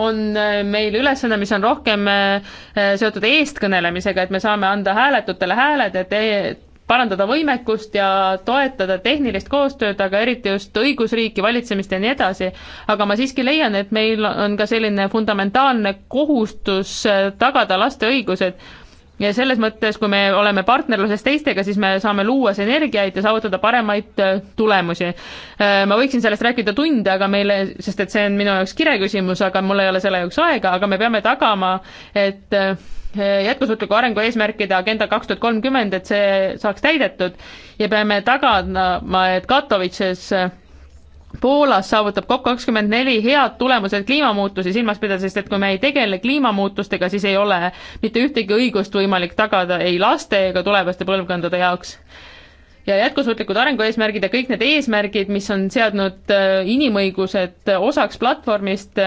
Speaker 5: on äh, meil ülesanne, mis on rohkem äh, seotud eestkõnelemisega, et me saame anda hääletutele hääled, et e-, parandada võimekust ja toetada tehnilist koostööd, aga eriti just õigusriiki, valitsemist ja nii edasi. aga ma siiski leian, et meil on ka selline fundamentaalne kohustus äh, tagada laste õigused ja selles mõttes, kui me oleme partnerluses teistega, siis me saame luua sünergiaid ja saavutada paremaid äh, tulemusi. Äh, ma võiksin sellest rääkida tunde, aga meile, sest et see on minu jaoks kireküsimus, aga mul ei ole selle jaoks aega, aga me peame tagama, et äh, jätkusuutliku arengu eesmärkide agenda kaks tuhat kolmkümmend, et see saaks täidetud ja peame tagama, et Katowices Poolas saavutab COP kakskümmend neli head tulemused kliimamuutusi silmas pidades, sest et kui me ei tegele kliimamuutustega, siis ei ole mitte ühtegi õigust võimalik tagada ei laste ega tulevaste põlvkondade jaoks. ja jätkusuutlikud arengueesmärgid ja kõik need eesmärgid, mis on seadnud äh, inimõigused osaks platvormist,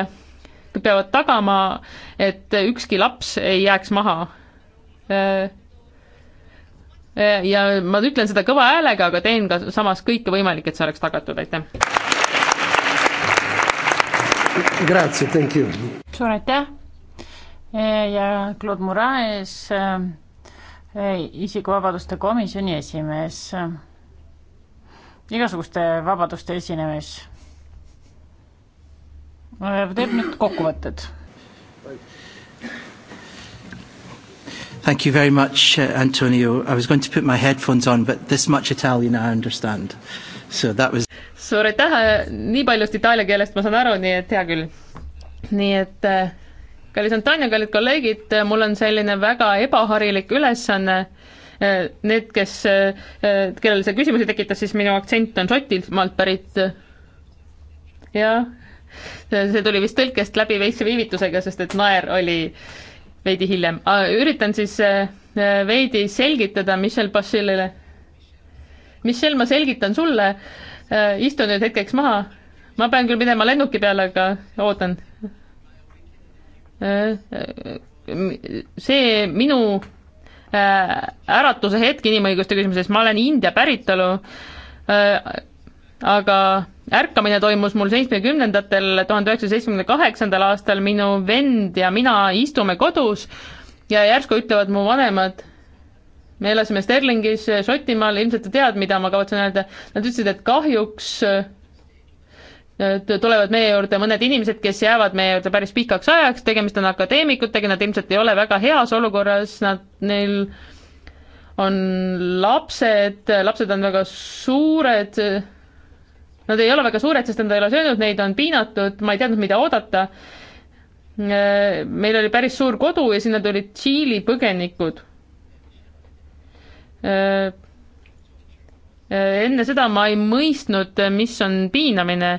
Speaker 5: peavad tagama, et ükski laps ei jääks maha äh, Eh, ja ma ütlen seda kõva häälega, aga teen ka samas kõike võimalik, et see oleks tagatud, aitäh.
Speaker 3: suur aitäh eh, ja Claude Moraes, eh, isikuvabaduste komisjoni esimees, igasuguste vabaduste esinemis. teeb nüüd kokkuvõtted.
Speaker 2: Thank you very much, uh, Antonio. I was going to put my headphones on, but this much Italian I understand. So that was
Speaker 5: suur aitäh, nii paljust itaalia keelest ma saan aru, nii et hea küll. nii et äh, kallis Antonio, kallid kolleegid, äh, mul on selline väga ebaharilik ülesanne. Äh, need, kes, kellele see küsimusi tekitas, siis minu aktsent on Šotimaalt pärit. jah, see tuli vist tõlkest läbi väikse viivitusega, sest et naer oli äh, veidi hiljem. Ah, üritan siis äh, äh, veidi selgitada Michel Bachelile. Michel, ma selgitan sulle, äh, istu nüüd hetkeks maha, ma pean küll minema lennuki peale, aga ootan. see minu äratuse hetk inimõiguste küsimuses, ma olen India päritolu, aga ärkamine toimus mul seitsmekümnendatel, tuhande üheksasaja seitsmekümne kaheksandal aastal, minu vend ja mina istume kodus ja järsku ütlevad mu vanemad, me elasime Sterlingis, Šotimaal, ilmselt sa tead, mida ma kavatsen öelda, nad ütlesid, et kahjuks tulevad meie juurde mõned inimesed, kes jäävad meie juurde päris pikaks ajaks, tegemist on akadeemikutega, nad ilmselt ei ole väga heas olukorras, nad, neil on lapsed, lapsed on väga suured, Nad ei ole väga suured, sest nad ei ole söönud, neid on piinatud, ma ei teadnud, mida oodata. meil oli päris suur kodu ja sinna tulid Tšiili põgenikud. enne seda ma ei mõistnud, mis on piinamine.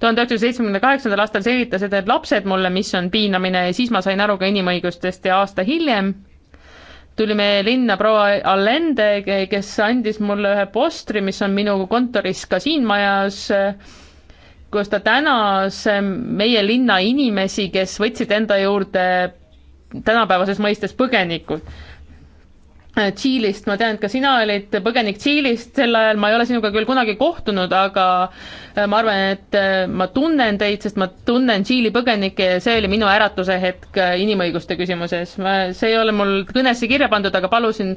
Speaker 5: tuhande üheksasaja seitsmekümne kaheksandal aastal selgitasid need lapsed mulle, mis on piinamine ja siis ma sain aru ka inimõigustest ja aasta hiljem tulime linna proua Allende, kes andis mulle ühe postri, mis on minu kontoris ka siin majas, kus ta tänas meie linna inimesi, kes võtsid enda juurde tänapäevases mõistes põgenikud Tšiilist, ma tean, et ka sina olid põgenik Tšiilist sel ajal, ma ei ole sinuga küll kunagi kohtunud, aga äh, ma arvan, et äh, ma tunnen teid, sest ma tunnen Tšiili põgenikke ja see oli minu äratuse hetk äh, inimõiguste küsimuses. ma, see ei ole mul kõnesse kirja pandud, aga palusin,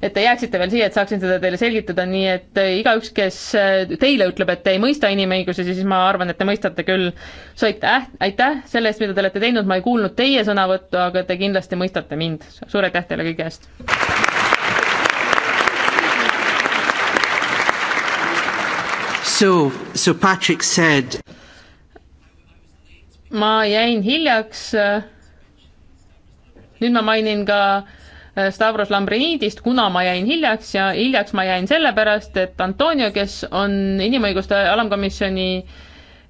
Speaker 5: et te jääksite veel siia, et saaksin seda teile selgitada, nii et igaüks, kes teile ütleb, et te ei mõista inimõigusi, siis ma arvan, et te mõistate küll. aitäh, aitäh selle eest, mida te olete teinud, ma ei kuulnud teie sõnavõttu, aga te kindlasti mõistate mind. suur aitäh teile kõige eest!
Speaker 7: So, so Patrick said.
Speaker 5: ma jäin hiljaks. nüüd ma mainin ka äh, Stavros Lambrinidist, kuna ma jäin hiljaks ja hiljaks ma jäin sellepärast, et Antonio, kes on inimõiguste alamkomisjoni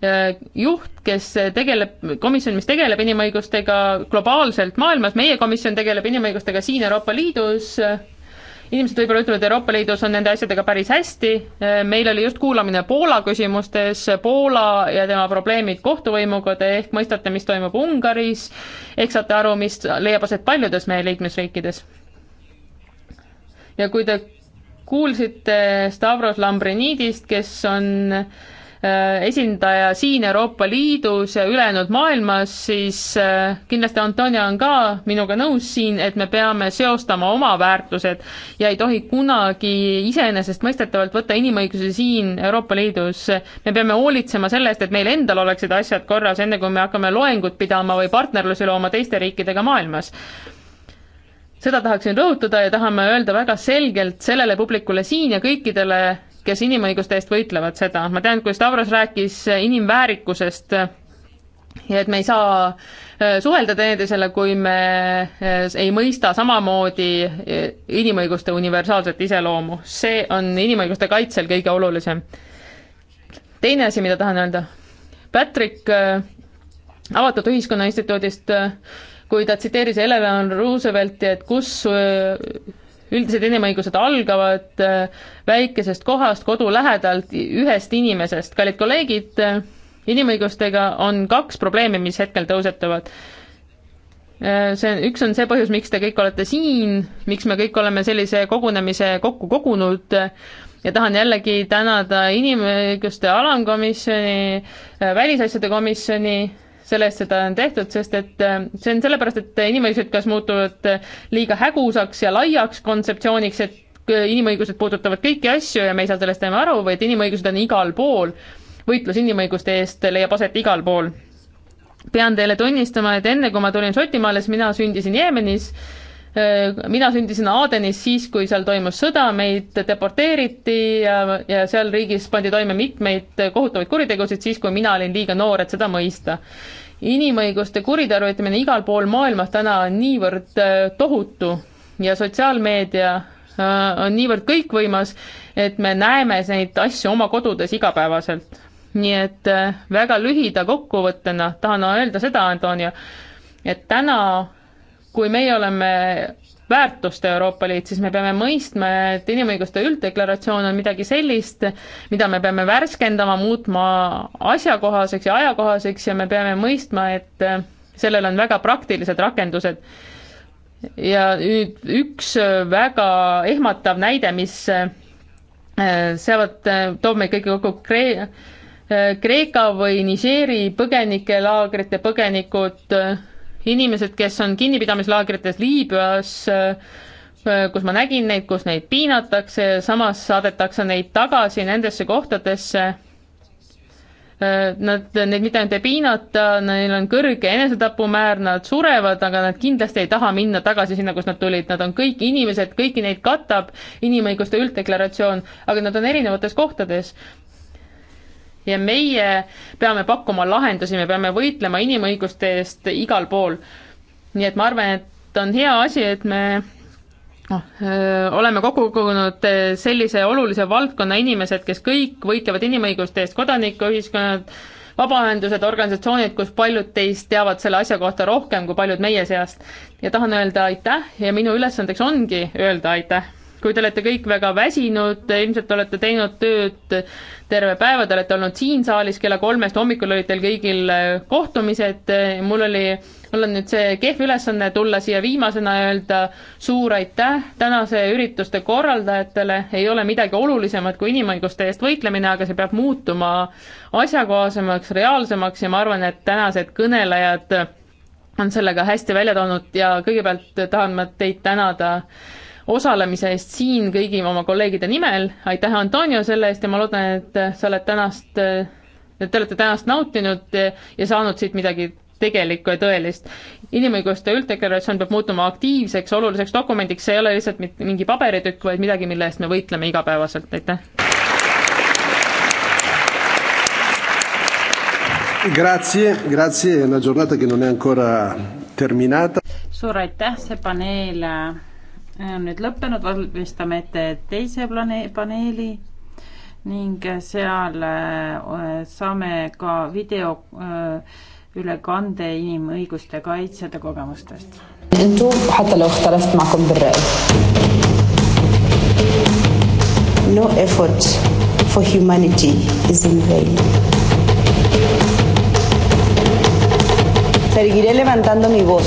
Speaker 5: äh, juht, kes tegeleb, komisjon, mis tegeleb inimõigustega globaalselt maailmas, meie komisjon tegeleb inimõigustega siin Euroopa Liidus inimesed võib-olla ütlevad, Euroopa Liidus on nende asjadega päris hästi, meil oli just kuulamine Poola küsimustes, Poola ja tema probleemid kohtuvõimuga, te ehk mõistate, mis toimub Ungaris, ehk saate aru, mis leiab aset paljudes meie liikmesriikides. ja kui te kuulsite Stavros Lambrinidist, kes on äh, Äh, esindaja siin Euroopa Liidus ja ülejäänud maailmas, siis äh, kindlasti Antonia on ka minuga nõus siin, et me peame seostama oma väärtused ja ei tohi kunagi iseenesestmõistetavalt võtta inimõigusi siin Euroopa Liidus. me peame hoolitsema selle eest, et meil endal oleksid asjad korras, enne kui me hakkame loengut pidama või partnerlusi looma teiste riikidega maailmas seda tahaksin rõhutada ja tahame öelda väga selgelt sellele publikule siin ja kõikidele kes inimõiguste eest võitlevad, seda. ma tean, kui Stavros rääkis inimväärikusest ja et me ei saa äh, suhelda teineteisele, kui me äh, ei mõista samamoodi äh, inimõiguste universaalset iseloomu. see on inimõiguste kaitsel kõige olulisem. teine asi, mida tahan öelda. Patrick Avatud Ühiskonna Instituudist, kui ta tsiteeris Eleanor Roosevelti, et kus üldised inimõigused algavad väikesest kohast, kodu lähedalt, ühest inimesest. kallid kolleegid, inimõigustega on kaks probleemi, mis hetkel tõusetuvad. see on, üks on see põhjus, miks te kõik olete siin, miks me kõik oleme sellise kogunemise kokku kogunud ja tahan jällegi tänada inimõiguste alamkomisjoni, välisasjade komisjoni, selle eest seda on tehtud, sest et äh, see on sellepärast, et inimõigused kas muutuvad äh, liiga hägusaks ja laiaks kontseptsiooniks, et äh, inimõigused puudutavad kõiki asju ja me ei saa sellest enam aru, vaid inimõigused on igal pool. võitlus inimõiguste eest leiab aset igal pool. pean teile tunnistama, et enne kui ma tulin Šotimaale, siis mina sündisin Jeemenis Äh, mina sündisin Aadenis siis, kui seal toimus sõda, meid deporteeriti ja, ja seal riigis pandi toime mitmeid kohutavaid kuritegusid siis, kui mina olin liiga noor, et seda mõista. inimõiguste kuritarvitamine igal pool maailmas täna on niivõrd äh, tohutu ja sotsiaalmeedia äh, on niivõrd kõikvõimas, et me näeme neid asju oma kodudes igapäevaselt. nii et väga lühida kokkuvõttena tahan öelda seda, Antonia, et täna kui meie oleme väärtuste Euroopa Liit, siis me peame mõistma, et inimõiguste ülddeklaratsioon on midagi sellist, mida me peame värskendama, muutma asjakohaseks ja ajakohaseks ja me peame mõistma, et sellel on väga praktilised rakendused. ja nüüd üks väga ehmatav näide, mis äh, seavad, äh, toob meid kõiki kokku Kree-, äh, Kreeka või Nigeeri põgenikelaagrite põgenikud, inimesed, kes on kinnipidamislaagrites Liibüas, äh, kus ma nägin neid, kus neid piinatakse ja samas saadetakse neid tagasi nendesse kohtadesse. Äh, nad, neid mitte ainult ei piinata, neil on kõrge enesetapumäär, nad surevad, aga nad kindlasti ei taha minna tagasi sinna, kust nad tulid, nad on kõik inimesed, kõiki neid katab inimõiguste ülddeklaratsioon, aga nad on erinevates kohtades ja meie peame pakkuma lahendusi, me peame võitlema inimõiguste eest igal pool. nii et ma arvan, et on hea asi, et me noh, oleme kokku kogunud äh, sellise olulise valdkonna inimesed, kes kõik võitlevad inimõiguste eest, kodanikuühiskonnad, vabaühendused, organisatsioonid, kus paljud teist teavad selle asja kohta rohkem kui paljud meie seast. ja tahan öelda aitäh ja minu ülesandeks ongi öelda aitäh kui te olete kõik väga väsinud, ilmselt olete teinud tööd terve päeva, te olete olnud siin saalis kella kolmest, hommikul olid teil kõigil äh, kohtumised, äh, mul oli, mul on nüüd see kehv ülesanne tulla siia viimasena ja öelda suur aitäh tänase ürituste korraldajatele, ei ole midagi olulisemat kui inimõiguste eest võitlemine, aga see peab muutuma asjakohasemaks, reaalsemaks ja ma arvan, et tänased kõnelejad on sellega hästi välja toonud ja kõigepealt tahan ma teid tänada äh, osalemise eest siin kõigi oma kolleegide nimel, aitäh, Antonio, selle eest ja ma loodan, et sa oled tänast, et te olete tänast nautinud ja saanud siit midagi tegelikku ja tõelist. inimõiguste ülddeklaratsioon peab muutuma aktiivseks, oluliseks dokumendiks, see ei ole lihtsalt mingi paberitükk, vaid midagi, mille eest me võitleme igapäevaselt, aitäh!
Speaker 8: Grazie, grazie, è una giornata che non è ancora terminata.
Speaker 5: suur
Speaker 3: aitäh, see paneel äh, on nüüd lõppenud, valmistame ette teise plane-, paneeli ning seal äh, saame ka video äh, ülekande inimõiguste kaitsjate kogemustest.
Speaker 9: انتوا
Speaker 7: حتى لو اختلفت معكم بالرأي no effort for humanity is in vain seguiré levantando mi voz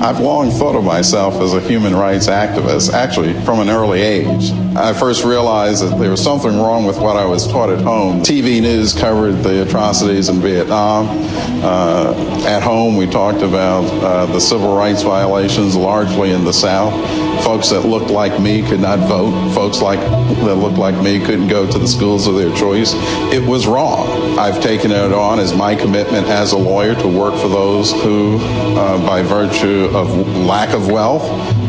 Speaker 1: I've long thought of myself as a human rights activist, actually from an early age. I first realized that there was something wrong with what I was taught at home. TV news covered the atrocities in Vietnam. Uh, at home, we talked about uh, the civil rights violations largely in the South. Folks that looked like me could not vote. Folks like that looked like me couldn't go to the schools of their choice. It was wrong. I've taken it on as my commitment as a lawyer to work for those who, uh, by virtue of lack of wealth,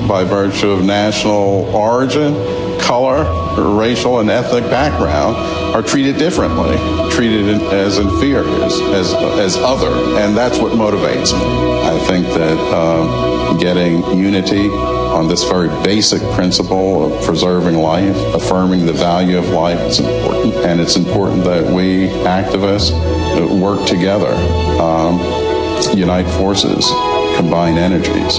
Speaker 1: by virtue of national origin, color, racial, and ethnic background, are treated differently, treated as inferiors, as, as other. And that's what motivates me. I think that um, getting unity on this very basic principle of preserving life, affirming the value of life is important. And it's important that we activists work together, um, unite forces, combine energies.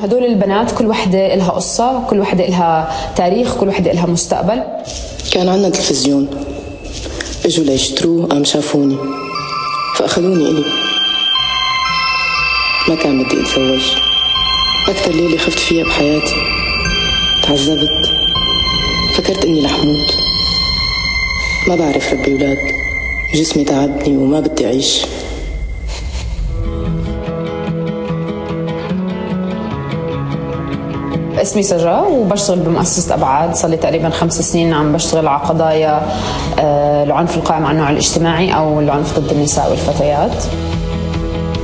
Speaker 9: هدول البنات كل وحدة إلها قصة كل وحدة إلها تاريخ كل وحدة إلها مستقبل كان عندنا تلفزيون
Speaker 7: إجوا ليشتروه قام شافوني فأخذوني إلي ما كان بدي أتزوج أكثر ليلة خفت فيها بحياتي تعذبت فكرت إني رح موت
Speaker 10: ما بعرف ربي أولاد جسمي تعبني وما بدي أعيش
Speaker 9: اسمي سجا وبشتغل بمؤسسة أبعاد صار لي تقريبا خمس سنين عم بشتغل على قضايا العنف القائم على النوع الاجتماعي أو العنف ضد النساء والفتيات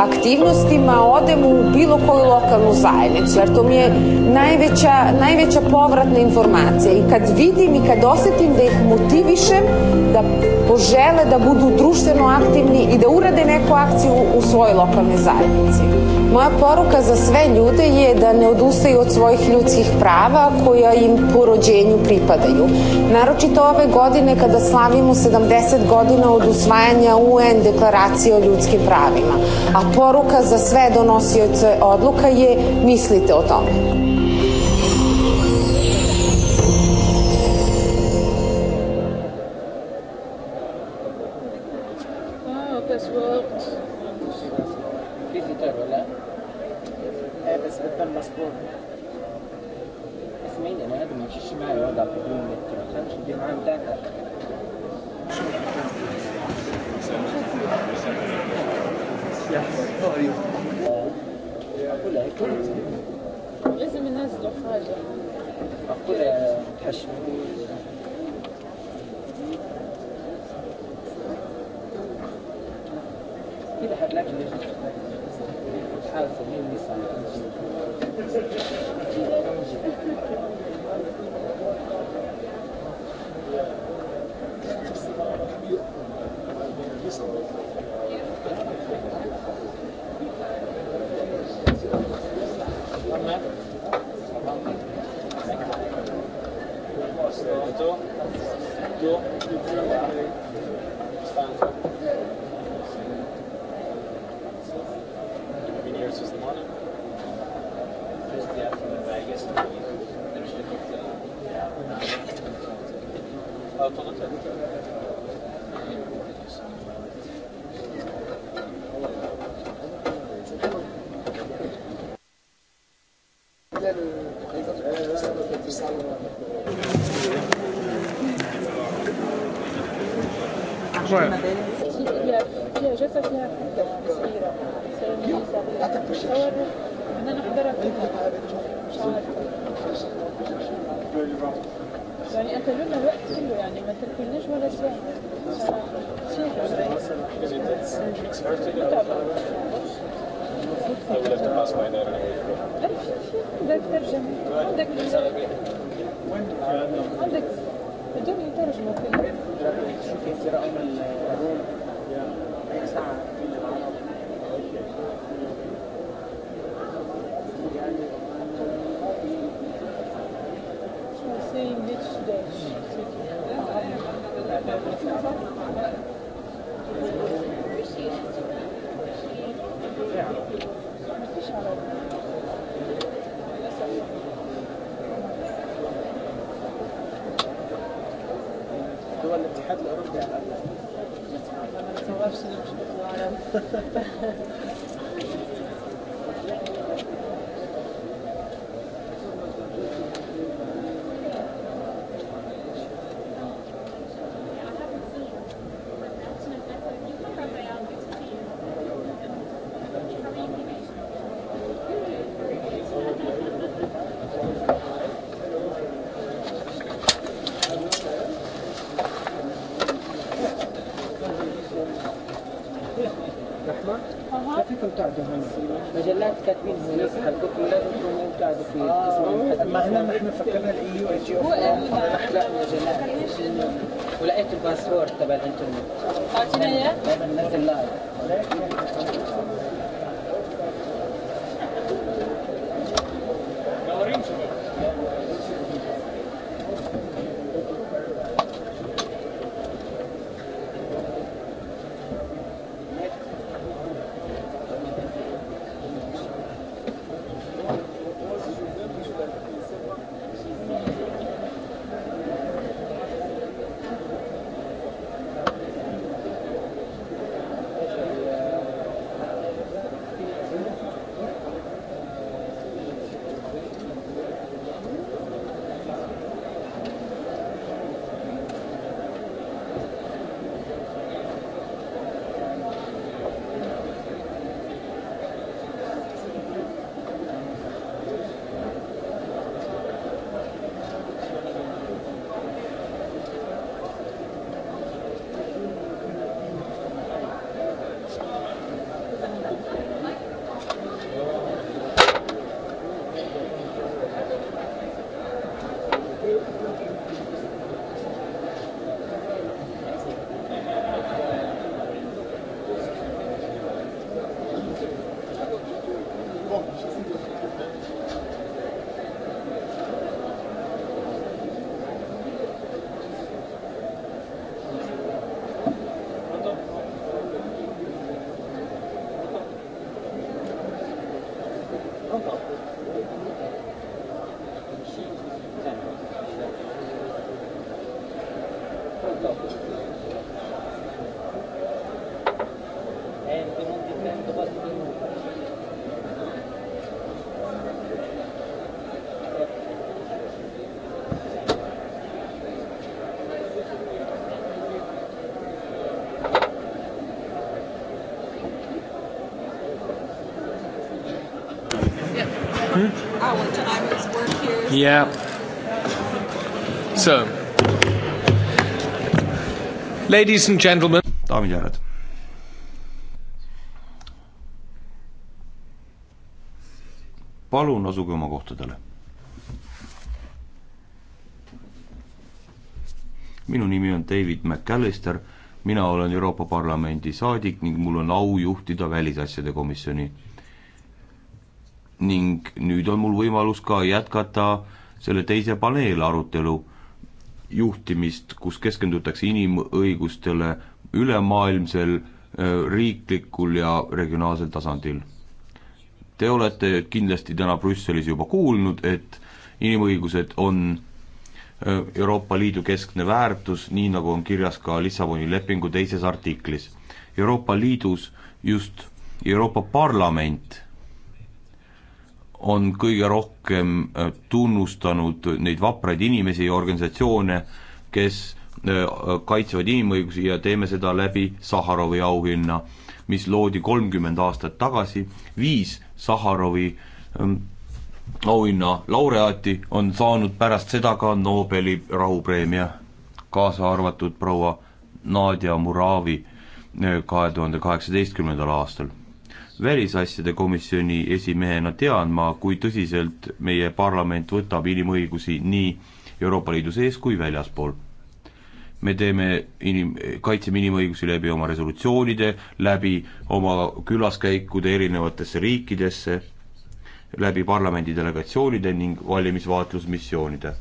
Speaker 10: aktivnostima odem u bilo koju lokalnu zajednicu, jer to mi je najveća, najveća povratna informacija. I kad vidim i kad osetim da ih motivišem da požele da budu društveno aktivni i da urade neku akciju u svojoj lokalnoj zajednici. Moja poruka za sve ljude je da ne odustaju od svojih ljudskih prava koja im po rođenju pripadaju. Naročito ove godine kada slavimo 70 godina od usvajanja UN deklaracije o ljudskim pravima. A poruka za sve donosioce odluka je mislite o tome.
Speaker 2: كنت أعجب عنه مجلات
Speaker 7: Yeah. So.
Speaker 6: Ladies and gentlemen. daamid ja härrad. palun asuge oma kohtadele. minu nimi on David McAllister, mina olen Euroopa Parlamendi saadik ning mul on au juhtida välisasjade komisjoni nüüd on mul võimalus ka jätkata selle teise paneelarutelu juhtimist, kus keskendutakse inimõigustele ülemaailmsel, äh, riiklikul ja regionaalsel tasandil. Te olete kindlasti täna Brüsselis juba kuulnud, et inimõigused on äh, Euroopa Liidu keskne väärtus, nii nagu on kirjas ka Lissaboni lepingu teises artiklis. Euroopa Liidus just Euroopa Parlament on kõige rohkem äh, tunnustanud neid vapraid inimesi ja organisatsioone, kes äh, kaitsevad inimõigusi ja teeme seda läbi Saharovi auhinna, mis loodi kolmkümmend aastat tagasi, viis Saharovi ähm, auhinna laureaati on saanud pärast seda ka Nobeli rahupreemia, kaasa arvatud proua Nadia Muravi äh, kahe tuhande kaheksateistkümnendal aastal välisasjade komisjoni esimehena tean ma, kui tõsiselt meie parlament võtab inimõigusi nii Euroopa Liidu sees kui väljaspool. me teeme inim-, kaitseme inimõigusi läbi oma resolutsioonide, läbi oma külaskäikude erinevatesse riikidesse, läbi parlamendi delegatsioonide ning valimisvaatlusmissioonide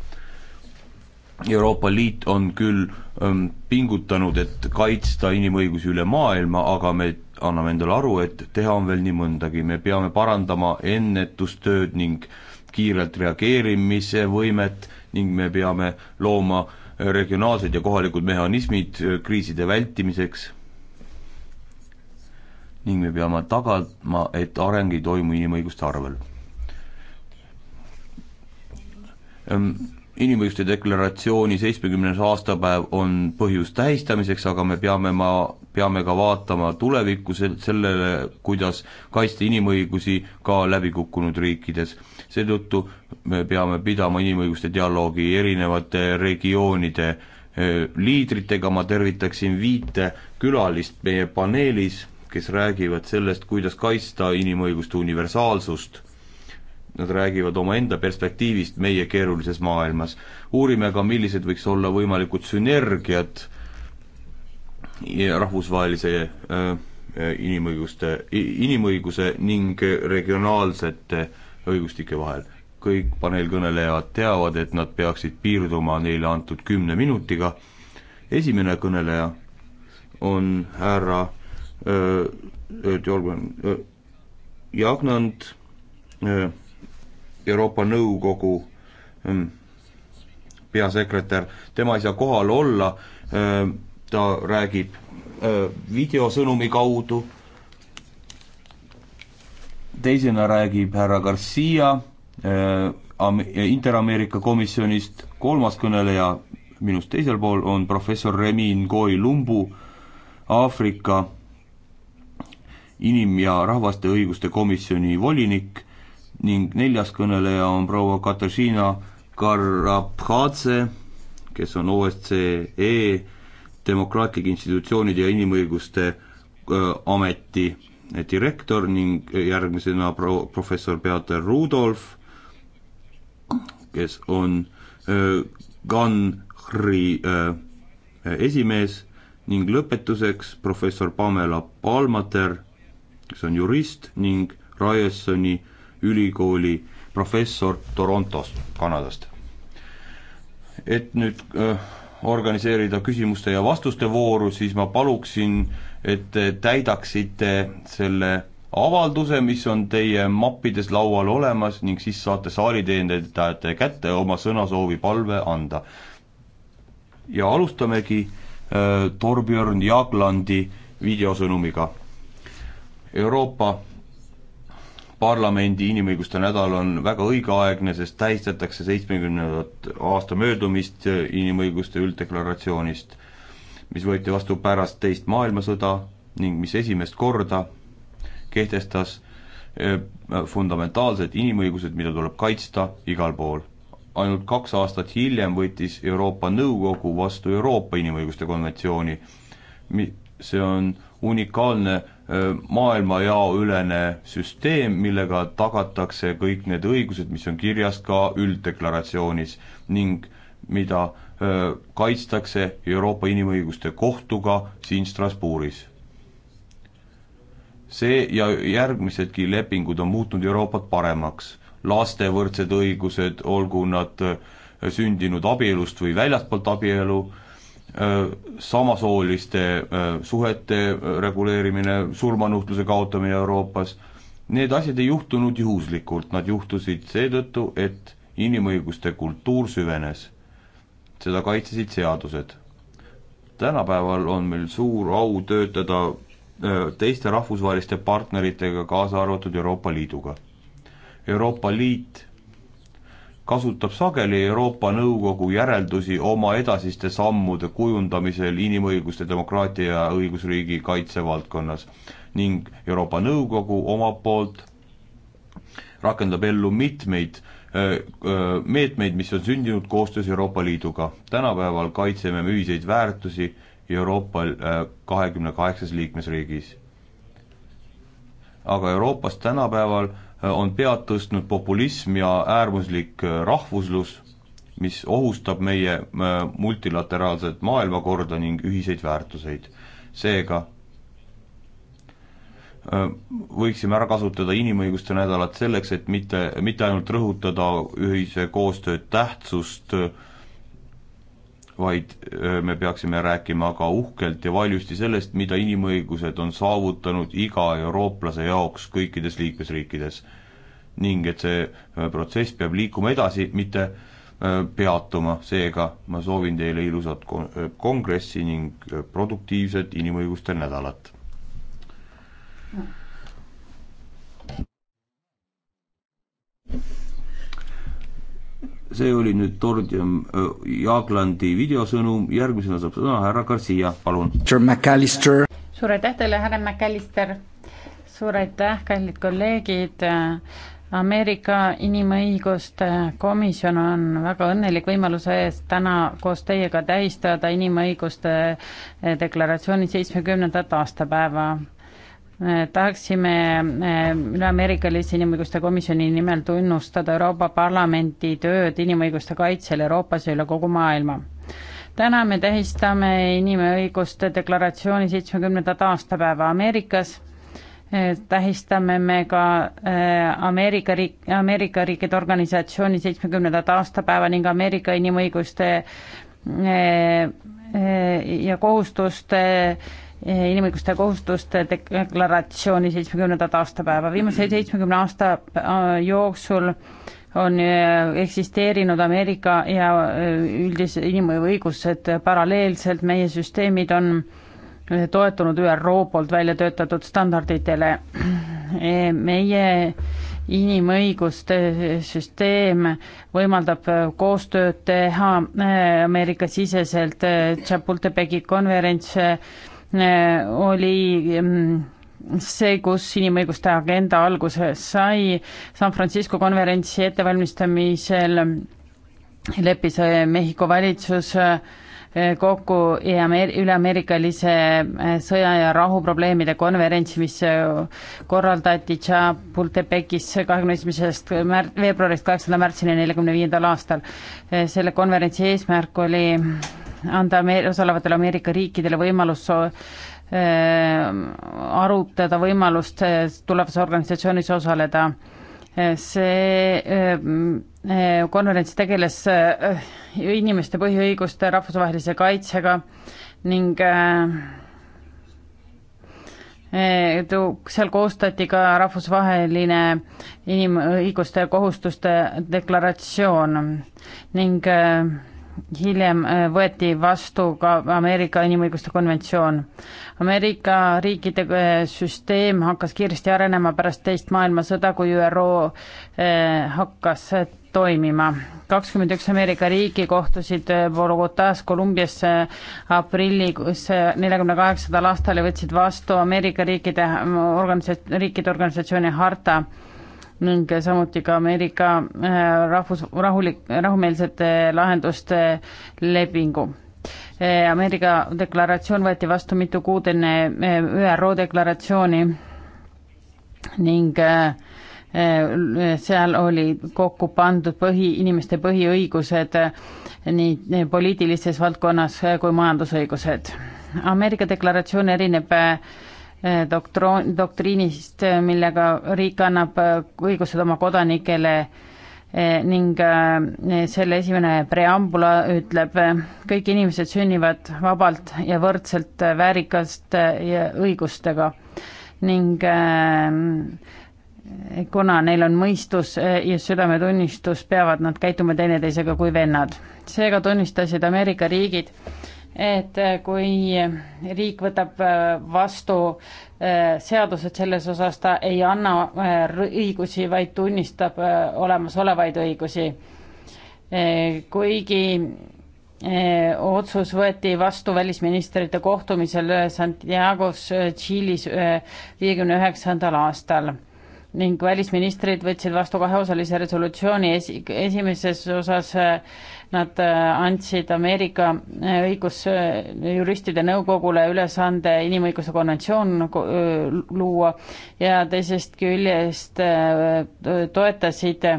Speaker 6: Euroopa Liit on küll ähm, pingutanud, et kaitsta inimõigusi üle maailma, aga me anname endale aru, et teha on veel nii mõndagi, me peame parandama ennetustööd ning kiirelt reageerimise võimet ning me peame looma äh, regionaalsed ja kohalikud mehhanismid äh, kriiside vältimiseks ning me peame tagama, et areng ei toimu inimõiguste arvel ehm, inimõiguste deklaratsiooni seitsmekümnes aastapäev on põhjus tähistamiseks, aga me peame ma, peame ka vaatama tulevikku sel-, sellele, kuidas kaitsta inimõigusi ka läbikukkunud riikides. seetõttu me peame pidama inimõiguste dialoogi erinevate regioonide liidritega, ma tervitaksin viite külalist meie paneelis, kes räägivad sellest, kuidas kaitsta inimõiguste universaalsust Nad räägivad omaenda perspektiivist meie keerulises maailmas. uurime ka, millised võiks olla võimalikud sünergiad rahvusvahelise äh, äh, inimõiguste, inimõiguse ning regionaalsete õigustike vahel. kõik paneelkõnelejad teavad, et nad peaksid piirduma neile antud kümne minutiga, esimene kõneleja on härra äh, Jorgen Jagnand, Euroopa Nõukogu mm, peasekretär, tema ei saa kohal olla, äh, ta räägib äh, videosõnumi kaudu, teisena räägib härra Garcia äh, Inter-Ameerika komisjonist, kolmas kõneleja minust teisel pool on professor Remi Ngoi Lumbu Aafrika inim- ja rahvaste õiguste komisjoni volinik ning neljas kõneleja on proua Katarzyna Karabhadze, kes on OSCE demokraatlike institutsioonide ja inimõiguste äh, ameti direktor ning järgmisena pro-, professor Beate Rudolf, kes on äh, GANHRi äh, esimees ning lõpetuseks professor Pamela Palmater, kes on jurist ning Ryersoni ülikooli professor Torontost, Kanadast. et nüüd öö, organiseerida küsimuste ja vastuste vooru, siis ma paluksin, et te täidaksite selle avalduse, mis on teie mappides laual olemas ning siis saate saali teenindajate kätte oma sõnasoovi palve anda. ja alustamegi äh, Torbjörn Jaaglandi videosõnumiga. Euroopa parlamendi inimõiguste nädal on väga õigeaegne, sest tähistatakse seitsmekümnendat aasta möödumist inimõiguste ülddeklaratsioonist, mis võeti vastu pärast teist maailmasõda ning mis esimest korda kehtestas eh, fundamentaalsed inimõigused, mida tuleb kaitsta igal pool. ainult kaks aastat hiljem võttis Euroopa Nõukogu vastu Euroopa Inimõiguste Konventsiooni, mi-, see on unikaalne Äh, maailmajaoülene süsteem, millega tagatakse kõik need õigused, mis on kirjas ka ülddeklaratsioonis ning mida äh, kaitstakse Euroopa Inimõiguste Kohtuga siin Strasbourgis. see ja järgmisedki lepingud on muutnud Euroopat paremaks, laste võrdsed õigused, olgu nad äh, sündinud abielust või väljastpoolt abielu, Äh, samasooliste äh, suhete äh, reguleerimine, surmanuhtluse kaotamine Euroopas, need asjad ei juhtunud juhuslikult, nad juhtusid seetõttu, et inimõiguste kultuur süvenes. seda kaitsesid seadused. tänapäeval on meil suur au töötada teiste rahvusvaheliste partneritega, kaasa arvatud Euroopa Liiduga. Euroopa Liit kasutab sageli Euroopa Nõukogu järeldusi oma edasiste sammude kujundamisel inimõiguste, demokraatia ja õigusriigi kaitse valdkonnas ning Euroopa Nõukogu omalt poolt rakendab ellu mitmeid meetmeid, mis on sündinud koostöös Euroopa Liiduga. tänapäeval kaitseme me ühiseid väärtusi Euroopa kahekümne kaheksas liikmesriigis. aga Euroopas tänapäeval Äh, on pead tõstnud populism ja äärmuslik äh, rahvuslus, mis ohustab meie äh, multilateraalset maailmakorda ning ühiseid väärtuseid. seega võiksime ära kasutada inimõiguste nädalat selleks, et mitte, mitte ainult rõhutada ühise koostöö tähtsust äh, vaid me peaksime rääkima ka uhkelt ja valjusti sellest, mida inimõigused on saavutanud iga eurooplase jaoks kõikides liikmesriikides. ning et see protsess peab liikuma edasi, mitte peatuma, seega ma soovin teile ilusat kongressi ning produktiivset inimõiguste nädalat see oli nüüd Tordium Jaaglandi videosõnum, järgmisena saab sõna härra Garcia, palun.
Speaker 3: suur aitäh teile, härra McAllister, suur aitäh, kallid kolleegid, Ameerika Inimõiguste Komisjon on väga õnnelik võimaluse eest täna koos teiega tähistada inimõiguste deklaratsiooni seitsmekümnendat aastapäeva Eh, tahaksime eh, Üle-Ameerikalise Inimõiguste Komisjoni nimel tunnustada Euroopa Parlamenti tööd inimõiguste kaitsel Euroopas ja üle kogu maailma. täna me tähistame inimõiguste deklaratsiooni seitsmekümnendat aastapäeva Ameerikas, eh, tähistame me ka Ameerika riik, Ameerika riikide organisatsiooni seitsmekümnendat aastapäeva ning Ameerika inimõiguste ja kohustuste inimõiguste kohustuste deklaratsiooni seitsmekümnendat aastapäeva. viimase seitsmekümne aasta äh, jooksul on äh, eksisteerinud Ameerika ja äh, üldise inimõigused paralleelselt, meie süsteemid on toetunud ÜRO poolt välja töötatud standarditele. E, meie inimõiguste süsteem võimaldab koostööd teha Ameerika-siseselt, Chapultepeki konverents Äh, oli mm, see, kus inimõiguste agenda alguse sai, San Francisco konverentsi ettevalmistamisel leppis äh, Mehhiko valitsus äh, kokku üleameerikalise sõja ja rahu probleemide konverentsi, mis korraldati Chapultepekis kahekümne esimesest märts, veebruarist kaheksanda märtsini neljakümne viiendal aastal. selle konverentsi eesmärk oli anda olemasolevatele Ameerika riikidele võimalus äh, arutada võimalust äh, tulevases organisatsioonis osaleda. Äh, see konverents tegeles inimeste põhiõiguste rahvusvahelise kaitsega ning seal koostati ka rahvusvaheline inimõiguste kohustuste deklaratsioon ning hiljem äh, võeti vastu ka Ameerika inimõiguste konventsioon. Ameerika riikide äh, süsteem hakkas kiiresti arenema pärast teist maailmasõda, kui ÜRO äh, hakkas toimima. kakskümmend üks Ameerika riiki kohtusid Bogotas, Kolumbias aprillis neljakümne kaheksandal aastal ja võtsid vastu Ameerika riikide organisa-, riikide organisatsiooni harta ning samuti ka Ameerika äh, rahvus, rahulik, rahumeelsete lahenduste lepingu. Äh, Ameerika deklaratsioon võeti vastu mitu kuud enne äh, ÜRO deklaratsiooni ning seal oli kokku pandud põhi, inimeste põhiõigused nii poliitilises valdkonnas kui majandusõigused. Ameerika deklaratsioon erineb Eh, doktro-, doktriinist, eh, millega riik annab eh, õigused oma kodanikele ning selle esimene preambula ütleb, kõik inimesed sünnivad vabalt ja võrdselt väärikaste õigustega ning kuna neil on mõistus ja südametunnistus, peavad nad käituma teineteisega kui vennad. seega tunnistasid Ameerika riigid et äh, kui riik võtab äh, vastu äh, seadused selles osas, ta ei anna õigusi, vaid tunnistab olemasolevaid õigusi. kuigi otsus võeti vastu välisministrite kohtumisel Santiago's Tšiilis viiekümne üheksandal aastal ning välisministrid võtsid vastu kaheosalise resolutsiooni esi, esimeses osas eh, nad eh, andsid Ameerika eh, õigusjuristide nõukogule ülesande inimõiguse konventsioon luua ja teisest küljest toetasid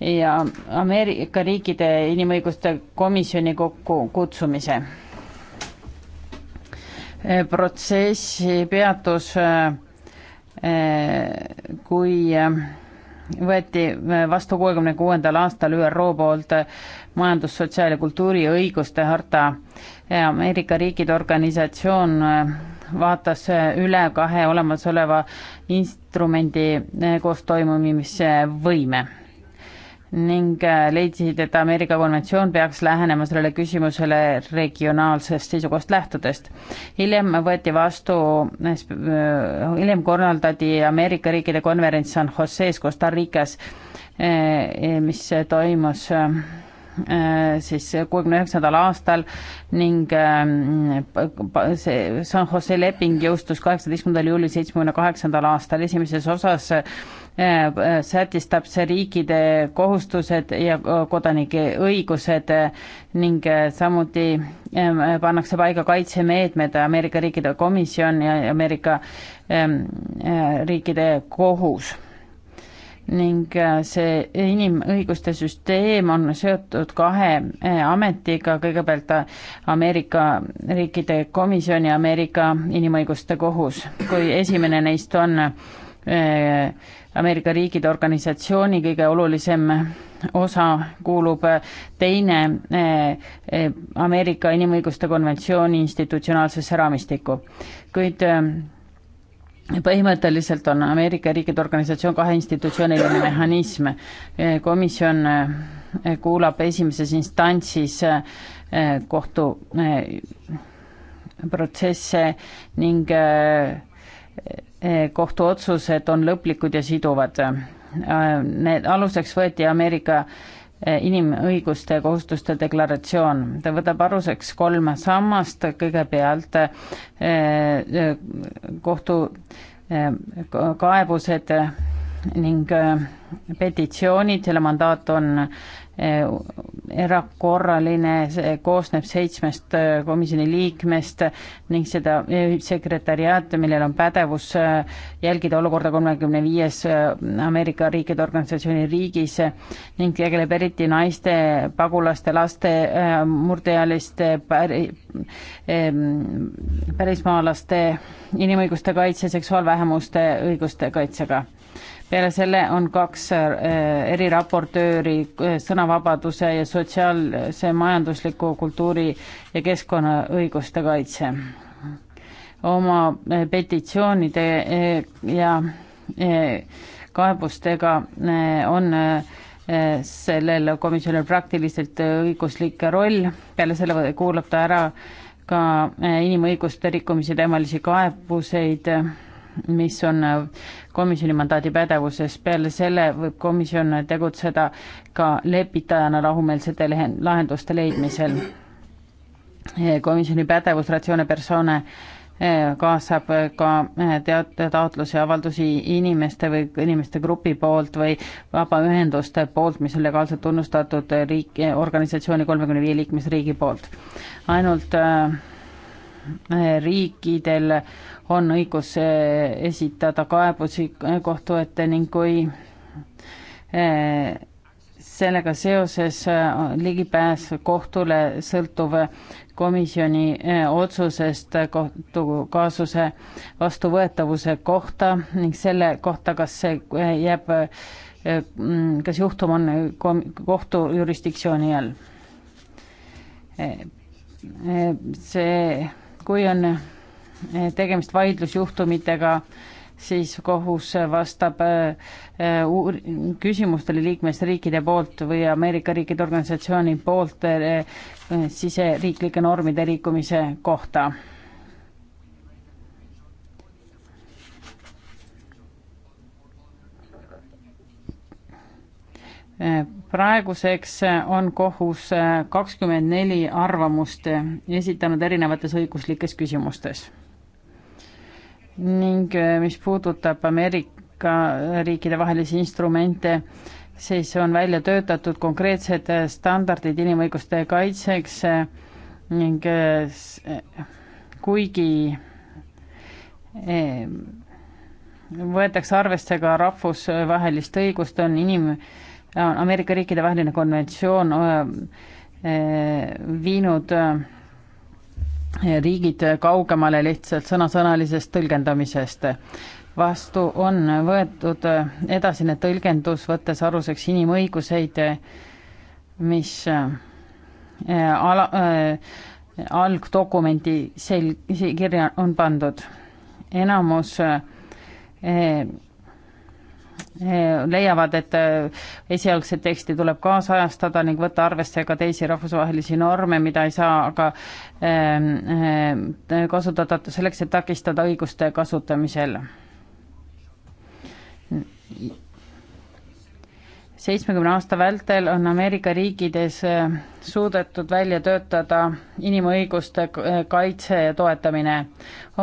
Speaker 3: ja Ameerika riikide inimõiguste komisjoni kokkukutsumise. protsessi peatus kui äh, võeti äh, vastu kuuekümne kuuendal aastal ÜRO poolt äh, majandus, sotsiaal- ja kultuuriõiguste harta. Ameerika riikide organisatsioon vaatas üle kahe olemasoleva instrumendi koos toimimise võime ning äh, leidsid, et Ameerika konventsioon peaks lähenema sellele küsimusele regionaalsest seisukohast lähtudest. hiljem võeti vastu, äh, äh, hiljem korraldati Ameerika riikide konverents San Jose's Costa Ricas, eh, mis toimus siis kuuekümne üheksandal aastal ning ähm, see San Jose leping jõustus kaheksateistkümnendal juulil seitsmekümne kaheksandal aastal, esimeses osas Äh, sätistab see riikide kohustused ja äh, kodanike õigused äh, ning samuti ähm, pannakse paika kaitsemeetmed Ameerika riikide komisjon ja Ameerika ähm, riikide kohus ning see inimõiguste süsteem on seotud kahe ametiga, kõigepealt Ameerika riikide komisjon ja Ameerika inimõiguste kohus. kui esimene neist on Ameerika riikide organisatsiooni kõige olulisem osa kuulub teine eh, eh, Ameerika Inimõiguste Konventsiooni institutsionaalsesse raamistikku, kuid eh, põhimõtteliselt on Ameerika riikide organisatsioon kahe institutsiooniline mehhanism. komisjon kuulab esimeses instantsis kohtu protsesse ning Eh, kohtuotsused on lõplikud ja siduvad. Eh, need aluseks võeti Ameerika eh, inimõiguste ja kohustuste deklaratsioon. ta võtab aluseks kolm sammast, kõigepealt kohtu kaebused ning petitsioonid, selle mandaat on Eh, erakorraline, koosneb seitsmest eh, komisjoni liikmest ning seda eh, sekretäriaat, millel on pädevus jälgida olukorda kolmekümne viies Ameerika riikide organisatsiooni riigis ning tegeleb eriti naiste, pagulaste, laste, murdeealiste, pärismaalaste, inimõiguste kaitse, seksuaalvähemuste õiguste kaitsega peale selle on kaks äh, eriraportööri äh, sõnavabaduse ja sotsiaalse, majandusliku, kultuuri ja keskkonnaõiguste kaitse. oma äh, petitsioonide ja kaebustega on sellel komisjonil praktiliselt õiguslik roll, peale selle kuulab ta ära ka inimõiguste rikkumise teemalisi kaebuseid, mis on komisjoni mandaadi pädevuses, peale selle võib komisjon tegutseda ka lepitajana rahumeelsete lahenduste leidmisel. komisjoni pädevus ratsioone persone eh, kaasab ka eh, teate, taotlusi, avaldusi inimeste või inimeste grupi poolt või vabaühenduste poolt, mis on legaalselt tunnustatud riik, organisatsiooni kolmekümne viie liikmesriigi poolt. ainult eh, riikidel on õigus eh, esitada kaebusi eh, kohtu ette ning kui eh, sellega seoses ligipääs kohtule sõltuv komisjoni otsusest kohtukaasuse vastuvõetavuse kohta ning selle kohta, kas see jääb, mm, kas juhtum on kohtu jurisdiktsiooni all. see, kui on tegemist vaidlusjuhtumitega, siis kohus vastab äh, äh, uur-, küsimustele liikmesriikide poolt või Ameerika riikide organisatsiooni poolt äh, siseriiklike normide rikkumise kohta. praeguseks on kohus kakskümmend neli arvamust esitanud erinevates õiguslikes küsimustes ning äh, mis puudutab Ameerika riikide vahelisi instrumente, siis on välja töötatud konkreetsed äh, standardid inimõiguste kaitseks äh, ning kuigi võetakse arvesse ka rahvusvahelist õigust, on inim-, Ameerika riikide vaheline konventsioon viinud riigid kaugemale lihtsalt sõnasõnalisest tõlgendamisest. vastu on võetud edasine tõlgendus, võttes aluseks inimõiguseid, mis äh, ala, äh, algdokumendi sel-, kirja on pandud. enamus äh, Eh, leiavad, et eh, esialgset teksti tuleb kaasajastada ning võtta arvesse ka teisi rahvusvahelisi norme, mida ei saa aga ehm, eh, kasutada selleks, et takistada õiguste kasutamisel seitsmekümne aasta vältel on Ameerika riikides äh, suudetud välja töötada inimõiguste äh, kaitse ja toetamine.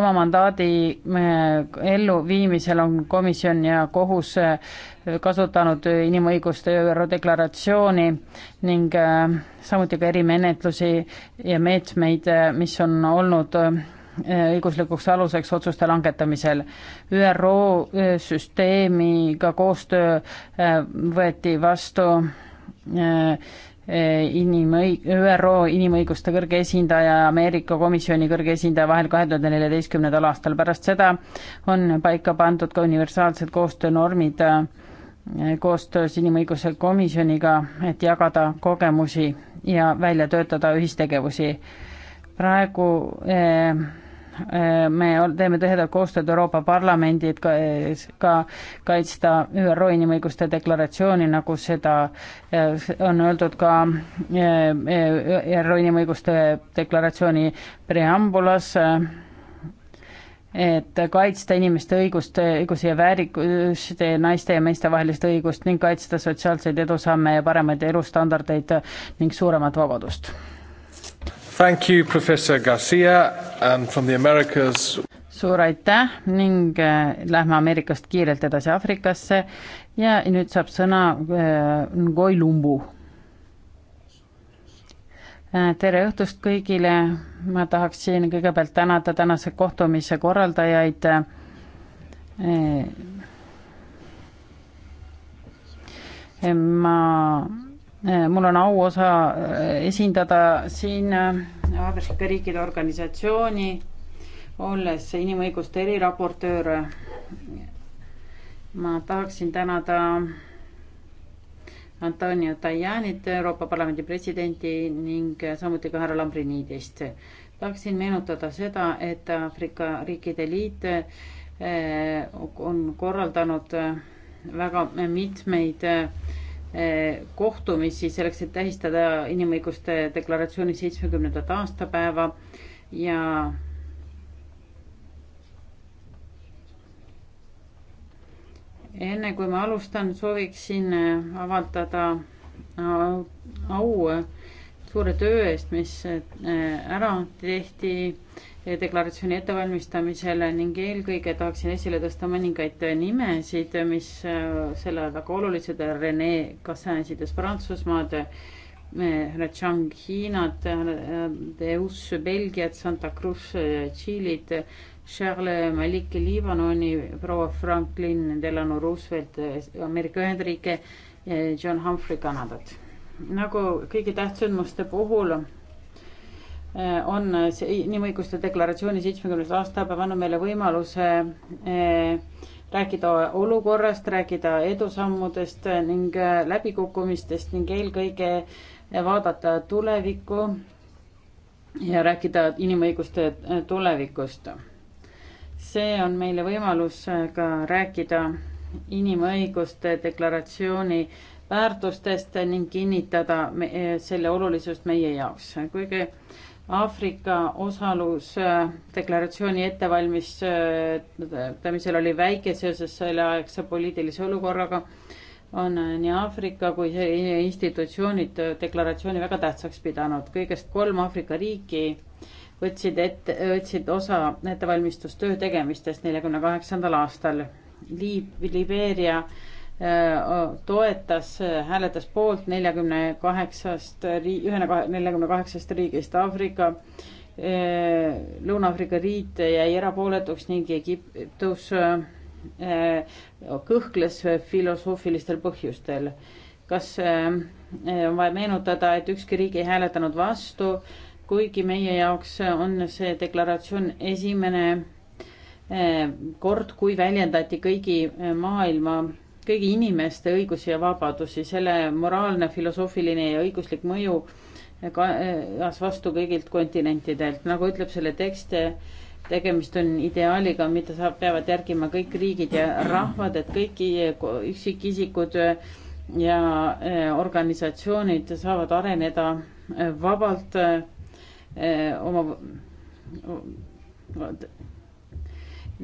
Speaker 3: oma mandaadi äh, elluviimisel on komisjon ja kohus kasutanud inimõiguste ÜRO deklaratsiooni ning samuti ka erimenetlusi ja meetmeid, mis on olnud õiguslikuks aluseks otsuste langetamisel. ÜRO äh, süsteemiga koostöö äh, võeti vastu äh, inimõi-, ÜRO inimõiguste kõrge esindaja ja Ameerika komisjoni kõrge esindaja vahel kahe tuhande neljateistkümnendal aastal. pärast seda on paika pandud ka universaalsed koostöönormid koostöös inimõiguse komisjoniga, et jagada kogemusi ja välja töötada ühistegevusi. praegu eh, Äh, me teeme tihedat koostööd Euroopa Parlamendi, et ka, ka kaitsta ÜRO inimõiguste deklaratsiooni, nagu seda äh, on öeldud ka äh, ÜRO inimõiguste deklaratsiooni preambulas, et kaitsta inimeste õigust, õigusi ja väärikust, naiste ja meeste vahelist õigust ning kaitsta sotsiaalseid edusamme ja paremaid elustandardeid ning suuremat vabadust
Speaker 7: Thank you, professor Garcia and um, from the Americas.
Speaker 3: suur aitäh ning äh, lähme Ameerikast kiirelt edasi Aafrikasse ja nüüd saab sõna äh, Ngoi Lumbu. Äh, tere õhtust kõigile, ma tahaksin kõigepealt tänada tänase kohtumise korraldajaid ma Eh, mul on au osa eh, esindada siin eh, Aafrika riikide organisatsiooni, olles inimõiguste eriraportöör. ma tahaksin tänada Antonio Tajanit, Euroopa Parlamendi presidenti ning samuti ka härra Lambrinidist. tahaksin meenutada seda, et Aafrika Riikide Liit on korraldanud väga mitmeid kohtumisi selleks, et tähistada inimõiguste deklaratsiooni seitsmekümnendat aastapäeva ja enne kui ma alustan, sooviksin avaldada au suure töö eest, mis äh, ära tehti äh, deklaratsiooni ettevalmistamisele ning eelkõige tahaksin esile tõsta mõningaid äh, nimesid, mis selle väga olulised, Rene Cassin esindas Prantsusmaad, Chang Hiinat, Deus Belgiat, Santa Cruz Tšiilit, Charles Malik Liibanoni, proua Franklin Delano Roosevelt Ameerika Ühendriike, John Humphrey Kanadat nagu kõigi tähtsündmuste puhul eh, on see inimõiguste deklaratsiooni seitsmekümnes aastapäev annab meile võimaluse eh, rääkida olukorrast, rääkida edusammudest ning eh, läbikukkumistest ning eelkõige vaadata tulevikku ja rääkida inimõiguste tulevikust. see on meile võimalus ka rääkida inimõiguste deklaratsiooni väärtustest ning kinnitada eh, selle olulisust meie jaoks. kuigi Aafrika osalus eh, deklaratsiooni ettevalmistamisel oli väike seoses selleaegse poliitilise olukorraga, on eh, nii Aafrika kui institutsioonid deklaratsiooni väga tähtsaks pidanud. kõigest kolm Aafrika riiki võtsid ette, võtsid osa ettevalmistustöö tegemistest neljakümne kaheksandal aastal. Liib-, Libeeria äh, Äh, toetas, äh, hääletas poolt neljakümne kaheksast, ühena neljakümne kaheksast riigist Aafrika, äh, Lõuna-Aafrika riik jäi erapooletuks ning Egiptus kõhkles filosoofilistel põhjustel. kas on vaja meenutada, et ükski riik ei hääletanud vastu, kuigi meie jaoks on see deklaratsioon esimene kord, kui väljendati kõigi maailma kõigi inimeste õigusi ja vabadusi, selle moraalne, filosoofiline ja õiguslik mõju kajas vastu kõigilt kontinentidelt, nagu ütleb selle tekst, tegemist on ideaaliga, mida saab, peavad järgima kõik riigid ja rahvad, et kõik üksikisikud ja e, organisatsioonid saavad areneda e, vabalt e, oma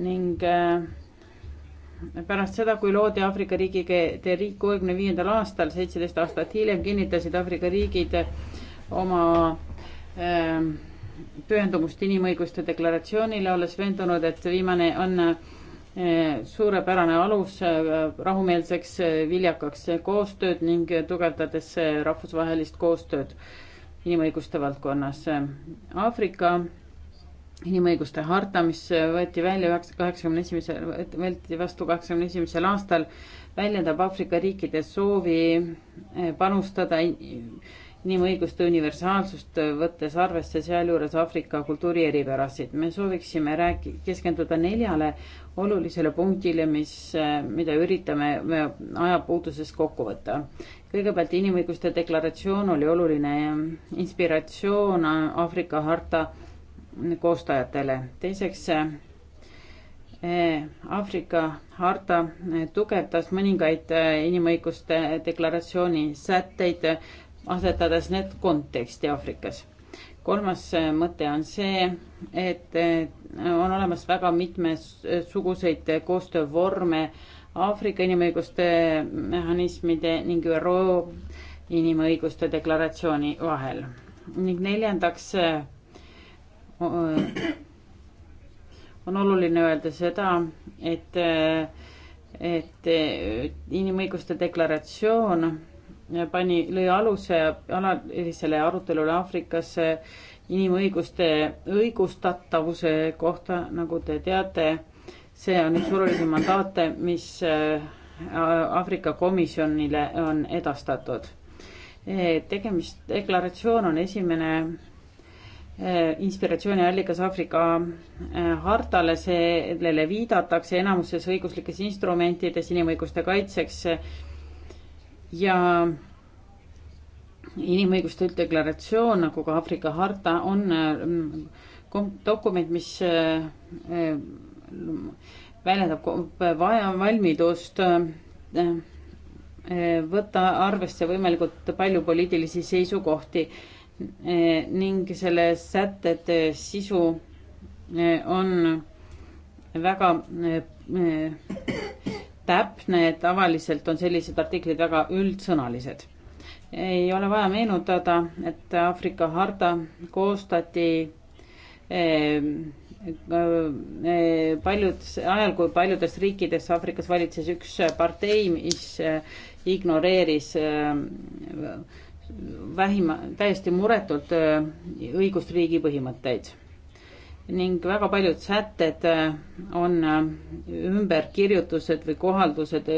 Speaker 3: ning pärast seda, kui loodi Aafrika riigide riik kuuekümne viiendal aastal, seitseteist aastat hiljem kinnitasid Aafrika riigid oma ähm, pühendumust inimõiguste deklaratsioonile, olles veendunud, et viimane on äh, suurepärane alus äh, rahumeelseks äh, viljakaks koostööd ning tugevdades rahvusvahelist koostööd inimõiguste valdkonnas. Aafrika inimõiguste harta, mis võeti välja üheksa, kaheksakümne esimesel, võeti vastu kaheksakümne esimesel aastal, väljendab Aafrika riikide soovi eh, panustada inimõiguste universaalsust, võttes arvesse sealjuures Aafrika kultuuri eripärasid. me sooviksime rääki-, keskenduda neljale olulisele punktile, mis, eh, mida üritame me ajapuuduses kokku võtta. kõigepealt inimõiguste deklaratsioon oli oluline inspiratsioon Aafrika harta koostajatele. teiseks, eh, Aafrika harta eh, tugevdas mõningaid eh, inimõiguste deklaratsiooni sätteid, asetades need konteksti Aafrikas. kolmas mõte on see, et on olemas väga mitmesuguseid koostöövorme Aafrika inimõiguste mehhanismide ning ÜRO inimõiguste deklaratsiooni vahel. ning neljandaks on oluline öelda seda, et, et inimõiguste deklaratsioon pani, lõi aluse alalisele arutelule Aafrikas inimõiguste õigustatavuse kohta, nagu te teate, see on üks olulisi mandaate, mis äh, Aafrika komisjonile on edastatud. tegemist, deklaratsioon on esimene Eh, inspiratsiooniallikas Aafrika eh, hartale, sellele viidatakse enamuses õiguslikes instrumentides inimõiguste kaitseks eh, ja inimõiguste ülddeklaratsioon, nagu ka Aafrika harta, on dokument, mis väljendab vaja, valmidust võtta arvesse võimalikult palju poliitilisi seisukohti Eh, ning selle sätete sisu eh, on väga eh, täpne, tavaliselt on sellised artiklid väga üldsõnalised. ei ole vaja meenutada, et Aafrika harta koostati paljud, ajal kui paljudes riikides Aafrikas valitses üks partei, mis ignoreeris vähima, täiesti muretult äh, õigusriigi põhimõtteid ning väga paljud sätted äh, on äh, ümberkirjutused või kohaldused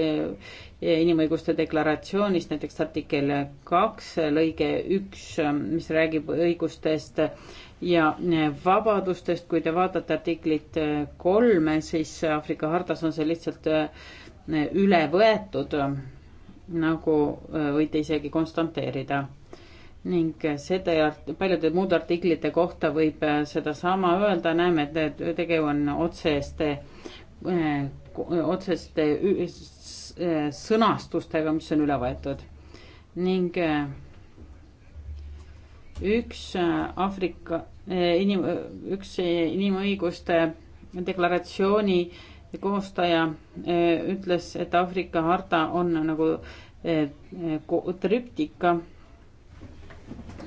Speaker 3: inimõiguste deklaratsioonist, näiteks artikkel kaks lõige üks, mis räägib õigustest ja vabadustest. kui te vaatate artiklit kolme, siis Aafrika hartas on see lihtsalt üle võetud nagu äh, võite isegi konstanteerida. ning seda ja paljude muude artiklite kohta võib äh, sedasama öelda, näeme, et tegu on otseste, äh, otseste sõnastustega, mis on üle võetud. ning üks Aafrika inim-, üks inimõiguste deklaratsiooni koostaja eh, ütles, et Aafrika harta on nagu eh, eh, trüptika,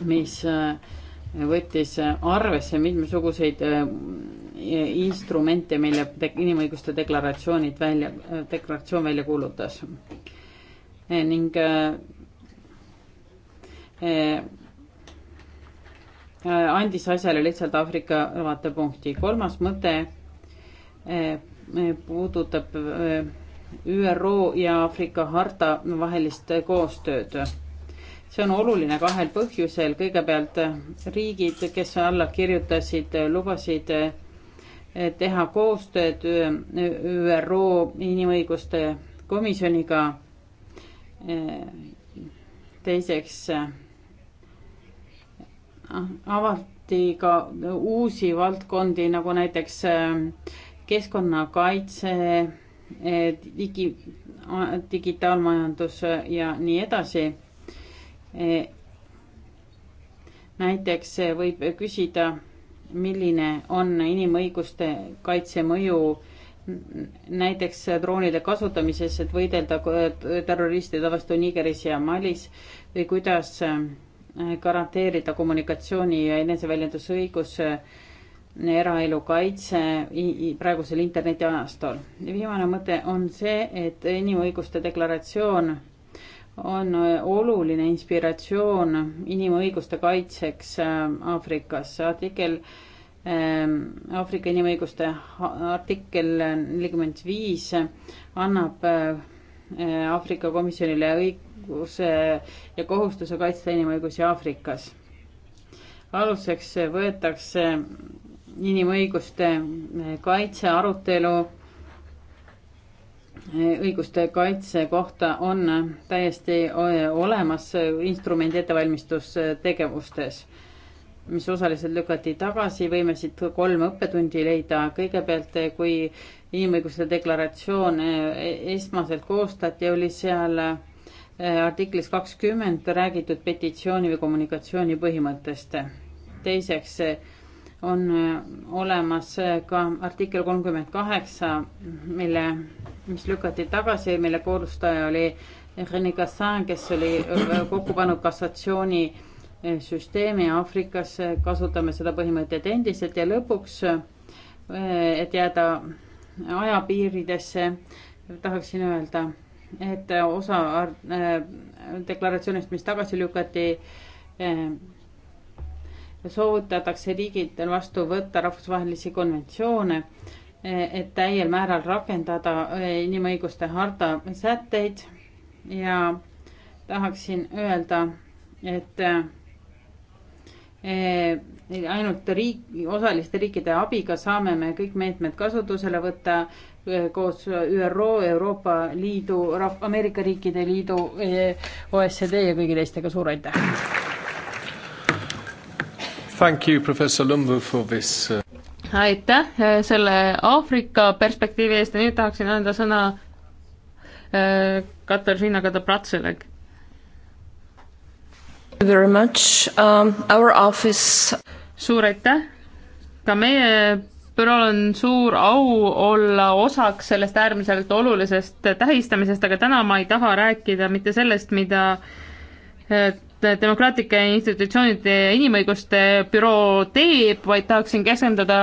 Speaker 3: mis võttis arvesse mitmesuguseid instrumente, mille inimõiguste deklaratsioonid välja, deklaratsioon välja kuulutas. ning andis asjale lihtsalt Aafrika vaatepunkti. kolmas mõte puudutab äh, ÜRO ja Aafrika harta vahelist äh, koostööd. see on oluline kahel põhjusel, kõigepealt äh, riigid, kes alla kirjutasid, lubasid teha koostööd ÜRO inimõiguste komisjoniga. teiseks avati ka uusi valdkondi nagu näiteks äh, keskkonnakaitse, eh, digi, digitaalmajandus eh, ja nii edasi. Eh, näiteks võib küsida, milline on inimõiguste kaitse mõju näiteks droonide kasutamises, et võidelda terroristide vastu Nigeris ja Malis või kuidas garanteerida kommunikatsiooni ja eneseväljendusõigus eraelu kaitse praegusel internetiajastul. viimane mõte on see, et inimõiguste deklaratsioon on äh, oluline inspiratsioon inimõiguste kaitseks äh, Aafrikas. artikkel ähm, Aafrika inimõiguste artikkel nelikümmend viis annab äh, Aafrika Komisjonile õiguse ja kohustuse kaitsta inimõigusi Aafrikas. aluseks võetakse inimõiguste eh, kaitse arutelu eh, õiguste kaitse kohta on eh, täiesti olemas instrumendi ettevalmistustegevustes, mis osaliselt lükati tagasi, võime siit kolm õppetundi leida. kõigepealt, kui inimõiguste deklaratsioon esmaselt koostati, oli seal artiklis kakskümmend räägitud petitsiooni või kommunikatsiooni põhimõttest. teiseks on äh, olemas äh, ka artikkel kolmkümmend kaheksa, mille, mis lükati tagasi, mille koostaja oli René Cassin, kes oli äh, kokku pannud kassatsioonisüsteemi Aafrikas, kasutame seda põhimõtet endiselt ja lõpuks, et jääda ajapiiridesse, tahaksin öelda, et osa deklaratsioonist, mis tagasi lükati, soovitatakse riigitel vastu võtta rahvusvahelisi konventsioone, et täiel määral rakendada eh, inimõiguste harta sätteid ja tahaksin öelda, et eh, ainult riik, osaliste riikide abiga saame me kõik meetmed kasutusele võtta eh, koos ÜRO, Euroopa Liidu, Ameerika Riikide Liidu, OECD ja kõigi teistega.
Speaker 5: suur aitäh!
Speaker 7: Thank you, professor Lumbu, for this
Speaker 1: uh...
Speaker 5: aitäh äh, selle Aafrika perspektiivi eest ja nüüd tahaksin anda sõna äh, Katariina Kadabratsele. Very much um,, our office. suur aitäh, ka meie bürool on suur au olla osaks sellest äärmiselt olulisest tähistamisest, aga täna ma ei taha rääkida mitte sellest, mida äh, demokraatlike institutsioonide inimõiguste büroo teeb, vaid tahaksin keskenduda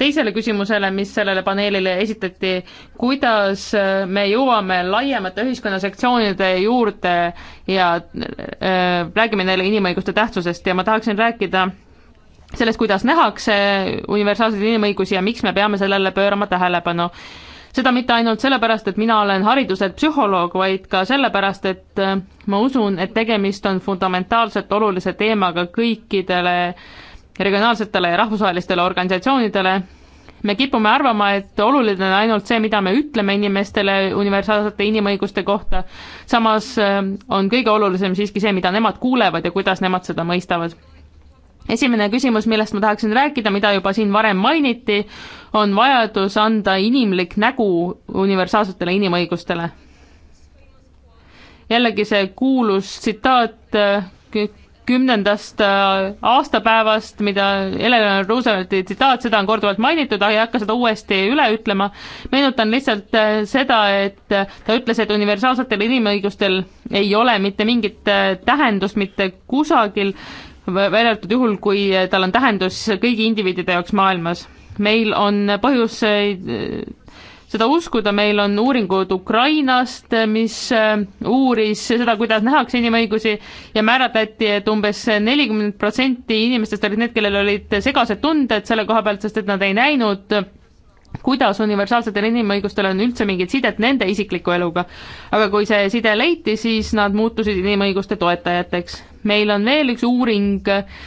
Speaker 5: teisele küsimusele, mis sellele paneelile esitati, kuidas me jõuame laiemate ühiskonnasektsioonide juurde ja äh, räägime neile inimõiguste tähtsusest ja ma tahaksin rääkida sellest, kuidas nähakse universaalseid inimõigusi ja miks me peame sellele pöörama tähelepanu seda mitte ainult sellepärast, et mina olen hariduselt psühholoog, vaid ka sellepärast, et äh, ma usun, et tegemist on fundamentaalselt olulise teemaga kõikidele regionaalsetele ja rahvusvahelistele organisatsioonidele. me kipume arvama, et oluline on ainult see, mida me ütleme inimestele universaalsete inimõiguste kohta, samas äh, on kõige olulisem siiski see, mida nemad kuulevad ja kuidas nemad seda mõistavad esimene küsimus, millest ma tahaksin rääkida, mida juba siin varem mainiti, on vajadus anda inimlik nägu universaalsetele inimõigustele. jällegi see kuulus tsitaat kümnendast äh, aastapäevast, mida Eleanor Roosevelti tsitaat, seda on korduvalt mainitud, aga ei hakka seda uuesti üle ütlema. meenutan lihtsalt äh, seda, et äh, ta ütles, et universaalsetel inimõigustel ei ole mitte mingit tähendust mitte kusagil välja arvatud juhul, kui eh, tal on tähendus kõigi indiviidide jaoks maailmas. meil on põhjus eh, seda uskuda, meil on uuringud Ukrainast, eh, mis uuris seda, kuidas nähakse inimõigusi ja määratleti, et umbes nelikümmend protsenti inimestest olid need, kellel olid segased tunded selle koha pealt, sest et nad ei näinud kuidas universaalsetel inimõigustel on üldse mingit sidet nende isikliku eluga. aga kui see side leiti, siis nad muutusid inimõiguste toetajateks. meil on veel üks uuring,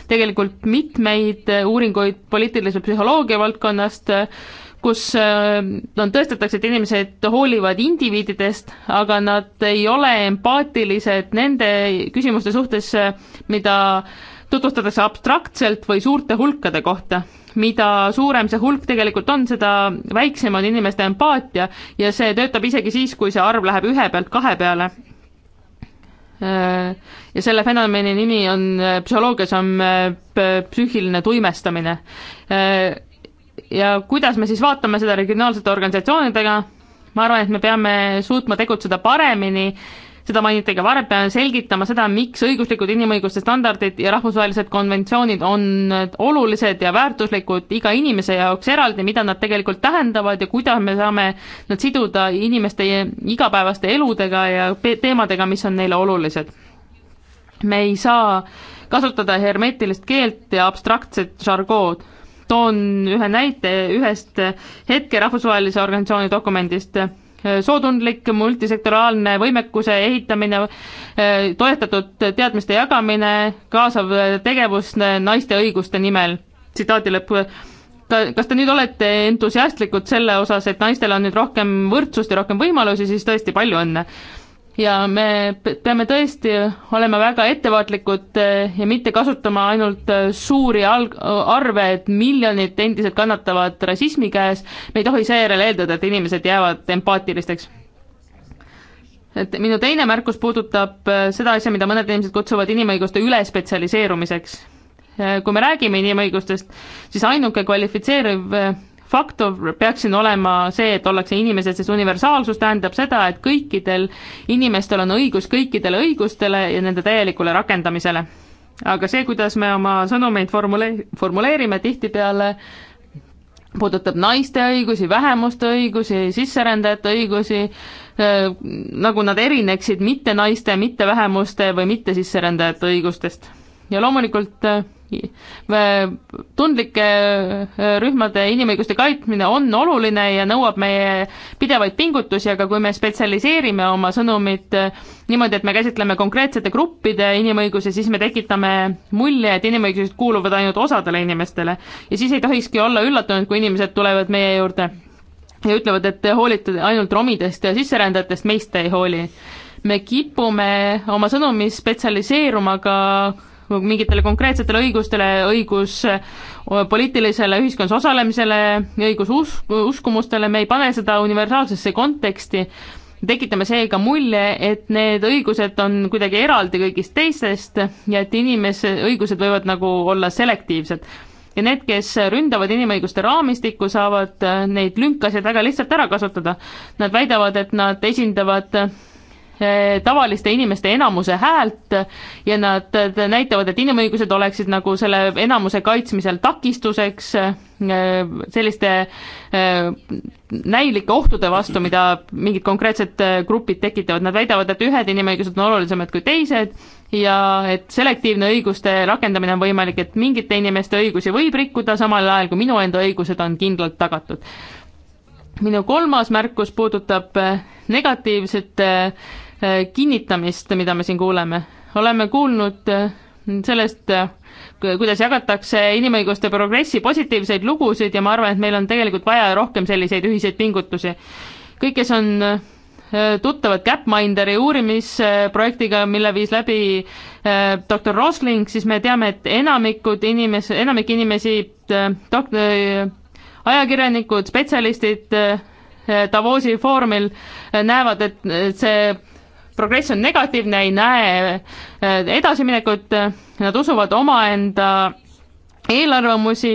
Speaker 5: tegelikult mitmeid uuringuid poliitilise psühholoogia valdkonnast, kus äh, on, tõestatakse, et inimesed hoolivad indiviididest, aga nad ei ole empaatilised nende küsimuste suhtes, mida äh, tutvustatakse abstraktselt või suurte hulkade kohta. mida suurem see hulk tegelikult on, seda väiksem on inimeste empaatia ja see töötab isegi siis, kui see arv läheb ühe pealt kahe peale. Äh, ja selle fenomeni nimi on, äh, psühholoogias on äh, psüühiline tuimestamine. ja kuidas me siis vaatame seda regionaalsete organisatsioonidega, ma arvan, et me peame suutma tegutseda paremini seda mainiti ka varem, peame selgitama seda, miks õiguslikud inimõiguste standardid ja rahvusvahelised konventsioonid on olulised ja väärtuslikud iga inimese jaoks eraldi, mida nad tegelikult tähendavad ja kuidas me saame nad siduda inimeste igapäevaste eludega ja teemadega, mis on neile olulised. me ei saa kasutada hermeetilist keelt ja abstraktset žargood toon ühe näite ühest hetke rahvusvahelise organisatsiooni dokumendist Äh, sootundlik multisektoraalne võimekuse ehitamine, äh, toetatud teadmiste jagamine, kaasav äh, tegevus naiste õiguste nimel. tsitaadi lõpp. kas te nüüd olete entusiastlikud selle osas, et naistel on nüüd rohkem võrdsust ja rohkem võimalusi, siis tõesti palju õnne ja me peame tõesti olema väga ettevaatlikud eh, ja mitte kasutama ainult eh, suuri alg-, arve, et miljonid endiselt kannatavad rassismi käes, me ei tohi seejärel eeldada, et inimesed jäävad empaatilisteks. et minu teine märkus puudutab eh, seda asja, mida mõned inimesed kutsuvad inimõiguste ülespetsialiseerumiseks. kui me räägime inimõigustest, siis ainuke kvalifitseeriv facto peaks siin olema see, et ollakse inimesed, sest universaalsus tähendab seda, et kõikidel inimestel on õigus kõikidele õigustele ja nende täielikule rakendamisele. aga see, kuidas me oma sõnumeid formule-, formuleerime tihtipeale, puudutab naiste õigusi, vähemuste õigusi, sisserändajate õigusi, nagu nad erineksid mitte naiste, mitte vähemuste või mitte sisserändajate õigustest. ja loomulikult tundlike äh, rühmade inimõiguste kaitsmine on oluline ja nõuab meie pidevaid pingutusi, aga kui me spetsialiseerime oma sõnumit äh, niimoodi, et me käsitleme konkreetsete gruppide inimõigusi, siis me tekitame mulje, et inimõigused kuuluvad ainult osadele inimestele. ja siis ei tohikski olla üllatunud, kui inimesed tulevad meie juurde ja ütlevad, et te hoolite ainult romidest ja sisserändajatest, meist te ei hooli. me kipume oma sõnumis spetsialiseeruma ka mingitele konkreetsetele õigustele, õigus eh, poliitilisele ühiskonnas osalemisele, õigus usk-, uskumustele, me ei pane seda universaalsesse konteksti, tekitame seega mulje, et need õigused on kuidagi eraldi kõigist teistest ja et inimese õigused võivad nagu olla selektiivsed. ja need, kes ründavad inimõiguste raamistikku, saavad eh, neid lünkasid väga lihtsalt ära kasutada. Nad väidavad, et nad esindavad eh, Eh, tavaliste inimeste enamuse häält ja nad näitavad, et inimõigused oleksid nagu selle enamuse kaitsmisel takistuseks eh, selliste eh, näilike ohtude vastu, mida mingid konkreetsed grupid tekitavad, nad väidavad, et ühed inimõigused on olulisemad kui teised ja et selektiivne õiguste rakendamine on võimalik, et mingite inimeste õigusi võib rikkuda, samal ajal kui minu enda õigused on kindlalt tagatud minu kolmas märkus puudutab negatiivsete Äh, kinnitamist, mida me siin kuuleme. oleme kuulnud äh, sellest, äh, kuidas jagatakse inimõiguste progressi positiivseid lugusid ja ma arvan, et meil on tegelikult vaja rohkem selliseid ühiseid pingutusi. kõik, kes on tuttavad Gapminderi uurimisprojektiga, mille viis läbi doktor Rosling, siis me teame, et enamikud inimes-, enamik inimesi, dok-, ajakirjanikud, spetsialistid Davosi foorumil näevad, et see progress on negatiivne, ei näe äh, edasiminekut, äh, nad usuvad omaenda eelarvamusi,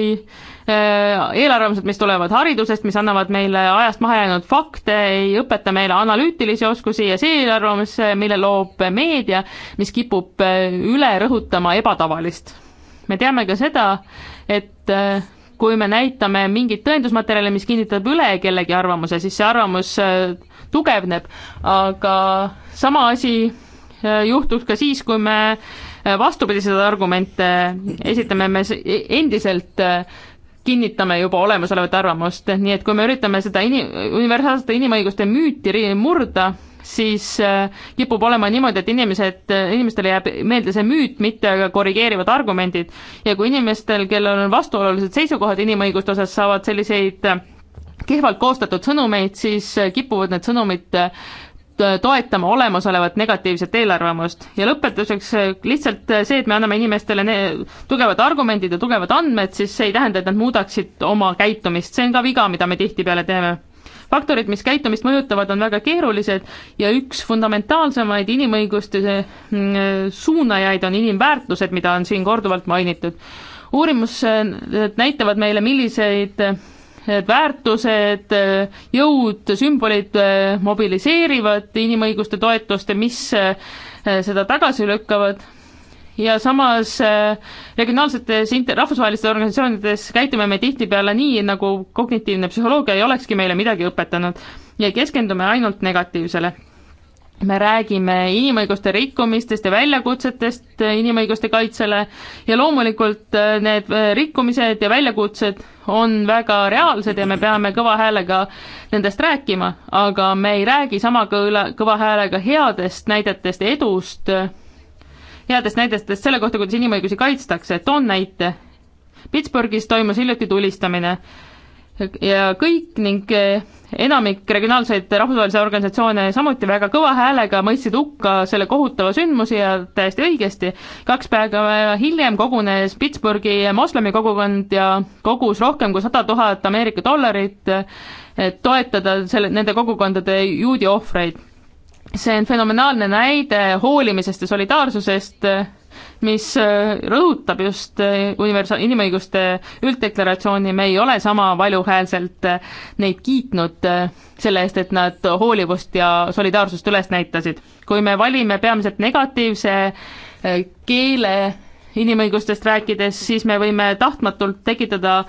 Speaker 5: äh, eelarvamused, mis tulevad haridusest, mis annavad meile ajast maha jäänud fakte, ei õpeta meile analüütilisi oskusi ja see eelarvamus, mille loob meedia, mis kipub üle rõhutama ebatavalist. me teame ka seda, et kui me näitame mingit tõendusmaterjali, mis kinnitab üle kellegi arvamuse, siis see arvamus äh, tugevneb, aga sama asi äh, juhtuks ka siis, kui me äh, vastupidiseid argumente esitame, me e-, endiselt kinnitame juba olemasolevat arvamust, nii et kui me üritame seda ini-, universaalsete inimõiguste müüti murda, siis äh, kipub olema niimoodi, et inimesed, inimestele jääb meelde see müüt, mitte korrigeerivad argumendid. ja kui inimestel, kellel on vastuolulised seisukohad inimõiguste osas, saavad selliseid äh, kehvalt koostatud sõnumeid, siis äh, kipuvad need sõnumid Äh, toetama olemasolevat negatiivset eelarvamust. ja lõpetuseks äh, lihtsalt äh, see, et me anname inimestele tugevad argumendid ja tugevad andmed, siis see ei tähenda, et nad muudaksid oma käitumist, see on ka viga, mida me tihtipeale teeme. faktorid, mis käitumist mõjutavad, on väga keerulised ja üks fundamentaalsemaid inimõiguste mm, suunajaid on inimväärtused, mida on siin korduvalt mainitud. uurimused näitavad meile, milliseid need väärtused, jõud, sümbolid äh, mobiliseerivad inimõiguste toetust ja mis äh, seda tagasi lükkavad ja samas äh, regionaalsetes inter-, rahvusvahelistes organisatsioonides käitume me tihtipeale nii, nagu kognitiivne psühholoogia ei olekski meile midagi õpetanud ja keskendume ainult negatiivsele me räägime inimõiguste rikkumistest ja väljakutsetest inimõiguste kaitsele ja loomulikult äh, need äh, rikkumised ja väljakutsed on väga reaalsed ja me peame kõva häälega nendest rääkima, aga me ei räägi sama kõla, kõva häälega headest näidetest, edust, headest näidetest selle kohta, kuidas inimõigusi kaitstakse, toon näite. Pittsburghis toimus hiljuti tulistamine ja kõik ning eh, enamik regionaalseid rahvusvahelisi organisatsioone samuti väga kõva häälega mõistsid hukka selle kohutava sündmusi ja täiesti õigesti. kaks päeva hiljem kogunes Pittsburghi moslemi kogukond ja kogus rohkem kui sada tuhat Ameerika dollarit, et toetada selle, nende kogukondade juudi ohvreid see on fenomenaalne näide hoolimisest ja solidaarsusest, mis äh, rõhutab just äh, universa-, inimõiguste ülddeklaratsiooni, me ei ole sama valjuhäälselt äh, neid kiitnud selle eest, et nad hoolivust ja solidaarsust üles näitasid. kui me valime peamiselt negatiivse keele inimõigustest rääkides, siis me võime tahtmatult tekitada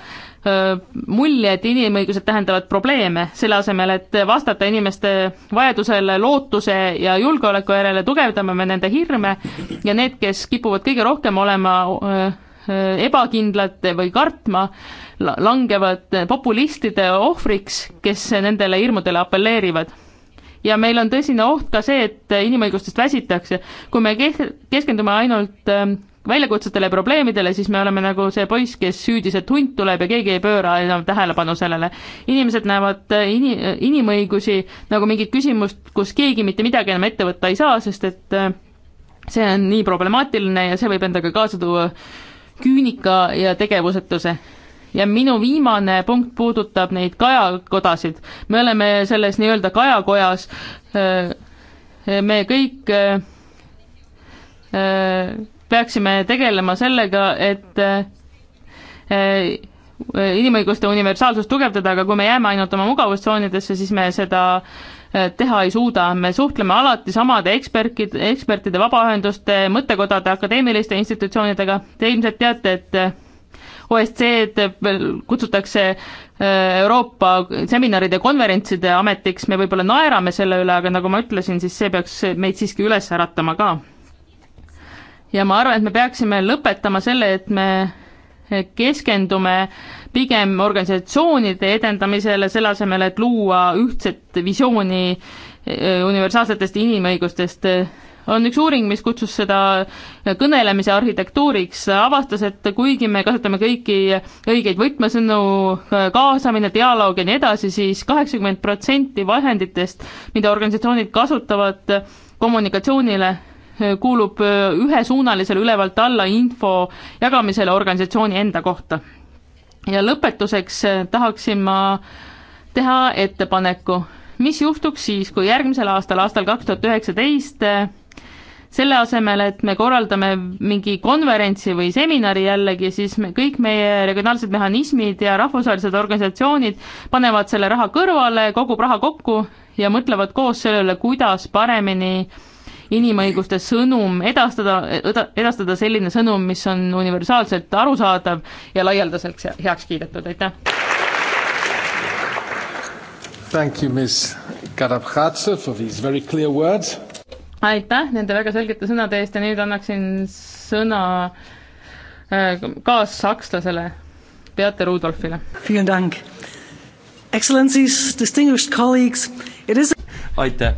Speaker 5: mulje, et inimõigused tähendavad probleeme, selle asemel, et vastata inimeste vajadusele, lootuse ja julgeoleku järele, tugevdame me nende hirme ja need, kes kipuvad kõige rohkem olema ebakindlad või kartma, langevad populistide ohvriks, kes nendele hirmudele apelleerivad ja meil on tõsine oht ka see, et inimõigustest väsitakse. kui me keskendume ainult väljakutsetele ja probleemidele, siis me oleme nagu see poiss, kes süüdis, et hunt tuleb ja keegi ei pööra enam tähelepanu sellele. inimesed näevad äh, ini-, inimõigusi nagu mingit küsimust, kus keegi mitte midagi enam ette võtta ei saa, sest et äh, see on nii problemaatiline ja see võib endaga kaasa tuua küünika ja tegevusetuse ja minu viimane punkt puudutab neid kajakodasid. me oleme selles nii-öelda kajakojas, äh, me kõik peaksime tegelema sellega, et eh, inimõiguste universaalsust tugevdada, aga kui me jääme ainult oma mugavustsoonidesse, siis me seda eh, teha ei suuda, me suhtleme alati samade ekspertid, ekspertide, vabaühenduste, mõttekodade, akadeemiliste institutsioonidega, te ilmselt teate, et eh, OSCE-d kutsutakse Euroopa seminaride ja konverentside ametiks, me võib-olla naerame selle üle, aga nagu ma ütlesin, siis see peaks meid siiski üles äratama ka ja ma arvan, et me peaksime lõpetama selle, et me keskendume pigem organisatsioonide edendamisele, selle asemel, et luua ühtset visiooni eh, universaalsetest inimõigustest. on üks uuring, mis kutsus seda kõnelemise arhitektuuriks, avastas, et kuigi me kasutame kõiki õigeid võtmesõnu, kaasamine, dialoog ja nii edasi siis, siis kaheksakümmend protsenti vahenditest, mida organisatsioonid kasutavad kommunikatsioonile, kuulub äh, ühesuunalisele ülevalt alla info jagamisele organisatsiooni enda kohta. ja lõpetuseks äh, tahaksin ma teha ettepaneku, mis juhtuks siis, kui järgmisel aastal, aastal kaks tuhat üheksateist äh, selle asemel, et me korraldame mingi konverentsi või seminari jällegi, siis me kõik meie regionaalsed mehhanismid ja rahvusvahelised organisatsioonid panevad selle raha kõrvale, kogub raha kokku ja mõtlevad koos selle üle, kuidas paremini äh, inimõiguste sõnum edastada, edastada selline sõnum, mis on universaalselt arusaadav ja laialdaselt heaks kiidetud, aitäh!
Speaker 2: Thank you, Ms Kadabhadze for these very clear words.
Speaker 5: aitäh nende väga selgete sõnade eest ja nüüd annaksin sõna äh, kaassakslasele Beate Rudolfile.
Speaker 6: aitäh!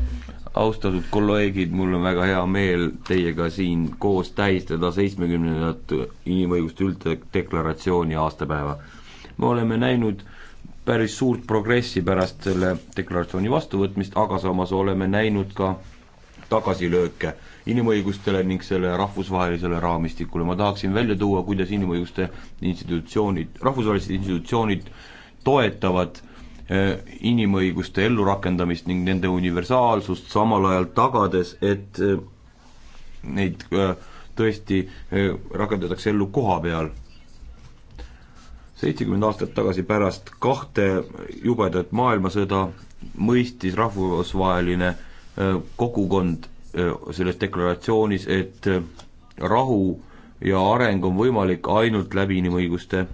Speaker 6: austatud kolleegid, mul on väga hea meel teiega siin koos tähistada seitsmekümnendat inimõiguste ülddeklaratsiooni aastapäeva. me oleme näinud päris suurt progressi pärast selle deklaratsiooni vastuvõtmist, aga samas oleme näinud ka tagasilööke inimõigustele ning selle rahvusvahelisele raamistikule. ma tahaksin välja tuua, kuidas inimõiguste institutsioonid, rahvusvahelised institutsioonid toetavad Äh, inimõiguste ellurakendamist ning nende universaalsust, samal ajal tagades, et äh, neid äh, tõesti rakendatakse ellu koha peal. seitsekümmend aastat tagasi pärast kahte jubedat maailmasõda mõistis rahvusvaheline kogukond selles deklaratsioonis, et rahu ja areng on võimalik ainult läbi inimõiguste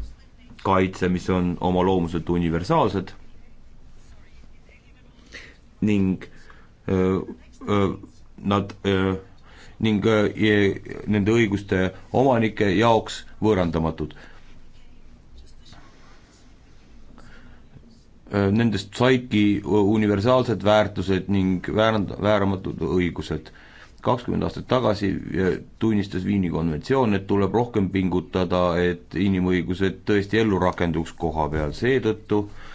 Speaker 6: kaitse, mis on oma loomuselt universaalsed ning öö, öö, nad öö, ning öö, e, nende õiguste omanike jaoks võõrandamatud. Nendest saidki universaalsed väärtused ning väärand-, vääramatud õigused. kakskümmend aastat tagasi tunnistas Viini konventsioon, et tuleb rohkem pingutada, et inimõigused tõesti ellu rakenduks koha peal, seetõttu äh,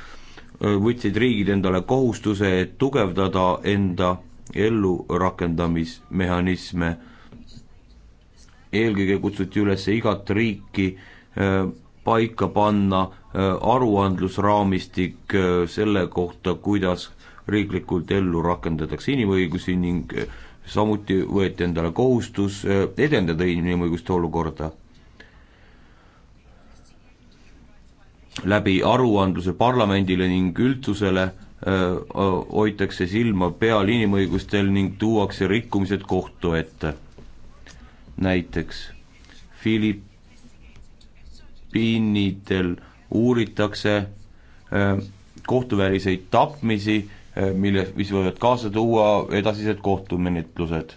Speaker 6: võtsid riigid endale kohustuse, et tugevdada enda ellurakendamismehhanisme. eelkõige kutsuti üles igat riiki paika panna aruandlusraamistik selle kohta, kuidas riiklikult ellu rakendatakse inimõigusi ning samuti võeti endale kohustus edendada inimõiguste olukorda läbi aruandluse parlamendile ning üldsusele hoitakse silma peal inimõigustel ning tuuakse rikkumised kohtu ette. näiteks Filipiinidel uuritakse äh, kohtuväliseid tapmisi äh,, mille, mis võivad kaasa tuua edasised kohtumenetlused.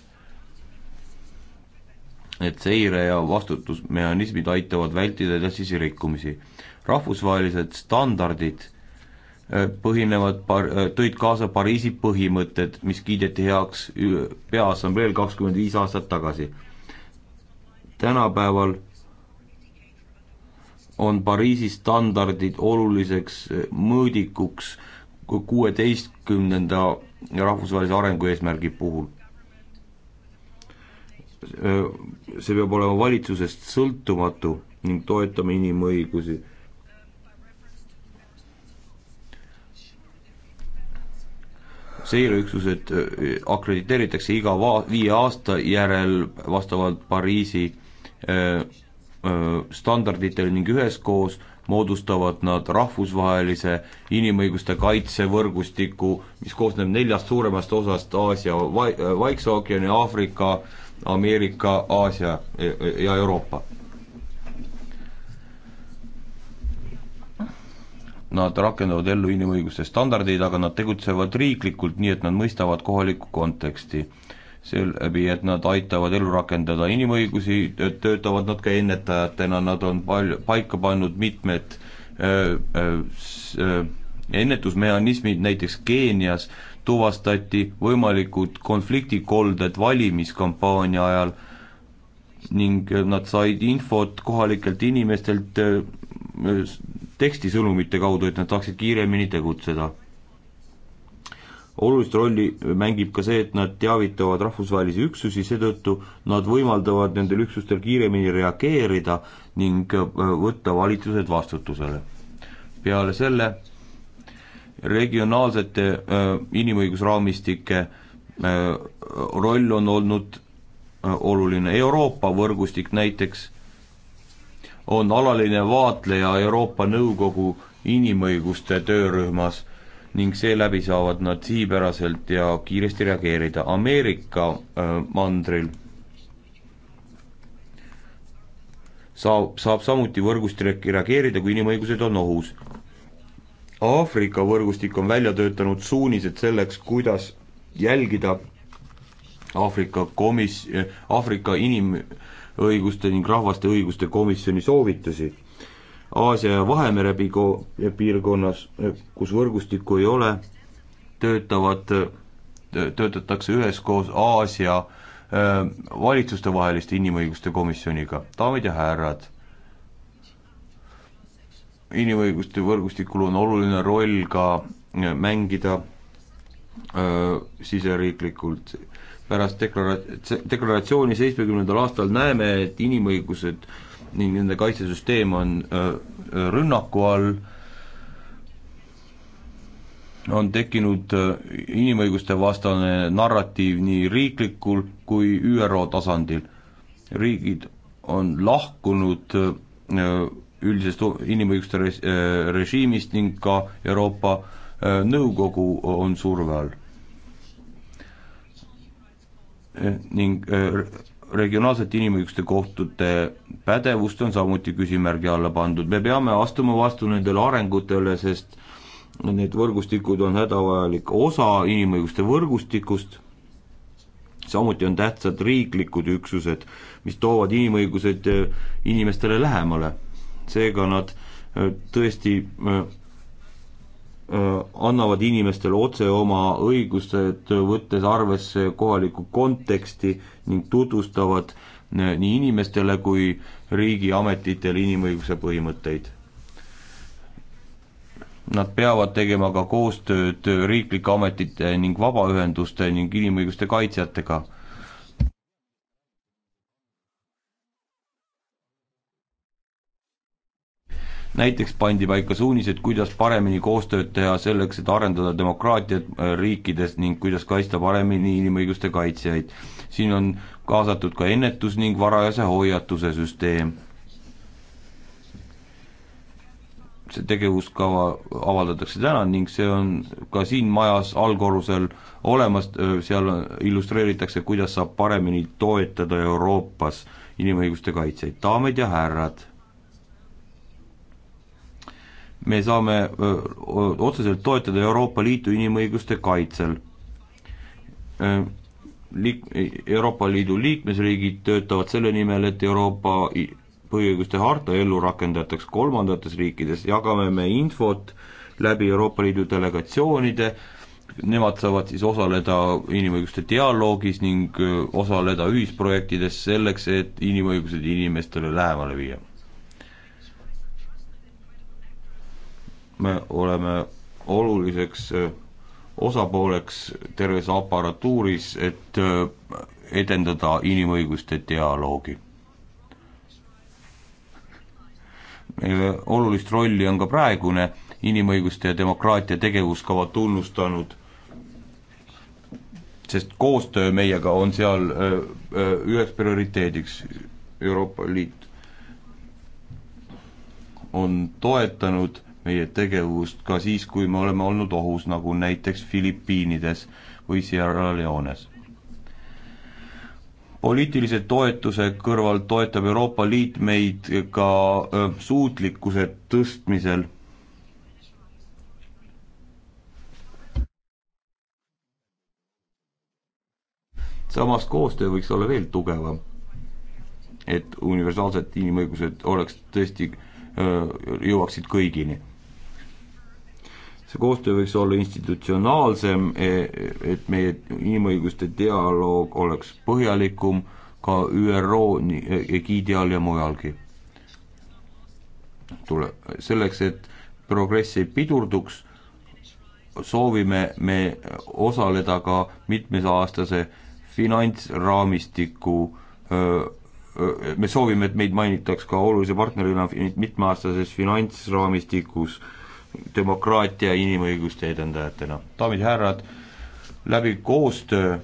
Speaker 6: et seire ja vastutusmehhanismid aitavad vältida edasisi rikkumisi rahvusvahelised standardid äh, põhinevad par-, äh, tõid kaasa Pariisi põhimõtted, mis kiideti heaks Peaassambleel kakskümmend viis aastat tagasi. tänapäeval on Pariisi standardid oluliseks äh, mõõdikuks kuueteistkümnenda rahvusvahelise arengu eesmärgi puhul. see peab olema valitsusest sõltumatu ning toetama inimõigusi seireüksused akrediteeritakse iga va-, viie aasta järel vastavalt Pariisi standarditele ning üheskoos moodustavad nad rahvusvahelise inimõiguste kaitsevõrgustiku, mis koosneb neljast suuremast osast Aasia va-, Vaikse ookeani, Aafrika, Ameerika, Aasia ja Euroopa Nad rakendavad ellu inimõiguste standardeid, aga nad tegutsevad riiklikult, nii et nad mõistavad kohalikku konteksti. seeläbi, et nad aitavad ellu rakendada inimõigusi, töötavad nad ka ennetajatena, nad on palju, paika pannud mitmed öö, öö, ennetusmehhanismid, näiteks Keenias tuvastati võimalikud konfliktikolded valimiskampaania ajal ning nad said infot kohalikelt inimestelt tekstisõnumite kaudu, et nad saaksid kiiremini tegutseda. olulist rolli mängib ka see, et nad teavitavad rahvusvahelisi üksusi, seetõttu nad võimaldavad nendel üksustel kiiremini reageerida ning äh, võtta valitsused vastutusele. peale selle regionaalsete äh, inimõigusraamistike äh, roll on olnud oluline, Euroopa võrgustik näiteks on alaline vaatleja Euroopa Nõukogu inimõiguste töörühmas ning seeläbi saavad nad siipäraselt ja kiiresti reageerida. Ameerika äh, mandril saab, saab samuti võrgustik reageerida, kui inimõigused on ohus. Aafrika võrgustik on välja töötanud suunised selleks, kuidas jälgida Aafrika komis-, Aafrika inim-, õiguste ning rahvaste õiguste komisjoni soovitusi. Aasia ja Vahemere pigo-, piirkonnas, kus võrgustikku ei ole, töötavad, töötatakse üheskoos Aasia valitsustevaheliste inimõiguste komisjoniga. daamid ja härrad, inimõiguste võrgustikul on oluline roll ka mängida öö, siseriiklikult pärast deklara-, deklaratsiooni seitsmekümnendal aastal näeme, et inimõigused ning nende kaitsesüsteem on rünnaku all, on tekkinud inimõiguste vastane narratiiv nii riiklikul kui ÜRO tasandil. riigid on lahkunud üldisest inimõiguste režiimist ning ka Euroopa Nõukogu on surve all Äh, ning äh, regionaalsete inimõiguste kohtute pädevust on samuti küsimärgi alla pandud, me peame astuma vastu nendele arengutele, sest need võrgustikud on hädavajalik osa inimõiguste võrgustikust, samuti on tähtsad riiklikud üksused, mis toovad inimõigused äh, inimestele lähemale. seega nad tõesti annavad inimestele otse oma õigused, võttes arvesse kohalikku konteksti ning tutvustavad nii inimestele kui riigiametitele inimõiguse põhimõtteid. Nad peavad tegema ka koostööd riiklike ametite ning vabaühenduste ning inimõiguste kaitsjatega näiteks pandi paika suunised, kuidas paremini koostööd teha selleks, et arendada demokraatiat äh, riikides ning kuidas kaitsta paremini inimõiguste kaitsjaid. siin on kaasatud ka ennetus ning varajase hoiatuse süsteem. see tegevuskava avaldatakse täna ning see on ka siin majas allkorrusel olemas, äh, seal illustreeritakse, kuidas saab paremini toetada Euroopas inimõiguste kaitsjaid, daamid ja härrad me saame otseselt toetada Euroopa Liitu inimõiguste kaitsel. Liik-, Euroopa Liidu liikmesriigid töötavad selle nimel, et Euroopa põhiõiguste harta ellu rakendataks kolmandates riikides, jagame me infot läbi Euroopa Liidu delegatsioonide, nemad saavad siis osaleda inimõiguste dialoogis ning osaleda ühisprojektides selleks, et inimõigused inimestele lähemale viia me oleme oluliseks äh, osapooleks terves aparatuuris, et äh, edendada inimõiguste dialoogi. olulist rolli on ka praegune inimõiguste ja demokraatia tegevuskava tunnustanud, sest koostöö meiega on seal äh, üheks prioriteediks. Euroopa Liit on toetanud meie tegevust ka siis, kui me oleme olnud ohus, nagu näiteks Filipiinides või Sierra Leones. poliitilise toetuse kõrval toetab Euroopa Liit meid ka suutlikkuse tõstmisel samas koostöö võiks olla veel tugevam. et universaalsed inimõigused oleks tõesti, jõuaksid kõigini see koostöö võiks olla institutsionaalsem, e, et meie inimõiguste dialoog oleks põhjalikum ka ÜRO egiidi all ja mujalgi. tule, selleks, et progress ei pidurduks, soovime me osaleda ka mitmesaastase finantsraamistiku öö, me soovime, et meid mainitaks ka olulise partnerina mitmeaastases finantsraamistikus demokraatia ja inimõiguste edendajatena. daamid ja härrad, läbi koostöö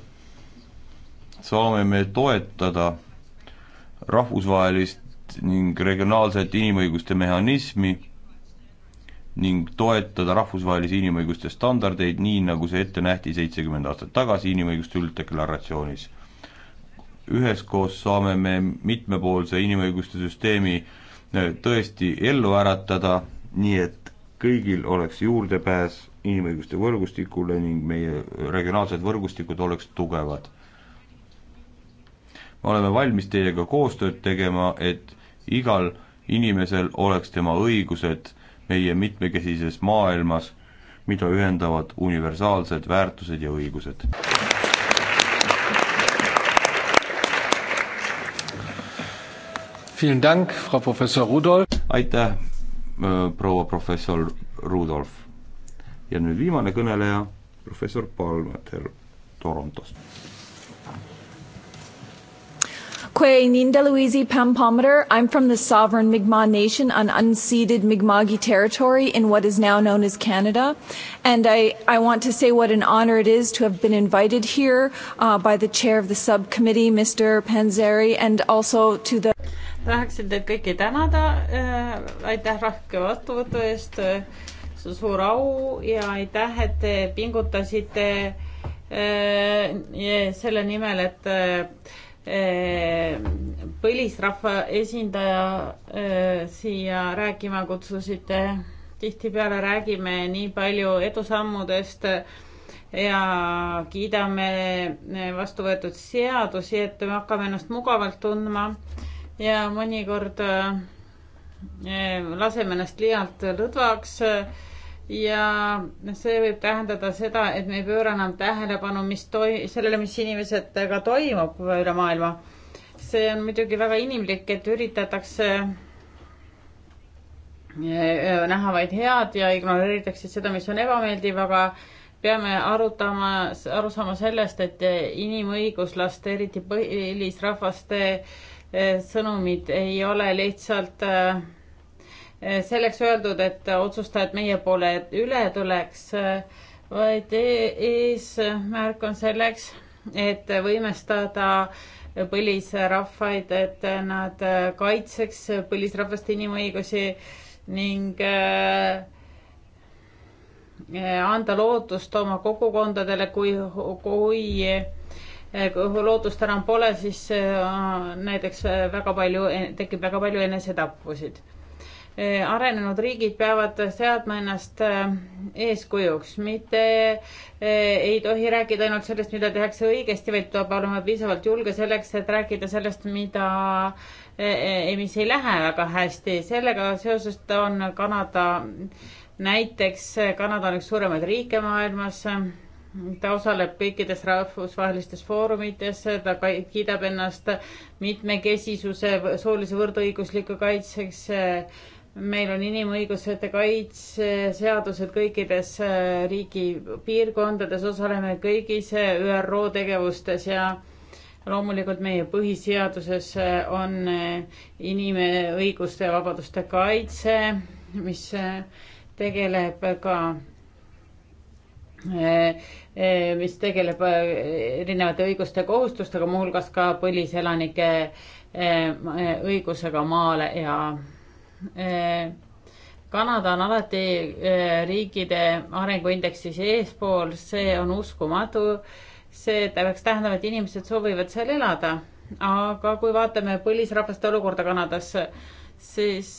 Speaker 6: saame me toetada rahvusvahelist ning regionaalset inimõiguste mehhanismi ning toetada rahvusvahelisi inimõiguste standardeid, nii nagu see ette nähti seitsekümmend aastat tagasi inimõiguste ülddeklaratsioonis. üheskoos saame me mitmepoolse inimõiguste süsteemi eh, tõesti ellu äratada, nii et kõigil oleks juurdepääs inimõiguste võrgustikule ning meie regionaalsed võrgustikud oleks tugevad. me oleme valmis teiega koostööd tegema, et igal inimesel oleks tema õigused meie mitmekesises maailmas, mida ühendavad universaalsed väärtused ja õigused. aitäh, proua professor Rudolf. ja nüüd viimane kõneleja, professor Palmeter Torontost.
Speaker 9: Kwe Nindaluizi Pampometer. I'm from the sovereign Mi'kmaq Nation on unceded Mi'kma'ki territory in what is now known as Canada. And I, I want to say what an honor it is to have been invited here uh, by the chair of the subcommittee, Mr. Panzeri, and also to the
Speaker 3: tahaksin teid kõiki tänada äh,. aitäh rahke vastuvõtu eest äh,. see on suur au ja aitäh, et te pingutasite äh, selle nimel, et äh, põlisrahva esindaja äh, siia rääkima kutsusite. tihtipeale räägime nii palju edusammudest ja kiidame vastu võetud seadusi, et me hakkame ennast mugavalt tundma ja mõnikord äh, äh, laseme ennast liialt lõdvaks äh, ja see võib tähendada seda, et me ei pööra enam tähelepanu, mis toi-, sellele, mis inimesetega toimub üle maailma. see on muidugi väga inimlik, et üritatakse näha vaid head ja ignoreeritakse seda, mis on ebameeldiv, aga peame arutama, aru saama sellest, et inimõiguslaste, eriti põlisrahvaste Eh, sõnumid ei ole lihtsalt eh, eh, selleks öeldud, et otsustajad meie poole üle tuleks, vaid e-, eesmärk on selleks, et võimestada põlisrahvaid, et nad kaitseks põlisrahvaste inimõigusi ning anda lootust oma kogukondadele, kui, kui Eh, kui lootust enam pole, siis eh, näiteks eh, väga palju, tekib väga palju enesetappusid. arenenud riigid peavad seadma ennast eeskujuks, mitte ei tohi rääkida ainult sellest, mida tehakse õigesti, vaid peab olema piisavalt julge selleks, et rääkida sellest, mida mis ei lähe väga hästi, sellega seoses ta on Kanada, näiteks Kanada on üks suuremaid riike maailmas ta osaleb kõikides rahvusvahelistes foorumites, ta kiidab ennast mitmekesisuse, soolise võrdõigusliku kaitseks. meil on inimõigused, kaitseseadused kõikides äh, riigi piirkondades, osaleme kõigis äh, ÜRO tegevustes ja loomulikult meie põhiseaduses äh, on inimõiguste ja vabaduste kaitse, mis tegeleb ka Eh, mis tegeleb eh, erinevate õiguste ja kohustustega, muuhulgas ka põliselanike eh, õigusega maale ja Kanada on alati riikide arenguindeksis eespool, see on uskumatu. see peaks tähendama, et inimesed soovivad seal elada, aga kui vaatame põlisrahvaste olukorda Kanadas, siis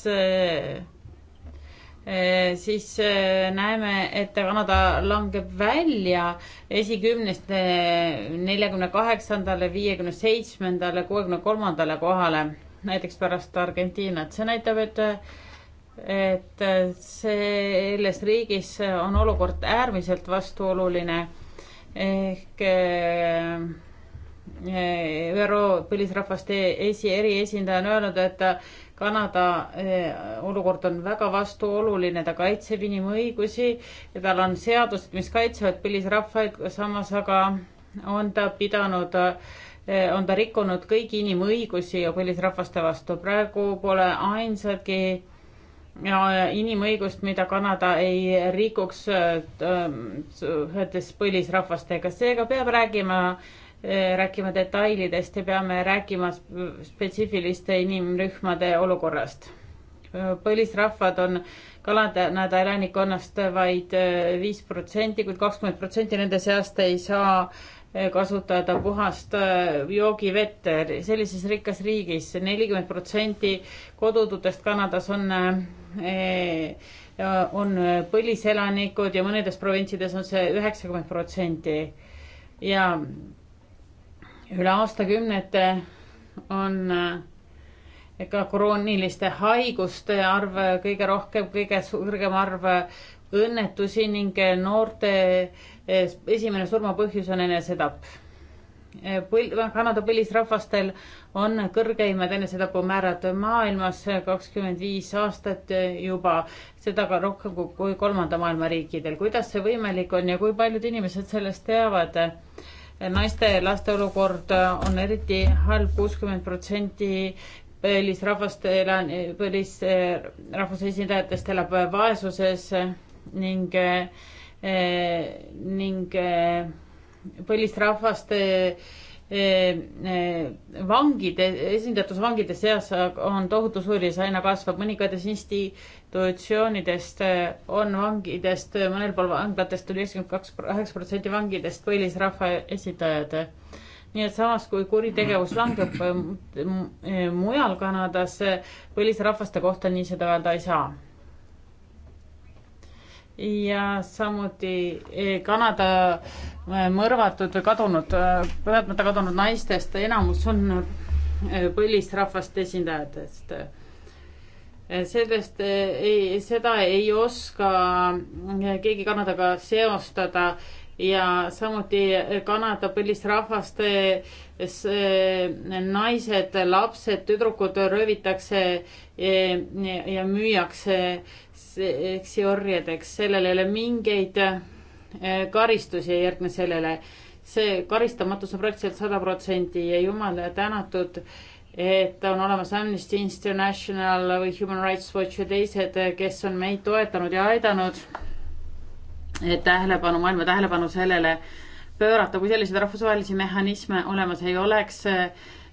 Speaker 3: Äh, siis äh, näeme, et Kanada langeb välja esikümnest äh, neljakümne kaheksandale, viiekümne seitsmendale, kuuekümne kolmandale kohale, näiteks pärast Argentiinat. see näitab, et, et selles riigis on olukord äärmiselt vastuoluline ehk ÜRO põlisrahvaste esi, eriesindaja on öelnud, et ta Kanada eh, olukord on väga vastuoluline, ta kaitseb inimõigusi ja tal on seadused, mis kaitsevad põlisrahvaid, samas aga on ta pidanud, eh, on ta rikkunud kõigi inimõigusi ja põlisrahvaste vastu. praegu pole ainsatki inimõigust, mida Kanada ei rikuks ühetes eh, põlisrahvastega, seega peab räägima äh, Eh, rääkima detailidest ja peame rääkima spetsiifiliste inimrühmade olukorrast. põlisrahvad on Kanada elanikkonnast vaid eh, viis protsenti, kuid kakskümmend protsenti nende seast ei saa eh, kasutada puhast joogivett. sellises rikkas riigis nelikümmend protsenti kodututest Kanadas on on põliselanikud ja mõnedes provintsides on see üheksakümmend protsenti ja üle aastakümnete on eh, ka krooniliste haiguste arv kõige rohkem, kõige kõrgem arv õnnetusi ning noorte eh, esimene surmapõhjus on enesetapp. Eh, põl-, Kanada põlisrahvastel on kõrgeimad enesetapumäärad maailmas, kakskümmend viis aastat juba, seda ka rohkem kui kolmanda maailma riikidel. kuidas see võimalik on ja kui paljud inimesed sellest teavad? naiste ja laste olukord on eriti halb, kuuskümmend protsenti põlisrahvast, põlisrahvuse esindajatest elab vaesuses ning, ning põlisrahvaste eh, vangide, esindatus vangide seas on tohutu suur ja see aina kasvab, mõningates insti-, institutsioonidest eh, on vangidest, eh, mõnel pool vanglatest oli üheksakümmend kaks, kaheksa protsenti vangidest põlisrahva esindajad. nii et samas, kui kuritegevus langeb eh, mujal Kanadas, põlisrahvaste kohta nii seda öelda ei saa. ja samuti Kanada mõrvatud või kadunud, teadmata kadunud naistest enamus on põlisrahvaste esindajatest sellest e, ei, seda ei oska e, keegi Kanadaga seostada ja samuti Kanada põlisrahvaste e, naised, lapsed, tüdrukud röövitakse ja müüakse seksiorjadeks, sellel ei ole mingeid karistusi ei järgne sellele. see karistamatus on praktiliselt sada protsenti ja jumala tänatud äh, et on olemas Amnesty International või Human Rights Watch ja teised, kes on meid toetanud ja aidanud tähelepanu, maailma tähelepanu sellele pöörata, kui selliseid rahvusvahelisi mehhanisme olemas ei oleks,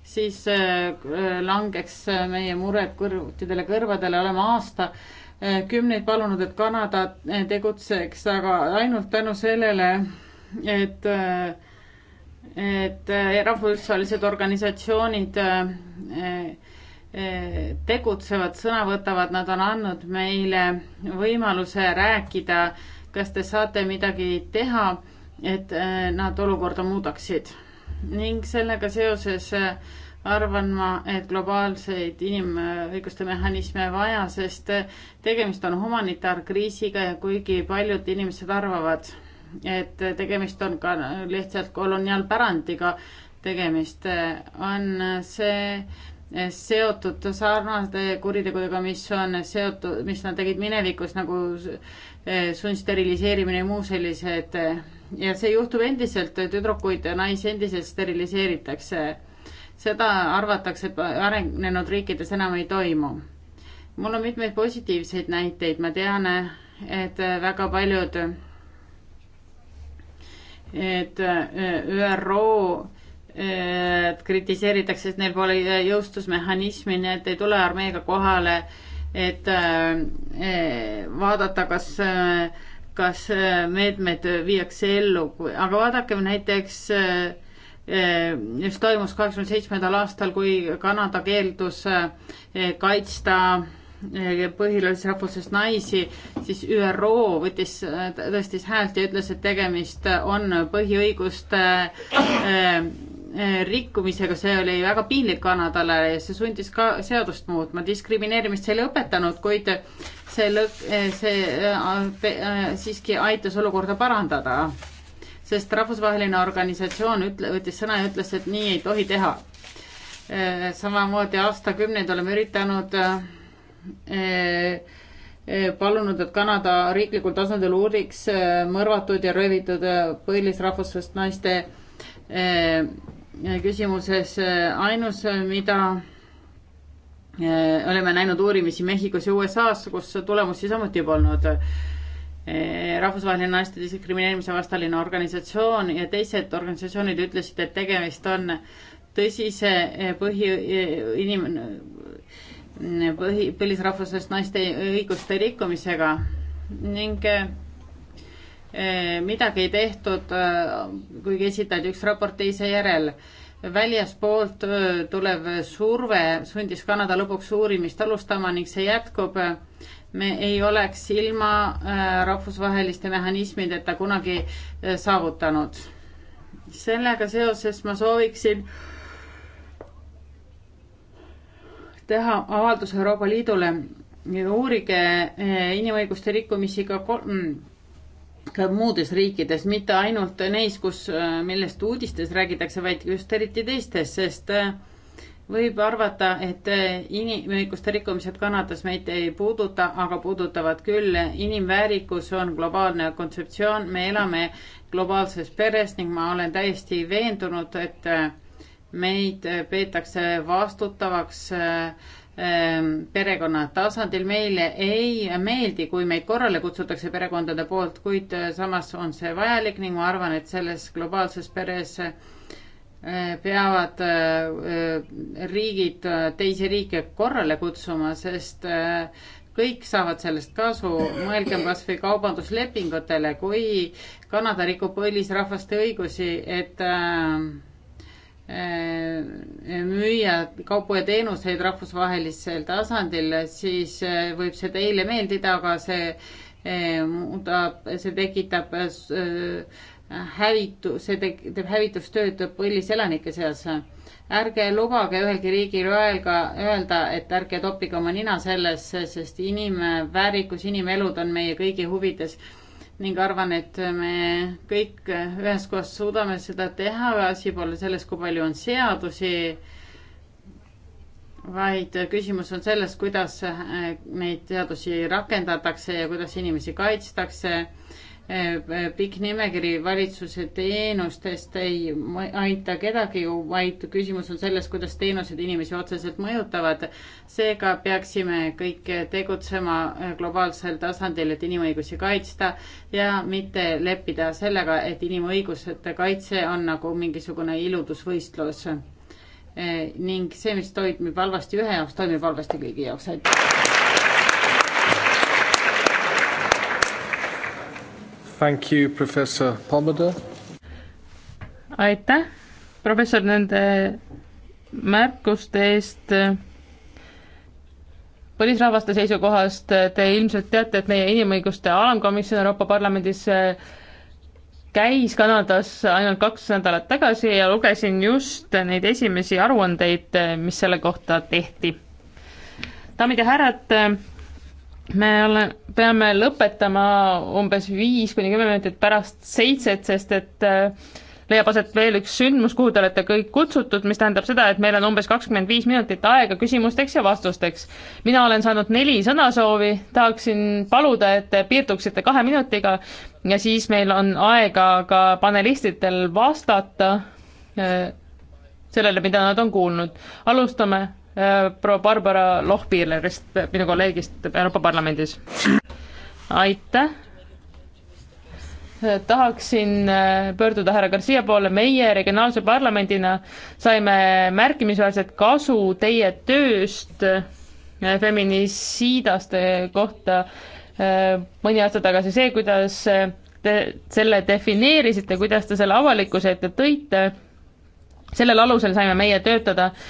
Speaker 3: siis äh, langeks meie mured kõrvutidele kõrvadele, oleme aasta äh, kümneid palunud, et Kanada tegutseks, aga ainult tänu sellele, et äh, et äh, rahvusvahelised organisatsioonid äh, äh, tegutsevad, sõna võtavad, nad on andnud meile võimaluse rääkida, kas te saate midagi teha, et nad olukorda muudaksid. ning sellega seoses arvan ma, et globaalseid inimõiguste mehhanisme vaja, sest tegemist on humanitaarkriisiga ja kuigi paljud inimesed arvavad, et tegemist on ka lihtsalt koloniaalpärandiga, tegemist on see seotud sarnaste kuritegudega, mis on seotud, mis nad tegid minevikus nagu sundsteriliseerimine ja muu sellised. ja see juhtub endiselt, tüdrukuid ja naisi endiselt steriliseeritakse. seda arvatakse, et arenenud riikides enam ei toimu. mul on mitmeid positiivseid näiteid, ma tean, et väga paljud et eh, ÜRO et eh, kritiseeritakse, et neil pole eh, jõustusmehhanismi, nii et ei tule armeega kohale, et vaadata, kas, kas meetmed viiakse ellu, aga vaadakem näiteks mis toimus kaheksakümne seitsmendal aastal, kui Kanada keeldus kaitsta Eh, põhilise rahvusest naisi, siis ÜRO võttis, äh, tõstis häält ja ütles, et tegemist on põhiõiguste äh, äh, rikkumisega, see oli väga piinlik Kanadale ja see sundis ka seadust muutma, diskrimineerimist see ei lõpetanud, kuid see lõp-, see siiski aitas olukorda parandada. sest rahvusvaheline organisatsioon ütle-, võttis sõna ja ütles, et nii ei tohi teha. samamoodi aastakümneid oleme üritanud Eh, eh, palunud, et Kanada riiklikul tasandil uuriks eh, mõrvatud ja röövitud põlisrahvusest naiste küsimuses. ainus, mida oleme näinud uurimisi Mehhikos ja USA-s, kus tulemusi samuti polnud. rahvusvaheline naiste diskrimineerimise vastaline organisatsioon ja teised organisatsioonid ütlesid, et tegemist on tõsise põhi, inim-, põhi, põlisrahvusest naiste õiguste rikkumisega ning eh, eh, midagi ei tehtud, eh, kuigi esitati üks raport teise järel. väljaspoolt tulev surve sundis Kanada lõpuks uurimist alustama ning see jätkub. me ei oleks ilma rahvusvaheliste mehhanismideta kunagi saavutanud. sellega seoses ma sooviksin teha avaldus Euroopa Liidule, uurige eh, inimõiguste rikkumisi ka kolm mm, ka muudes riikides, mitte ainult neis, kus, eh, millest uudistes räägitakse, vaid just eriti teistes, sest eh, võib arvata, et inimõiguste rikkumised Kanadas meid ei puuduta, aga puudutavad küll. inimväärikus on globaalne kontseptsioon, me elame globaalses peres ning ma olen täiesti veendunud, et meid peetakse vastutavaks ähm, perekonna tasandil. meile ei meeldi, kui meid korrale kutsutakse perekondade poolt, kuid äh, samas on see vajalik ning ma arvan, et selles globaalses peres äh, peavad äh, riigid teisi riike korrale kutsuma, sest kõik saavad sellest kasu, mõelgem kas või kaubanduslepingutele, kui Kanada rikub põlisrahvaste õigusi, et äh, Äh, müüa kaupu ja teenuseid rahvusvahelisel tasandil, siis äh, võib see teile meeldida, aga see äh, muudab, see tekitab hävitu, see te-, teeb hävitustööd põliselanike seas. ärge lubage ühelgi riigil öelda, öelda, et ärge toppige oma nina sellesse, sest inimväärikus, inimelud on meie kõigi huvides ning arvan, et me kõik üheskoos suudame seda teha, asi pole selles, kui palju on seadusi, vaid küsimus on selles, kuidas neid seadusi rakendatakse ja kuidas inimesi kaitstakse Eh, pikk nimekiri valitsuse teenustest ei aita kedagi, vaid küsimus on selles, kuidas teenused inimesi otseselt mõjutavad. seega peaksime kõik tegutsema eh, globaalsel tasandil, et inimõigusi kaitsta ja mitte leppida sellega, et inimõiguste kaitse on nagu mingisugune iludusvõistlus. Eh, ning see, mis toimib halvasti ühe jaoks, toimib halvasti kõigi
Speaker 5: jaoks. aitäh!
Speaker 7: Thank you, professor Pomeder.
Speaker 5: aitäh, professor, nende märkuste eest. põlisrahvaste seisukohast te ilmselt teate, et meie inimõiguste alamkomisjon Euroopa Parlamendis äh, käis Kanadas ainult kaks nädalat tagasi ja lugesin just neid esimesi aruandeid, äh, mis selle kohta tehti. daamid ja härrad me ole, peame lõpetama umbes viis kuni kümme minutit pärast seitset, sest et äh, leiab aset veel üks sündmus, kuhu te olete kõik kutsutud, mis tähendab seda, et meil on umbes kakskümmend viis minutit aega küsimusteks ja vastusteks. mina olen saanud neli sõnasoovi, tahaksin paluda, et te piirduksite kahe minutiga ja siis meil on aega ka panelistidel vastata äh, sellele, mida nad on kuulnud. alustame Äh, proua Barbara Lohpiirlerist, äh, minu kolleegist Euroopa Parlamendis. aitäh! Äh, tahaksin pöörduda härra Garcia poole, meie regionaalse parlamendina saime märkimisväärset kasu teie tööst feminisiidaste kohta mõni aasta tagasi, see, kuidas te selle defineerisite, kuidas te selle avalikkuse ette tõite, sellel alusel saime meie töötada äh,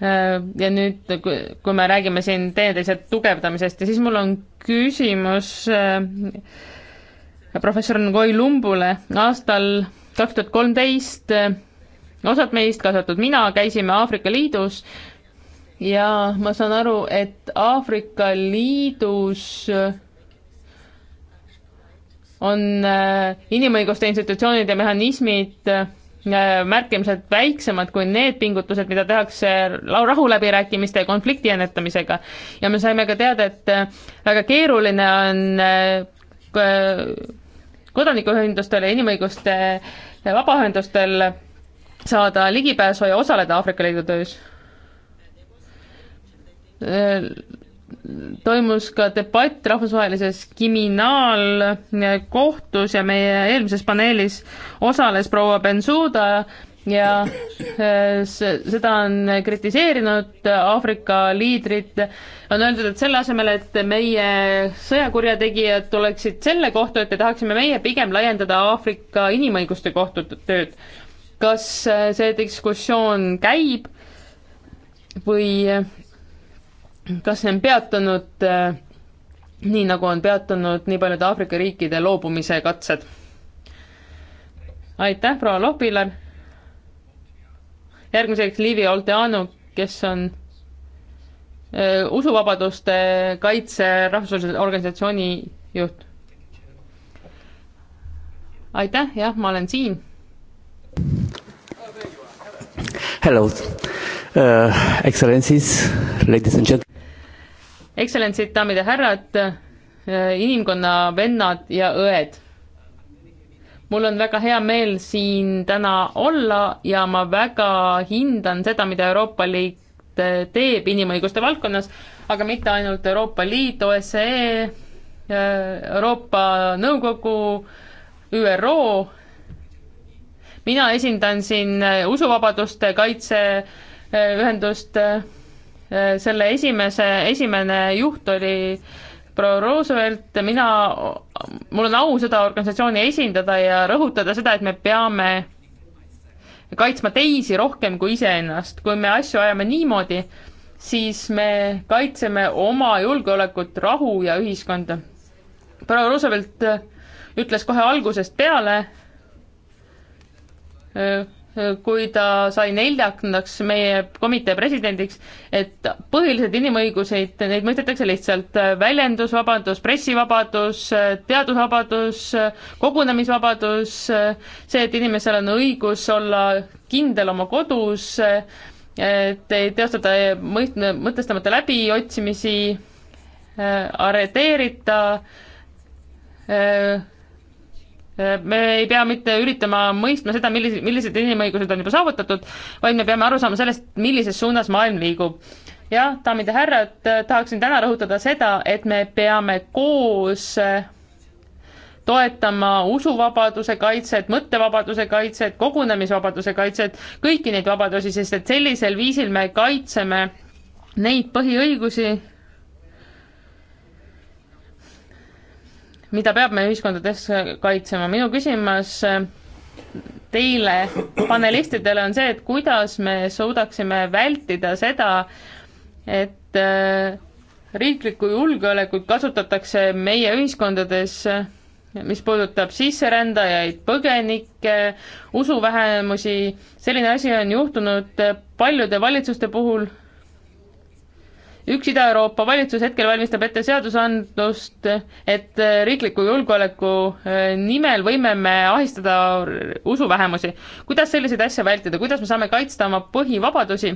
Speaker 5: Äh, ja nüüd, kui me räägime siin teineteise tugevdamisest ja siis mul on küsimus äh, professor Ngoi Lumbule. aastal kaks tuhat kolmteist äh, osad meist, kaasa arvatud mina, käisime Aafrika Liidus ja ma saan aru, et Aafrika Liidus on inimõiguste institutsioonid ja mehhanismid Äh, märkimiselt väiksemad kui need pingutused, mida tehakse rahuläbirääkimiste ja konflikti ennetamisega. ja me saime ka teada, et äh, väga keeruline on äh, kodanikuühendustel ja inimõiguste vabaühendustel saada ligipääsu ja osaleda Aafrika Liidu töös toimus ka debatt rahvusvahelises kriminaalkohtus ja meie eelmises paneelis osales proua Bensuda ja äh, seda on kritiseerinud Aafrika liidrid, on öeldud, et selle asemel, et meie sõjakurjategijad oleksid selle kohtu ette, tahaksime meie pigem laiendada Aafrika Inimõiguste Kohtu tööd. kas äh, see diskussioon käib või kas see on peatunud äh, nii, nagu on peatunud nii paljude Aafrika riikide loobumise katsed? aitäh proua Lohpiller. järgmiseks Liivi Olteanu, kes on äh, usuvabaduste kaitse rahvusvahelise organisatsiooni juht. aitäh, jah, ma olen siin.
Speaker 2: Hello uh,, excellencies, ladies and gentlemen
Speaker 5: ekstsellentsid, daamid ja härrad, äh, inimkonna vennad ja õed. mul on väga hea meel siin täna olla ja ma väga hindan seda, mida Euroopa Liit äh, teeb inimõiguste valdkonnas, aga mitte ainult Euroopa Liit, OSCE, äh, Euroopa Nõukogu, ÜRO. mina esindan siin usuvabadust, kaitse, ühendust Äh, selle esimese, esimene juht oli proua Roosevelt, mina, mul on au seda organisatsiooni esindada ja rõhutada seda, et me peame kaitsma teisi rohkem kui iseennast, kui me asju ajame niimoodi, siis me kaitseme oma julgeolekut, rahu ja ühiskonda. proua Roosevelt ütles kohe algusest peale, äh, kui ta sai neljakümnendaks meie komitee presidendiks, et põhilised inimõigused, neid mõistetakse lihtsalt äh, väljendusvabadus, pressivabadus, äh, teadusvabadus, äh, kogunemisvabadus, see, et inimesel on õigus olla kindel oma kodus, et ei teostada mõist-, mõtestamata läbiotsimisi, arreteerita, me ei pea mitte üritama mõistma seda, millise, millised inimõigused on juba saavutatud, vaid me peame aru saama sellest, millises suunas maailm liigub. jah, daamid ja härrad, tahaksin täna rõhutada seda, et me peame koos toetama usuvabaduse kaitset, mõttevabaduse kaitset, kogunemisvabaduse kaitset, kõiki neid vabadusi, sest et sellisel viisil me kaitseme neid põhiõigusi, mida peab meie ühiskondades kaitsema. minu küsimus äh, teile, panelistidele, on see, et kuidas me suudaksime vältida seda, et äh, riiklikku julgeolekut kasutatakse meie ühiskondades, äh, mis puudutab sisserändajaid, põgenikke, usuvähemusi, selline asi on juhtunud paljude valitsuste puhul, üks Ida-Euroopa valitsus hetkel valmistab ette seadusandlust, et äh, riikliku julgeoleku äh, nimel võime me ahistada usuvähemusi. kuidas selliseid asju vältida, kuidas me saame kaitsta oma põhivabadusi?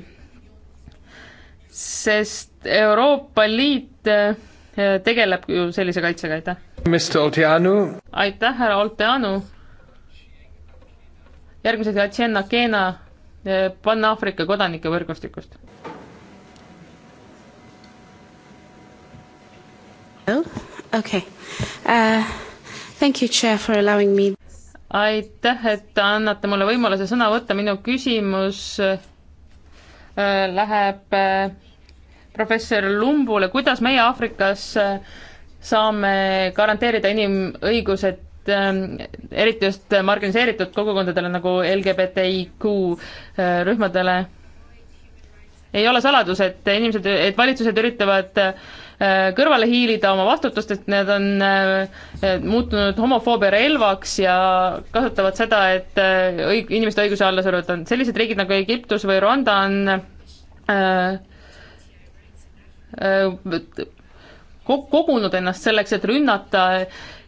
Speaker 5: sest Euroopa Liit äh, tegeleb ju sellise kaitsega,
Speaker 2: aitäh.
Speaker 5: aitäh, härra Olteanu. järgmiseks Atsena Keena Pan-Aafrika kodanike võrgustikust
Speaker 9: oh?. Okay. Uh, thank you, chair,
Speaker 5: for allowing me. aitäh, et annate mulle võimaluse sõna võtta, minu küsimus uh, läheb uh, professor Lumbule, kuidas meie Aafrikas äh, saame garanteerida inimõigused ähm, eriti just marginaliseeritud kogukondadele nagu LGBTIQ rühmadele. ei ole saladus, et inimesed, et valitsused üritavad Äh, kõrvale hiilida oma vastutustest, need on äh, äh, muutunud homofoobia relvaks ja kasutavad seda, et õig-, inimeste õiguse alla suruda. sellised riigid nagu Egiptus või Rwanda on äh, äh, kogunud ennast selleks, et rünnata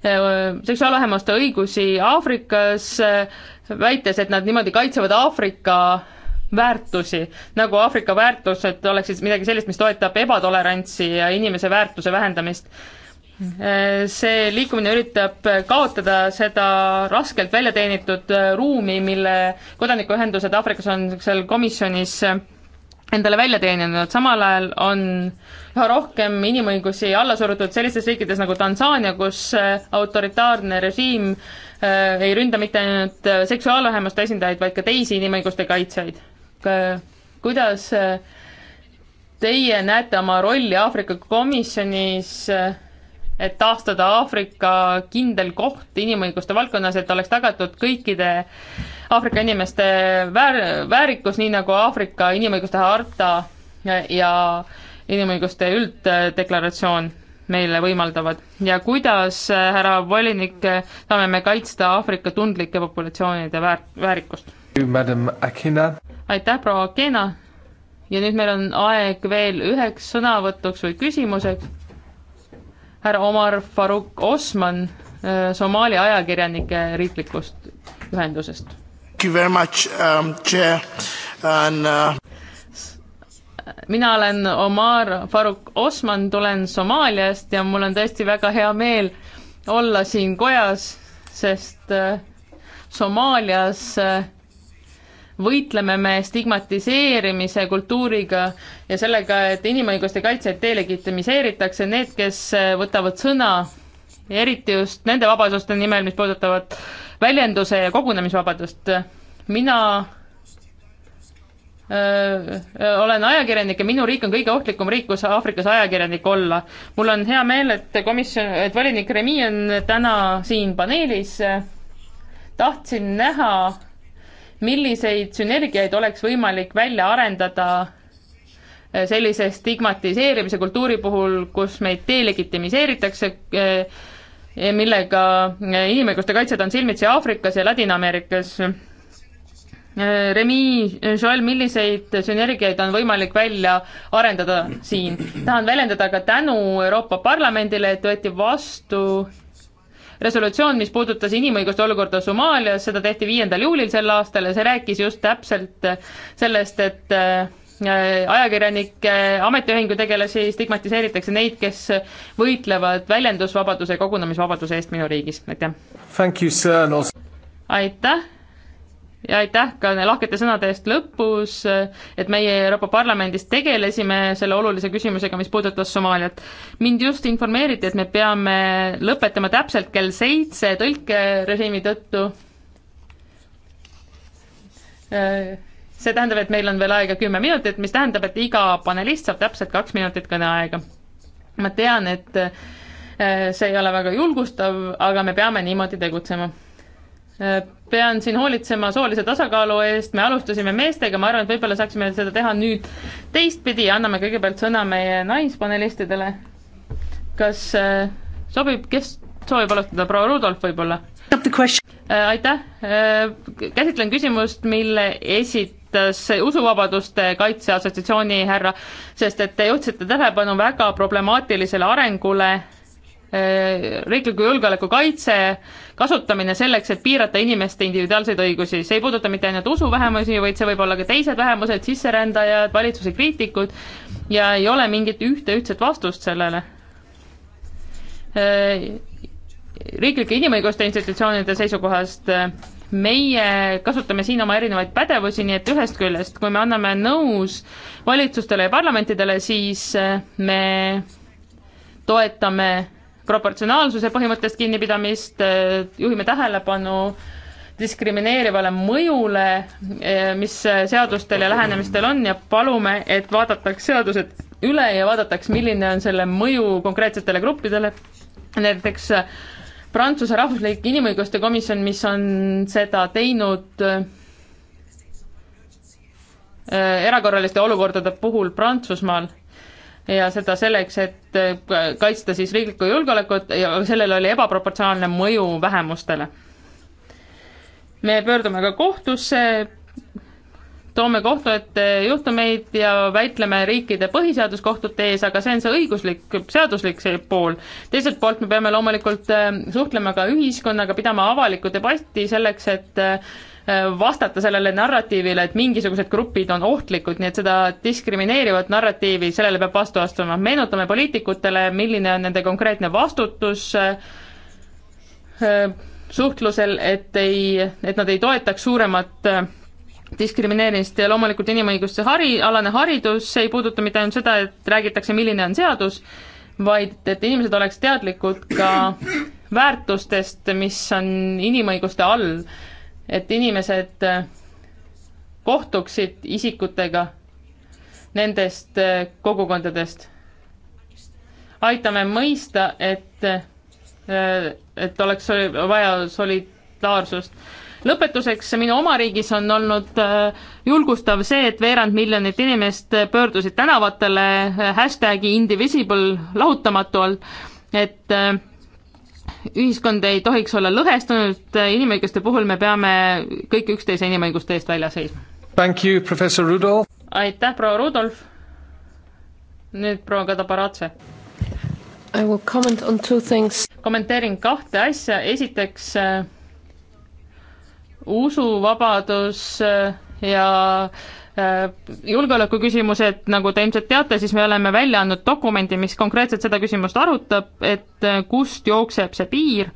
Speaker 5: seksuaalvähemuste õigusi Aafrikas, väites, et nad niimoodi kaitsevad Aafrika väärtusi, nagu Aafrika väärtused oleksid midagi sellist, mis toetab ebatolerantsi ja inimese väärtuse vähendamist. see liikumine üritab kaotada seda raskelt välja teenitud ruumi, mille kodanikuühendused Aafrikas on seal komisjonis endale välja teeninud, samal ajal on üha rohkem inimõigusi alla surutud sellistes riikides nagu Tansaania, kus autoritaarne režiim äh, ei ründa mitte ainult seksuaalvähemuste esindajaid, vaid ka teisi inimõiguste kaitsjaid. Äh, kuidas äh, teie näete oma rolli Aafrika komisjonis, äh, et taastada Aafrika kindel koht inimõiguste valdkonnas, et oleks tagatud kõikide Aafrika inimeste väär-, väärikus, nii nagu Aafrika inimõiguste harta ja inimõiguste ülddeklaratsioon meile võimaldavad ja kuidas, härra volinik, saame me kaitsta Aafrika tundlike populatsioonide väär-, väärikust? aitäh, proua Keena. ja nüüd meil on aeg veel üheks sõnavõtuks või küsimuseks. härra Omar Faruk Osman äh, Somaalia ajakirjanike riiklikust ühendusest.
Speaker 2: Um, uh,
Speaker 5: mina olen Omar Faruk Osman, tulen Somaaliast ja mul on tõesti väga hea meel olla siin kojas, sest äh, Somaalias äh, võitleme me stigmatiseerimise kultuuriga ja sellega, et inimõiguste kaitset delegitimiseeritakse, need, kes äh, võtavad sõna, eriti just nende vabaduste nimel, mis puudutavad väljenduse ja kogunemisvabadust. mina öö, äh, olen ajakirjanik ja minu riik on kõige ohtlikum riik, kus Aafrikas ajakirjanik olla. mul on hea meel, et komisjon, et volinik Remi on täna siin paneelis. tahtsin näha milliseid sünergiaid oleks võimalik välja arendada eh, sellise stigmatiseerimise kultuuri puhul, kus meid delegitimiseeritakse, eh, millega eh, inimõiguste kaitsjad on silmitsi Aafrikas ja Ladina-Ameerikas. Remi, Joel, milliseid sünergiaid on võimalik välja arendada siin? tahan väljendada ka tänu Euroopa Parlamendile, et võeti vastu resolutsioon, mis puudutas inimõiguste olukorda Somaalias, seda tehti viiendal juulil sel aastal ja see rääkis just täpselt äh, sellest, et äh, ajakirjanike ametiühingu tegelasi stigmatiseeritakse neid, kes võitlevad väljendusvabaduse ja kogunemisvabaduse eest minu riigis, aitäh! aitäh ja aitäh ka lahkete sõnade eest lõpus, et meie Euroopa Parlamendis tegelesime selle olulise küsimusega, mis puudutas Somaaliat. mind just informeeriti, et me peame lõpetama täpselt kell seitse tõlkerežiimi tõttu. see tähendab, et meil on veel aega kümme minutit, mis tähendab, et iga panelist saab täpselt kaks minutit kõneaega. ma tean, et eh, see ei ole väga julgustav, aga me peame niimoodi tegutsema pean siin hoolitsema soolise tasakaalu eest, me alustasime meestega, ma arvan, et võib-olla saaksime seda teha nüüd teistpidi, anname kõigepealt sõna meie naispanelistidele. kas äh, sobib, kes soovib alustada, proua Rudolf võib-olla? Äh, aitäh, äh, käsitlen küsimust, mille esitas usuvabaduste kaitseassotsiatsiooni härra, sest et te juhtisite tähelepanu väga problemaatilisele arengule Äh, riikliku julgeoleku kaitse kasutamine selleks, et piirata inimeste individuaalseid õigusi. see ei puuduta mitte ainult usuvähemusi, vaid see võib olla ka teised vähemused, sisserändajad, valitsuse kriitikud ja ei ole mingit ühte ühtset vastust sellele. Äh, riiklike inimõiguste institutsioonide seisukohast äh, meie kasutame siin oma erinevaid pädevusi, nii et ühest küljest, kui me anname nõus valitsustele ja parlamentidele, siis me toetame proportsionaalsuse põhimõttest kinnipidamist, juhime tähelepanu diskrimineerivale mõjule, eh, mis seadustel ja lähenemistel on ja palume, et vaadataks seadused üle ja vaadataks, milline on selle mõju konkreetsetele gruppidele. näiteks Prantsuse Rahvuslik Inimõiguste Komisjon, mis on seda teinud eh, erakorraliste olukordade puhul Prantsusmaal ja seda selleks, et äh, kaitsta siis riiklikku julgeolekut ja sellel oli ebaproportsionaalne mõju vähemustele. me pöördume ka kohtusse, toome kohtu ette juhtumeid ja väitleme riikide põhiseaduskohtute ees, aga see on see õiguslik, seaduslik see pool. teiselt poolt me peame loomulikult äh, suhtlema ka ühiskonnaga, pidama avalikku debatti selleks, et äh, vastata sellele narratiivile, et mingisugused grupid on ohtlikud, nii et seda diskrimineerivat narratiivi, sellele peab vastu astuma. meenutame poliitikutele, milline on nende konkreetne vastutus äh, suhtlusel, et ei, et nad ei toetaks suuremat äh, diskrimineerimist ja loomulikult inimõiguste hari, alane haridus ei puuduta mitte ainult seda, et räägitakse, milline on seadus, vaid et inimesed oleks teadlikud ka väärtustest, mis on inimõiguste all et inimesed äh, kohtuksid isikutega nendest äh, kogukondadest. aitame mõista, et, äh, et oleks vaja solidaarsust. lõpetuseks, minu oma riigis on olnud julgustav see, et veerand miljonit inimest pöördusid tänavatele hashtagi indivisible lahutamatu all, et äh, ühiskond ei tohiks olla lõhestunud, inimõiguste puhul me peame kõik üksteise inimõiguste eest välja seisma. aitäh, proua Rudolf. nüüd proua Kadabaratse. kommenteerin kahte asja, esiteks äh, usuvabadus äh, ja äh, Äh, julgeolekuküsimused, nagu te ilmselt teate, siis me oleme välja andnud dokumendi, mis konkreetselt seda küsimust arutab, et äh, kust jookseb see piir,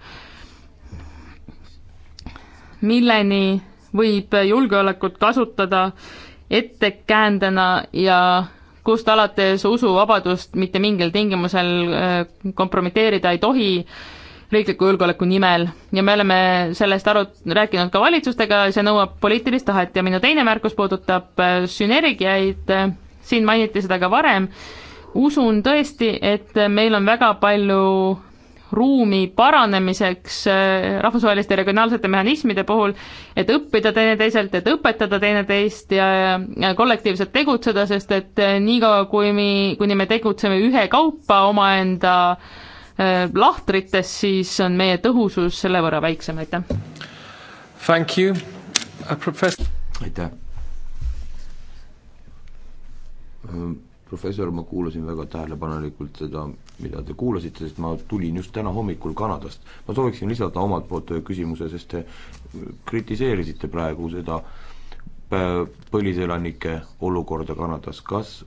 Speaker 5: milleni võib julgeolekut kasutada ettekäändena ja kust alates usuvabadust mitte mingil tingimusel äh, kompromiteerida ei tohi äh, riikliku julgeoleku nimel ja me oleme sellest aru, rääkinud ka valitsustega, see nõuab poliitilist tahet ja minu teine märkus puudutab äh, sünergiaid, siin mainiti seda ka varem, usun tõesti, et meil on väga palju ruumi paranemiseks äh, rahvusvaheliste regionaalsete mehhanismide puhul, et õppida teineteiselt, et õpetada teineteist ja, ja kollektiivselt tegutseda, sest et äh, niikaua, kui me, kuni me tegutseme ühekaupa omaenda äh, Äh, lahtritest, siis on meie tõhusus selle võrra väiksem, aitäh.
Speaker 7: Thank you, professor.
Speaker 6: aitäh. Äh, professor, ma kuulasin väga tähelepanelikult seda, mida te kuulasite, sest ma tulin just täna hommikul Kanadast. ma sooviksin lisada omalt poolt ühe küsimuse, sest te kritiseerisite praegu seda äh, põliselanike olukorda Kanadas, kas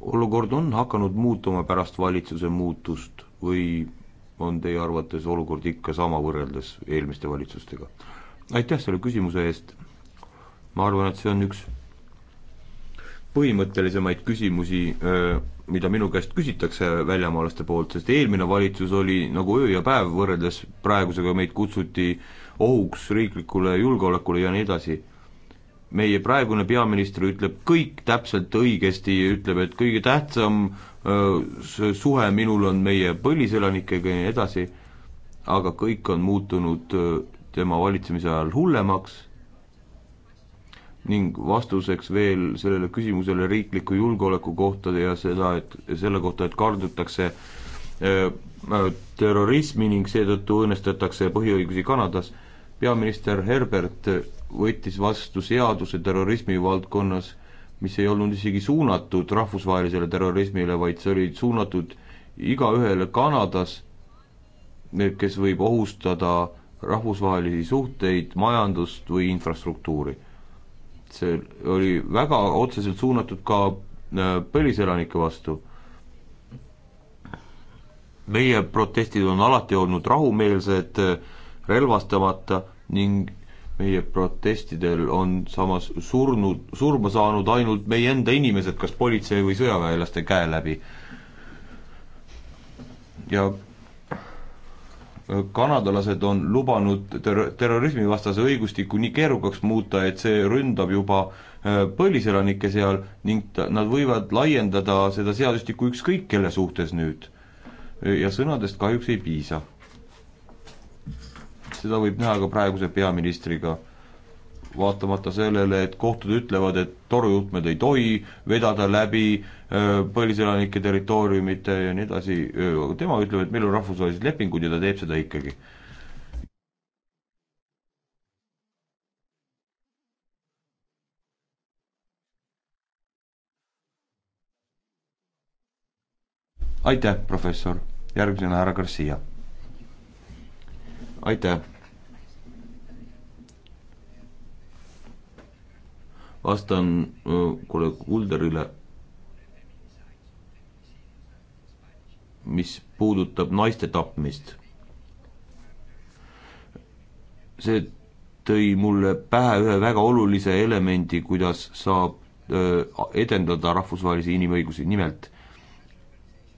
Speaker 6: olukord on hakanud muutuma pärast valitsuse muutust? või on teie arvates olukord ikka sama võrreldes eelmiste valitsustega? aitäh selle küsimuse eest, ma arvan, et see on üks põhimõttelisemaid küsimusi, mida minu käest küsitakse väljamaalaste poolt, sest eelmine valitsus oli nagu öö ja päev võrreldes praegusega, meid kutsuti ohuks riiklikule julgeolekule ja nii edasi meie praegune peaminister ütleb kõik täpselt õigesti, ütleb, et kõige tähtsam see suhe minul on meie põliselanikega ja nii edasi, aga kõik on muutunud tema valitsemise ajal hullemaks ning vastuseks veel sellele küsimusele riikliku julgeoleku kohta ja seda, et selle kohta, et kardetakse terrorismi ning seetõttu õõnestatakse põhiõigusi Kanadas, peaminister Herbert võttis vastu seaduse terrorismi valdkonnas mis ei olnud isegi suunatud rahvusvahelisele terrorismile, vaid see oli suunatud igaühele Kanadas, kes võib ohustada rahvusvahelisi suhteid, majandust või infrastruktuuri. see oli väga otseselt suunatud ka äh, põliselanike vastu. meie protestid on alati olnud rahumeelsed, relvastamata ning meie protestidel on samas surnud, surma saanud ainult meie enda inimesed, kas politsei või sõjaväelaste käe läbi. ja äh, kanadalased on lubanud ter-, terrorismivastase õigustiku nii keerukaks muuta, et see ründab juba äh, põliselanikke seal ning ta, nad võivad laiendada seda seadustikku ükskõik kelle suhtes nüüd. Äh, ja sõnadest kahjuks ei piisa seda võib näha ka praeguse peaministriga. vaatamata sellele, et kohtud ütlevad, et torujuhtmed ei tohi vedada läbi äh, põliselanike territooriumite ja nii edasi, tema ütleb, et meil on rahvusvahelised lepingud ja ta teeb seda ikkagi aitäh, professor, järgmisena härra Garcia. aitäh. vastan kolleeg Kulderile, mis puudutab naiste tapmist. see tõi mulle pähe ühe väga olulise elemendi, kuidas saab edendada rahvusvahelisi inimõigusi, nimelt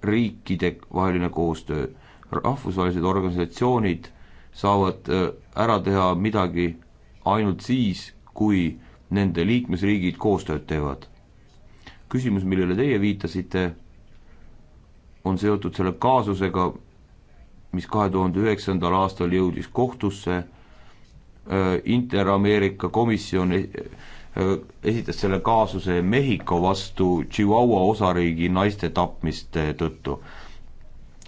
Speaker 6: riikidevaheline koostöö. rahvusvahelised organisatsioonid saavad ära teha midagi ainult siis, kui nende liikmesriigid koostööd teevad. küsimus, millele teie viitasite, on seotud selle kaasusega, mis kahe tuhande üheksandal aastal jõudis kohtusse, äh, Inter-Ameerika komisjon äh, äh, esitas selle kaasuse Mehhiko vastu Chihuahua osariigi naiste tapmiste tõttu.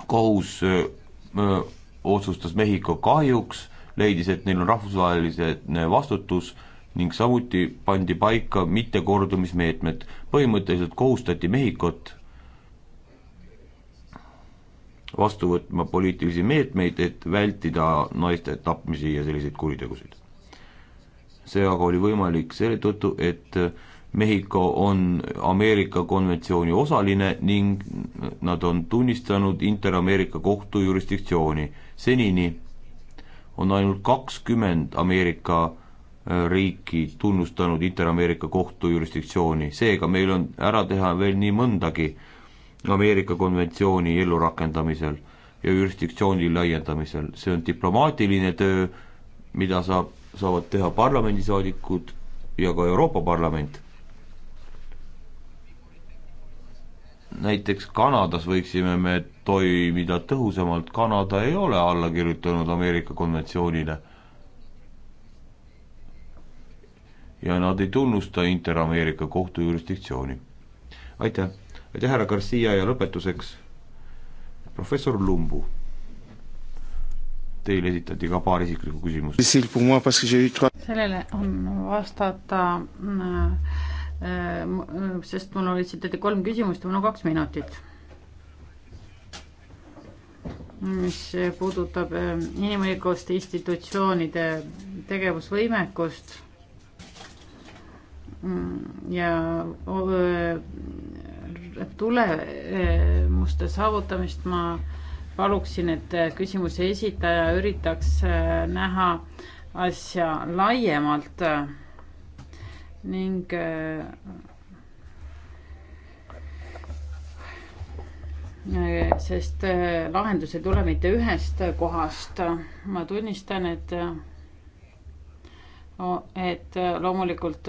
Speaker 6: kohus öö, otsustas Mehhiko kahjuks, leidis, et neil on rahvusvaheline vastutus ning samuti pandi paika mittekordumismeetmed. põhimõtteliselt kohustati Mehhikot vastu võtma poliitilisi meetmeid, et vältida naiste tapmisi ja selliseid kuritegusid. see aga oli võimalik selle tõttu, et Mehhiko on Ameerika konventsiooni osaline ning nad on tunnistanud Inter-Ameerika kohtu jurisdiktsiooni. senini on ainult kakskümmend Ameerika riiki tunnustanud Inter-Ameerika kohtu jurisdiktsiooni, seega meil on ära teha veel nii mõndagi Ameerika konventsiooni ellurakendamisel ja jurisdiktsiooni laiendamisel, see on diplomaatiline töö, mida saab, saavad teha parlamendisaadikud ja ka Euroopa Parlament. näiteks Kanadas võiksime me toimida tõhusamalt, Kanada ei ole alla kirjutanud Ameerika konventsioonile ja nad ei tunnusta Inter-Ameerika kohtu jurisdiktsiooni. aitäh, aitäh, härra Garcia ja lõpetuseks professor Lumbu. Teile esitati ka paar isiklikku
Speaker 1: küsimust.
Speaker 3: sellele on vastata äh, äh, sest mul olid siit kolm küsimust ja mul on kaks minutit. mis puudutab äh, inimõiguste institutsioonide tegevusvõimekust Mm, ja tulemuste saavutamist ma paluksin, et äh, küsimuse esitaja üritaks äh, näha asja laiemalt äh, ning sest lahendus ei tule mitte ühest kohast. ma tunnistan, et, et loomulikult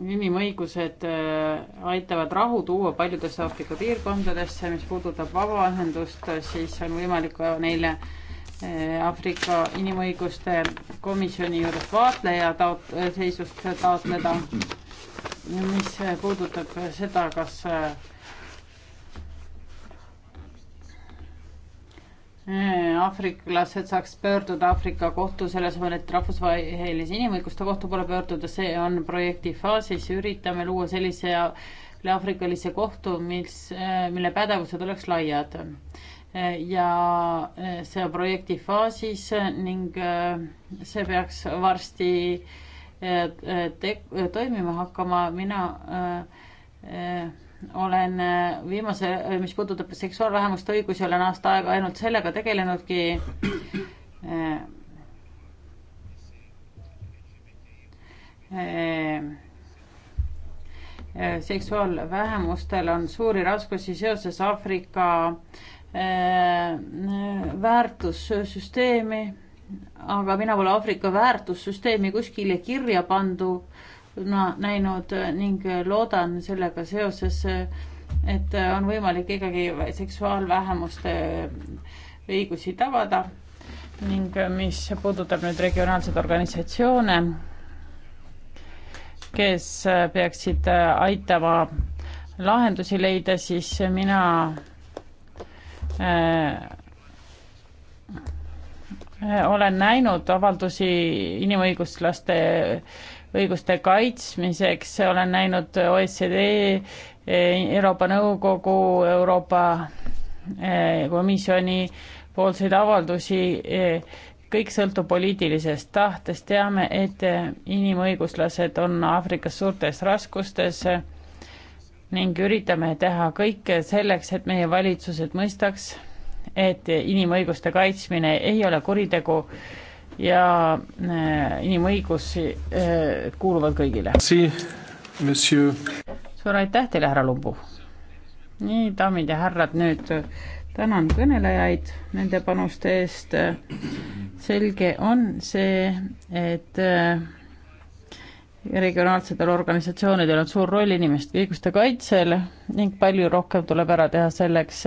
Speaker 3: inimõigused äh, aitavad rahu tuua paljudesse Aafrika piirkondadesse, mis puudutab vabaühendust, siis on võimalik ka neile äh, Aafrika inimõiguste komisjoni juures vaatleja taot-, seisust taotleda, mis puudutab seda, kas äh, Äh, aafriklased saaks pöörduda Aafrika kohtu, selles mõttes, et rahvusvahelise inimõiguste kohtu poole pöörduda, see on projekti faasis, üritame luua sellise aafrikalise kohtu, mis, äh, mille pädevused oleks laiad. Äh, ja see on projekti faasis ning see peaks varsti te-, toimima hakkama, mina äh, äh, olen äh, viimase, äh, mis puudutab seksuaalvähemuste õigusi, olen aasta aega ainult sellega tegelenudki. Äh, seksuaalvähemustel on suuri raskusi seoses Aafrika väärtussüsteemi, aga mina pole Aafrika väärtussüsteemi kuskile kirja pandud no, näinud ning loodan sellega seoses, et on võimalik ikkagi seksuaalvähemuste õigusi tagada ning mis puudutab nüüd regionaalseid organisatsioone, kes peaksid aitama lahendusi leida, siis mina äh, olen näinud avaldusi inimõiguslaste äh, õiguste kaitsmiseks, olen näinud OECD, eh, Euroopa Nõukogu, Euroopa eh, Komisjoni poolseid avaldusi, eh, kõik sõltub poliitilisest tahtest, teame, et inimõiguslased on Aafrikas suurtes raskustes ning üritame teha kõike selleks, et meie valitsused mõistaks, et inimõiguste kaitsmine ei ole kuritegu, ja äh, inimõigusi äh, kuuluvad kõigile. suur aitäh teile, härra Lumbu. nii, daamid ja härrad, nüüd tänan kõnelejaid nende panuste eest. selge on see, et äh, regionaalsetel organisatsioonidel on suur roll inimeste õiguste kaitsel ning palju rohkem tuleb ära teha selleks,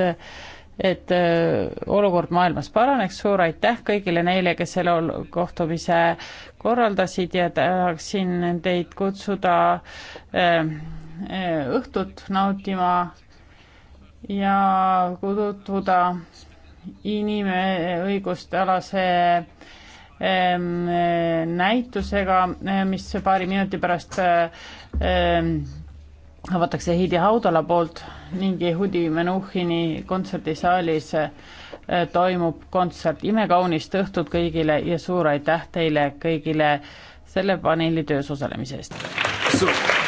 Speaker 3: et äh, olukord maailmas paraneks, suur aitäh kõigile neile, kes selle kohtumise korraldasid ja tahaksin teid kutsuda ähm, äh, õhtut nautima ja tutvuda inimõiguste alase ähm, äh, näitusega, mis paari minuti pärast ähm, avatakse Heidi Haudala poolt ning Yehudi Menuhini kontserdisaalis äh, toimub kontsert Imekaunist õhtut kõigile ja suur aitäh teile kõigile selle paneeli töös osalemise eest!